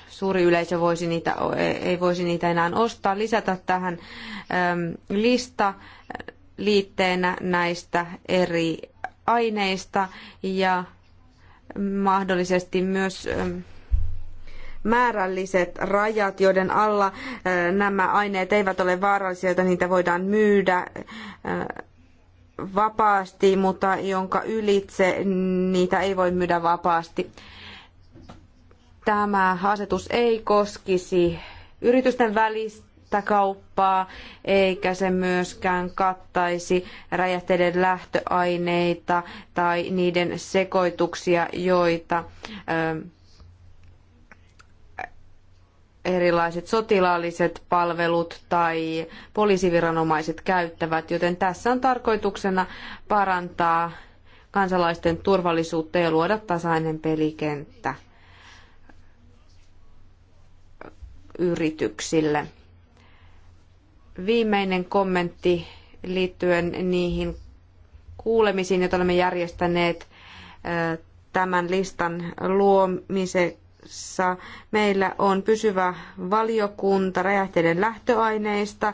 suuri yleisö voisi niitä, ei voisi niitä enää ostaa, lisätä tähän lista liitteenä näistä eri aineista ja mahdollisesti myös ähm, määrälliset rajat, joiden alla äh, nämä aineet eivät ole vaarallisia, joita niitä voidaan myydä äh, vapaasti, mutta jonka ylitse niitä ei voi myydä vapaasti. Tämä asetus ei koskisi yritysten välistä kauppaa, eikä se myöskään kattaisi räjähteiden lähtöaineita tai niiden sekoituksia, joita ähm, erilaiset sotilaalliset palvelut tai poliisiviranomaiset käyttävät, joten tässä on tarkoituksena parantaa kansalaisten turvallisuutta ja luoda tasainen pelikenttä yrityksille viimeinen kommentti liittyen niihin kuulemisiin, joita olemme järjestäneet tämän listan luomisessa. Meillä on pysyvä valiokunta räjähteiden lähtöaineista,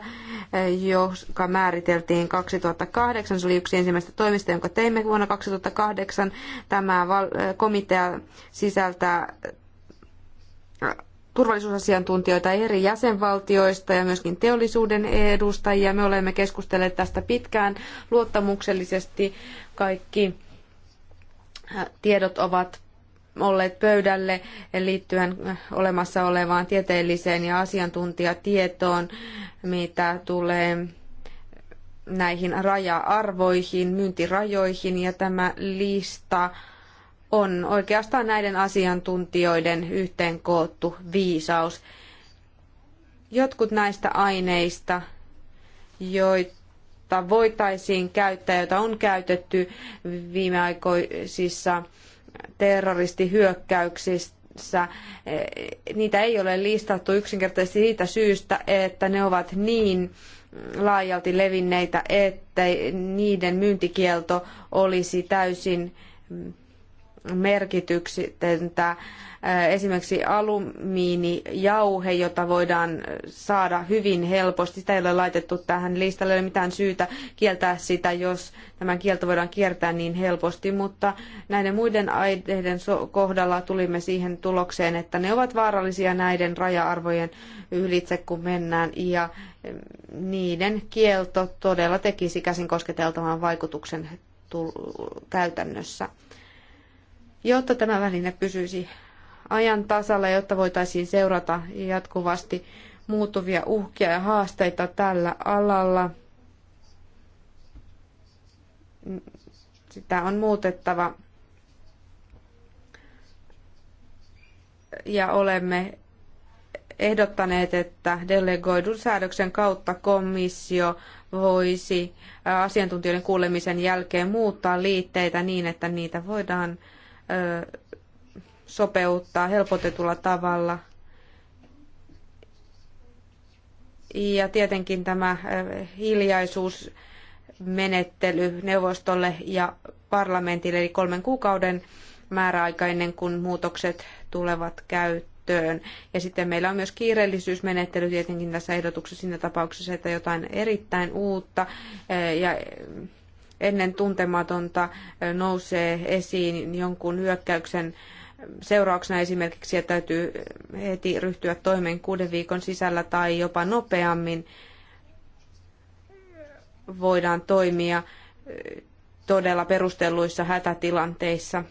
joka määriteltiin 2008. Se oli yksi ensimmäistä toimista, jonka teimme vuonna 2008. Tämä komitea sisältää turvallisuusasiantuntijoita eri jäsenvaltioista ja myöskin teollisuuden edustajia. Me olemme keskustelleet tästä pitkään luottamuksellisesti. Kaikki äh, tiedot ovat olleet pöydälle liittyen äh, olemassa olevaan tieteelliseen ja asiantuntijatietoon, mitä tulee näihin raja-arvoihin, myyntirajoihin ja tämä lista on oikeastaan näiden asiantuntijoiden yhteen koottu viisaus. Jotkut näistä aineista, joita voitaisiin käyttää, joita on käytetty viimeaikoisissa terroristihyökkäyksissä, niitä ei ole listattu yksinkertaisesti siitä syystä, että ne ovat niin laajalti levinneitä, että niiden myyntikielto olisi täysin merkityksetöntä. Esimerkiksi alumiinijauhe, jota voidaan saada hyvin helposti. Sitä ei ole laitettu tähän listalle, ei ole mitään syytä kieltää sitä, jos tämän kielto voidaan kiertää niin helposti. Mutta näiden muiden aineiden kohdalla tulimme siihen tulokseen, että ne ovat vaarallisia näiden raja-arvojen ylitse, kun mennään. Ja niiden kielto todella tekisi käsin kosketeltavan vaikutuksen käytännössä jotta tämä väline pysyisi ajan tasalla, jotta voitaisiin seurata jatkuvasti muutuvia uhkia ja haasteita tällä alalla. Sitä on muutettava ja olemme ehdottaneet, että delegoidun säädöksen kautta komissio voisi asiantuntijoiden kuulemisen jälkeen muuttaa liitteitä niin, että niitä voidaan sopeuttaa helpotetulla tavalla. Ja tietenkin tämä hiljaisuusmenettely neuvostolle ja parlamentille, eli kolmen kuukauden määräaika ennen kuin muutokset tulevat käyttöön. Ja sitten meillä on myös kiireellisyysmenettely tietenkin tässä ehdotuksessa siinä tapauksessa, että jotain erittäin uutta ja ennen tuntematonta nousee esiin jonkun hyökkäyksen seurauksena esimerkiksi, ja täytyy heti ryhtyä toimeen kuuden viikon sisällä tai jopa nopeammin voidaan toimia todella perustelluissa hätätilanteissa.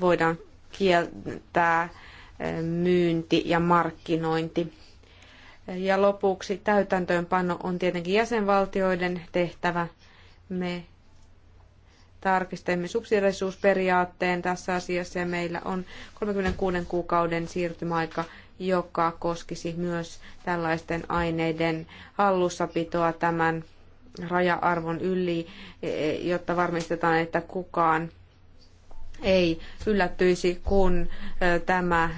Voidaan kieltää myynti ja markkinointi. Ja lopuksi täytäntöönpano on tietenkin jäsenvaltioiden tehtävä. Me tarkistamme subsidiarisuusperiaatteen tässä asiassa ja meillä on 36 kuukauden siirtymäaika, joka koskisi myös tällaisten aineiden hallussapitoa tämän raja-arvon yli, eh, jotta varmistetaan, että kukaan ei yllättyisi, kun tämä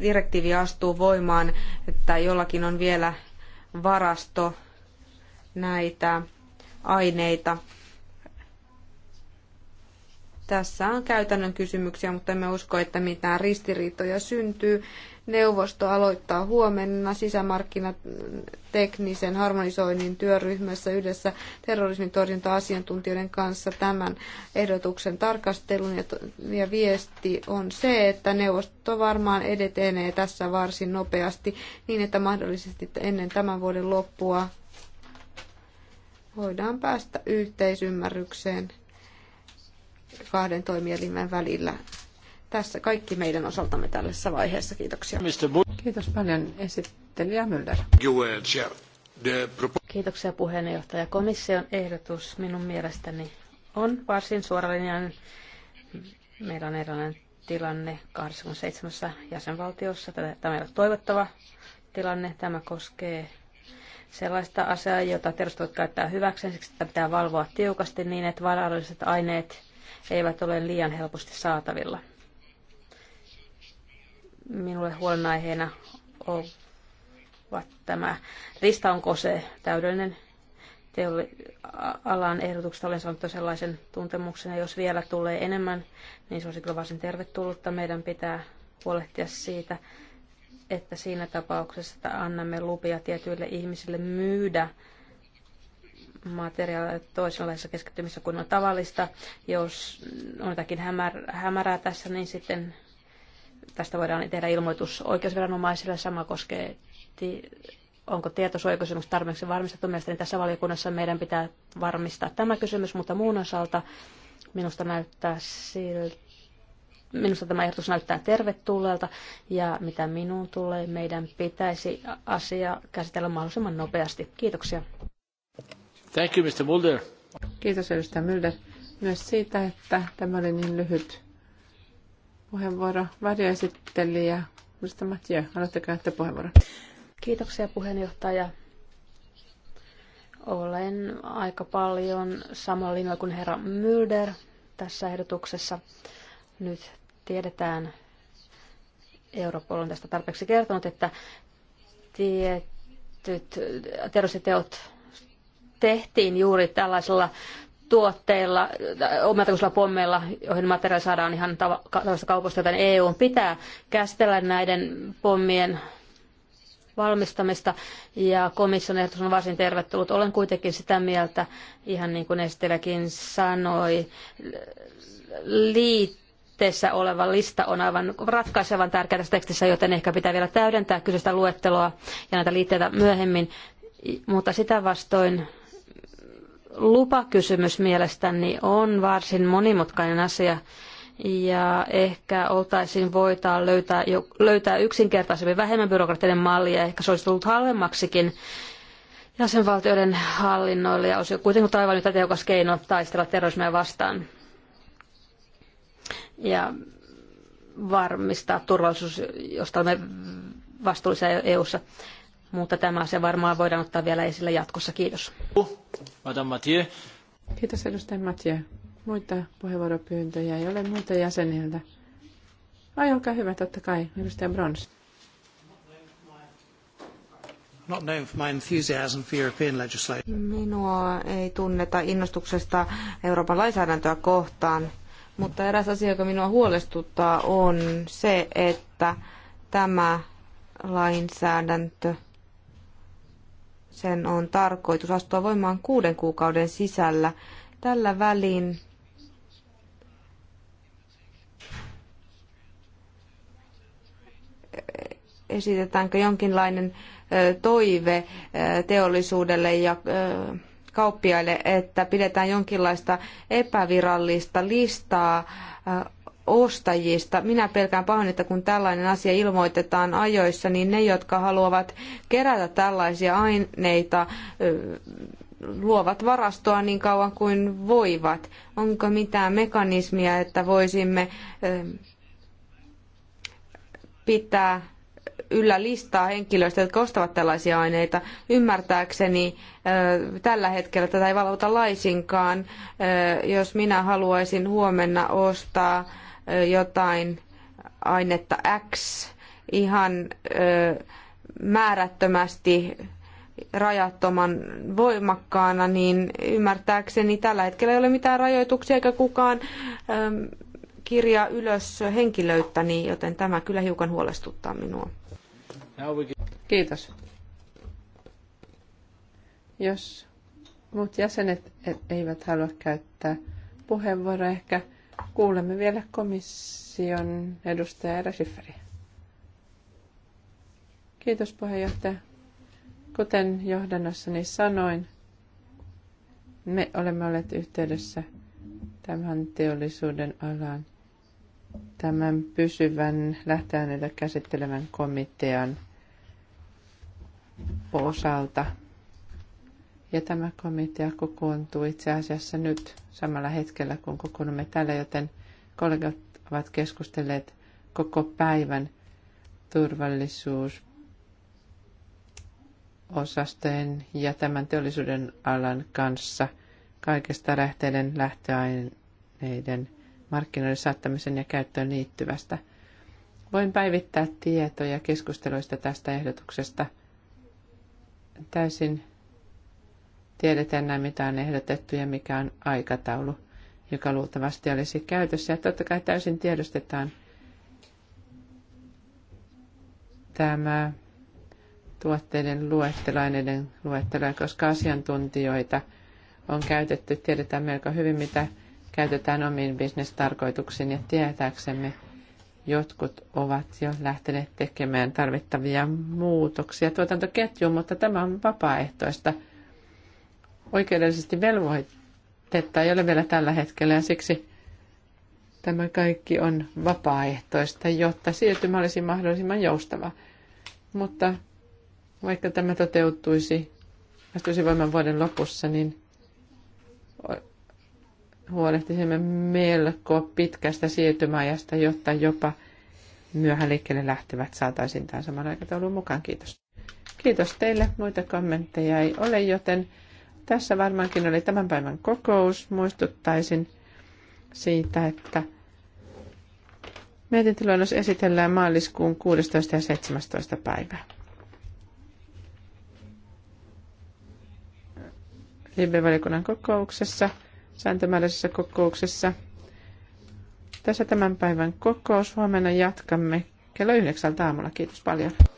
direktiivi astuu voimaan, että jollakin on vielä varasto näitä aineita. Tässä on käytännön kysymyksiä, mutta emme usko, että mitään ristiriitoja syntyy. Neuvosto aloittaa huomenna sisämarkkinateknisen harmonisoinnin työryhmässä yhdessä terrorismin torjunta-asiantuntijoiden kanssa tämän ehdotuksen tarkastelun. Ja, viesti on se, että neuvosto varmaan edetenee tässä varsin nopeasti niin, että mahdollisesti ennen tämän vuoden loppua voidaan päästä yhteisymmärrykseen kahden toimielimen välillä tässä kaikki meidän osaltamme tällaisessa vaiheessa. Kiitoksia. Kiitos paljon esittelijä Müller. Kiitoksia puheenjohtaja. Komission ehdotus minun mielestäni on varsin suoralinjainen. Meillä on erilainen tilanne 27 jäsenvaltiossa. Tämä ei ole toivottava tilanne. Tämä koskee sellaista asiaa, jota terveystoimet käyttää hyväkseen. Siksi sitä pitää valvoa tiukasti niin, että vaaralliset aineet eivät ole liian helposti saatavilla minulle huolenaiheena ovat tämä Rista onko se täydellinen alan ehdotukset. olen saanut sellaisen tuntemuksen, ja jos vielä tulee enemmän, niin se olisi kyllä varsin tervetullutta. Meidän pitää huolehtia siitä, että siinä tapauksessa, että annamme lupia tietyille ihmisille myydä materiaaleja toisenlaisessa keskittymisessä kuin on tavallista. Jos on jotakin hämärää tässä, niin sitten tästä voidaan tehdä ilmoitus oikeusviranomaisille. Sama koskee, onko tietosuojakysymys tarpeeksi varmistettu. Mielestäni tässä valiokunnassa meidän pitää varmistaa tämä kysymys, mutta muun osalta minusta näyttää siltä, Minusta tämä ehdotus näyttää tervetulleelta ja mitä minun tulee, meidän pitäisi asia käsitellä mahdollisimman nopeasti. Kiitoksia. Thank you, Mr. Mulder. Kiitos edustaja Mulder myös siitä, että tämä oli niin lyhyt puheenvuoro varjoesittelijä Mr. Mathieu. Haluatteko käyttää puheenvuoron? Kiitoksia puheenjohtaja. Olen aika paljon samalla linjalla kuin herra Mulder tässä ehdotuksessa. Nyt tiedetään, Europol on tästä tarpeeksi kertonut, että tietyt terroriteot tehtiin juuri tällaisella tuotteilla, äh, omatuisilla pommeilla, joihin materiaali saadaan ihan tavallisesta kaupoista, joten EU pitää käsitellä näiden pommien valmistamista ja komission ehdotus on varsin tervetullut. Olen kuitenkin sitä mieltä, ihan niin kuin Esteläkin sanoi, liitteessä oleva lista on aivan ratkaisevan tärkeä tässä tekstissä, joten ehkä pitää vielä täydentää kyseistä luetteloa ja näitä liitteitä myöhemmin, mutta sitä vastoin lupakysymys mielestäni on varsin monimutkainen asia ja ehkä oltaisiin voitaa löytää, jo, löytää yksinkertaisempi, vähemmän byrokraattinen malli ja ehkä se olisi tullut halvemmaksikin jäsenvaltioiden hallinnoille ja olisi kuitenkin aivan yhtä tehokas keino taistella terrorismia vastaan ja varmistaa turvallisuus, josta olemme vastuullisia EU-ssa. eu ssa mutta tämä asia varmaan voidaan ottaa vielä esille jatkossa. Kiitos. Madame Mathieu. Kiitos edustaja Mathieu. Muita puheenvuoropyyntöjä ei ole muita jäseniltä. Ai, olkaa hyvä, totta kai. Edustaja Brons. Not known for my enthusiasm for European legislation. Minua ei tunneta innostuksesta Euroopan lainsäädäntöä kohtaan, mutta eräs asia, joka minua huolestuttaa, on se, että tämä lainsäädäntö – sen on tarkoitus astua voimaan kuuden kuukauden sisällä. Tällä välin esitetäänkö jonkinlainen toive teollisuudelle ja kauppiaille, että pidetään jonkinlaista epävirallista listaa ostajista. Minä pelkään pahoin, että kun tällainen asia ilmoitetaan ajoissa, niin ne, jotka haluavat kerätä tällaisia aineita, luovat varastoa niin kauan kuin voivat. Onko mitään mekanismia, että voisimme pitää yllä listaa henkilöistä, jotka ostavat tällaisia aineita. Ymmärtääkseni tällä hetkellä tätä ei valvota laisinkaan. Jos minä haluaisin huomenna ostaa jotain ainetta X ihan määrättömästi rajattoman voimakkaana, niin ymmärtääkseni tällä hetkellä ei ole mitään rajoituksia eikä kukaan kirjaa ylös niin joten tämä kyllä hiukan huolestuttaa minua. Kiitos. Jos muut jäsenet e- eivät halua käyttää puheenvuoroa, ehkä Kuulemme vielä komission edustaja Eera Schifferiä. Kiitos puheenjohtaja. Kuten johdannossani sanoin, me olemme olleet yhteydessä tämän teollisuuden alan tämän pysyvän lähtöaineita käsittelevän komitean osalta ja tämä komitea kokoontuu itse asiassa nyt samalla hetkellä, kun kokoonnumme täällä, joten kollegat ovat keskustelleet koko päivän turvallisuusosastojen ja tämän teollisuuden alan kanssa kaikesta lähteiden lähtöaineiden markkinoiden saattamisen ja käyttöön liittyvästä. Voin päivittää tietoja keskusteluista tästä ehdotuksesta täysin tiedetään näin, mitä on ehdotettu ja mikä on aikataulu, joka luultavasti olisi käytössä. Ja totta kai täysin tiedostetaan tämä tuotteiden luettelo, aineiden luettelo, koska asiantuntijoita on käytetty, tiedetään melko hyvin, mitä käytetään omiin bisnestarkoituksiin ja tietääksemme jotkut ovat jo lähteneet tekemään tarvittavia muutoksia tuotantoketjuun, mutta tämä on vapaaehtoista – oikeudellisesti velvoitetta ei ole vielä tällä hetkellä ja siksi tämä kaikki on vapaaehtoista, jotta siirtymä olisi mahdollisimman joustava. Mutta vaikka tämä toteutuisi, astuisi voiman vuoden lopussa, niin huolehtisimme melko pitkästä siirtymäajasta, jotta jopa myöhään liikkeelle lähtevät saataisiin tähän saman aikataulun mukaan. Kiitos. Kiitos teille. Muita kommentteja ei ole, joten tässä varmaankin oli tämän päivän kokous. Muistuttaisin siitä, että mietintöluonnos esitellään maaliskuun 16. ja 17. päivää. Libe-valikunnan kokouksessa, sääntömääräisessä kokouksessa. Tässä tämän päivän kokous. Huomenna jatkamme kello yhdeksältä aamulla. Kiitos paljon.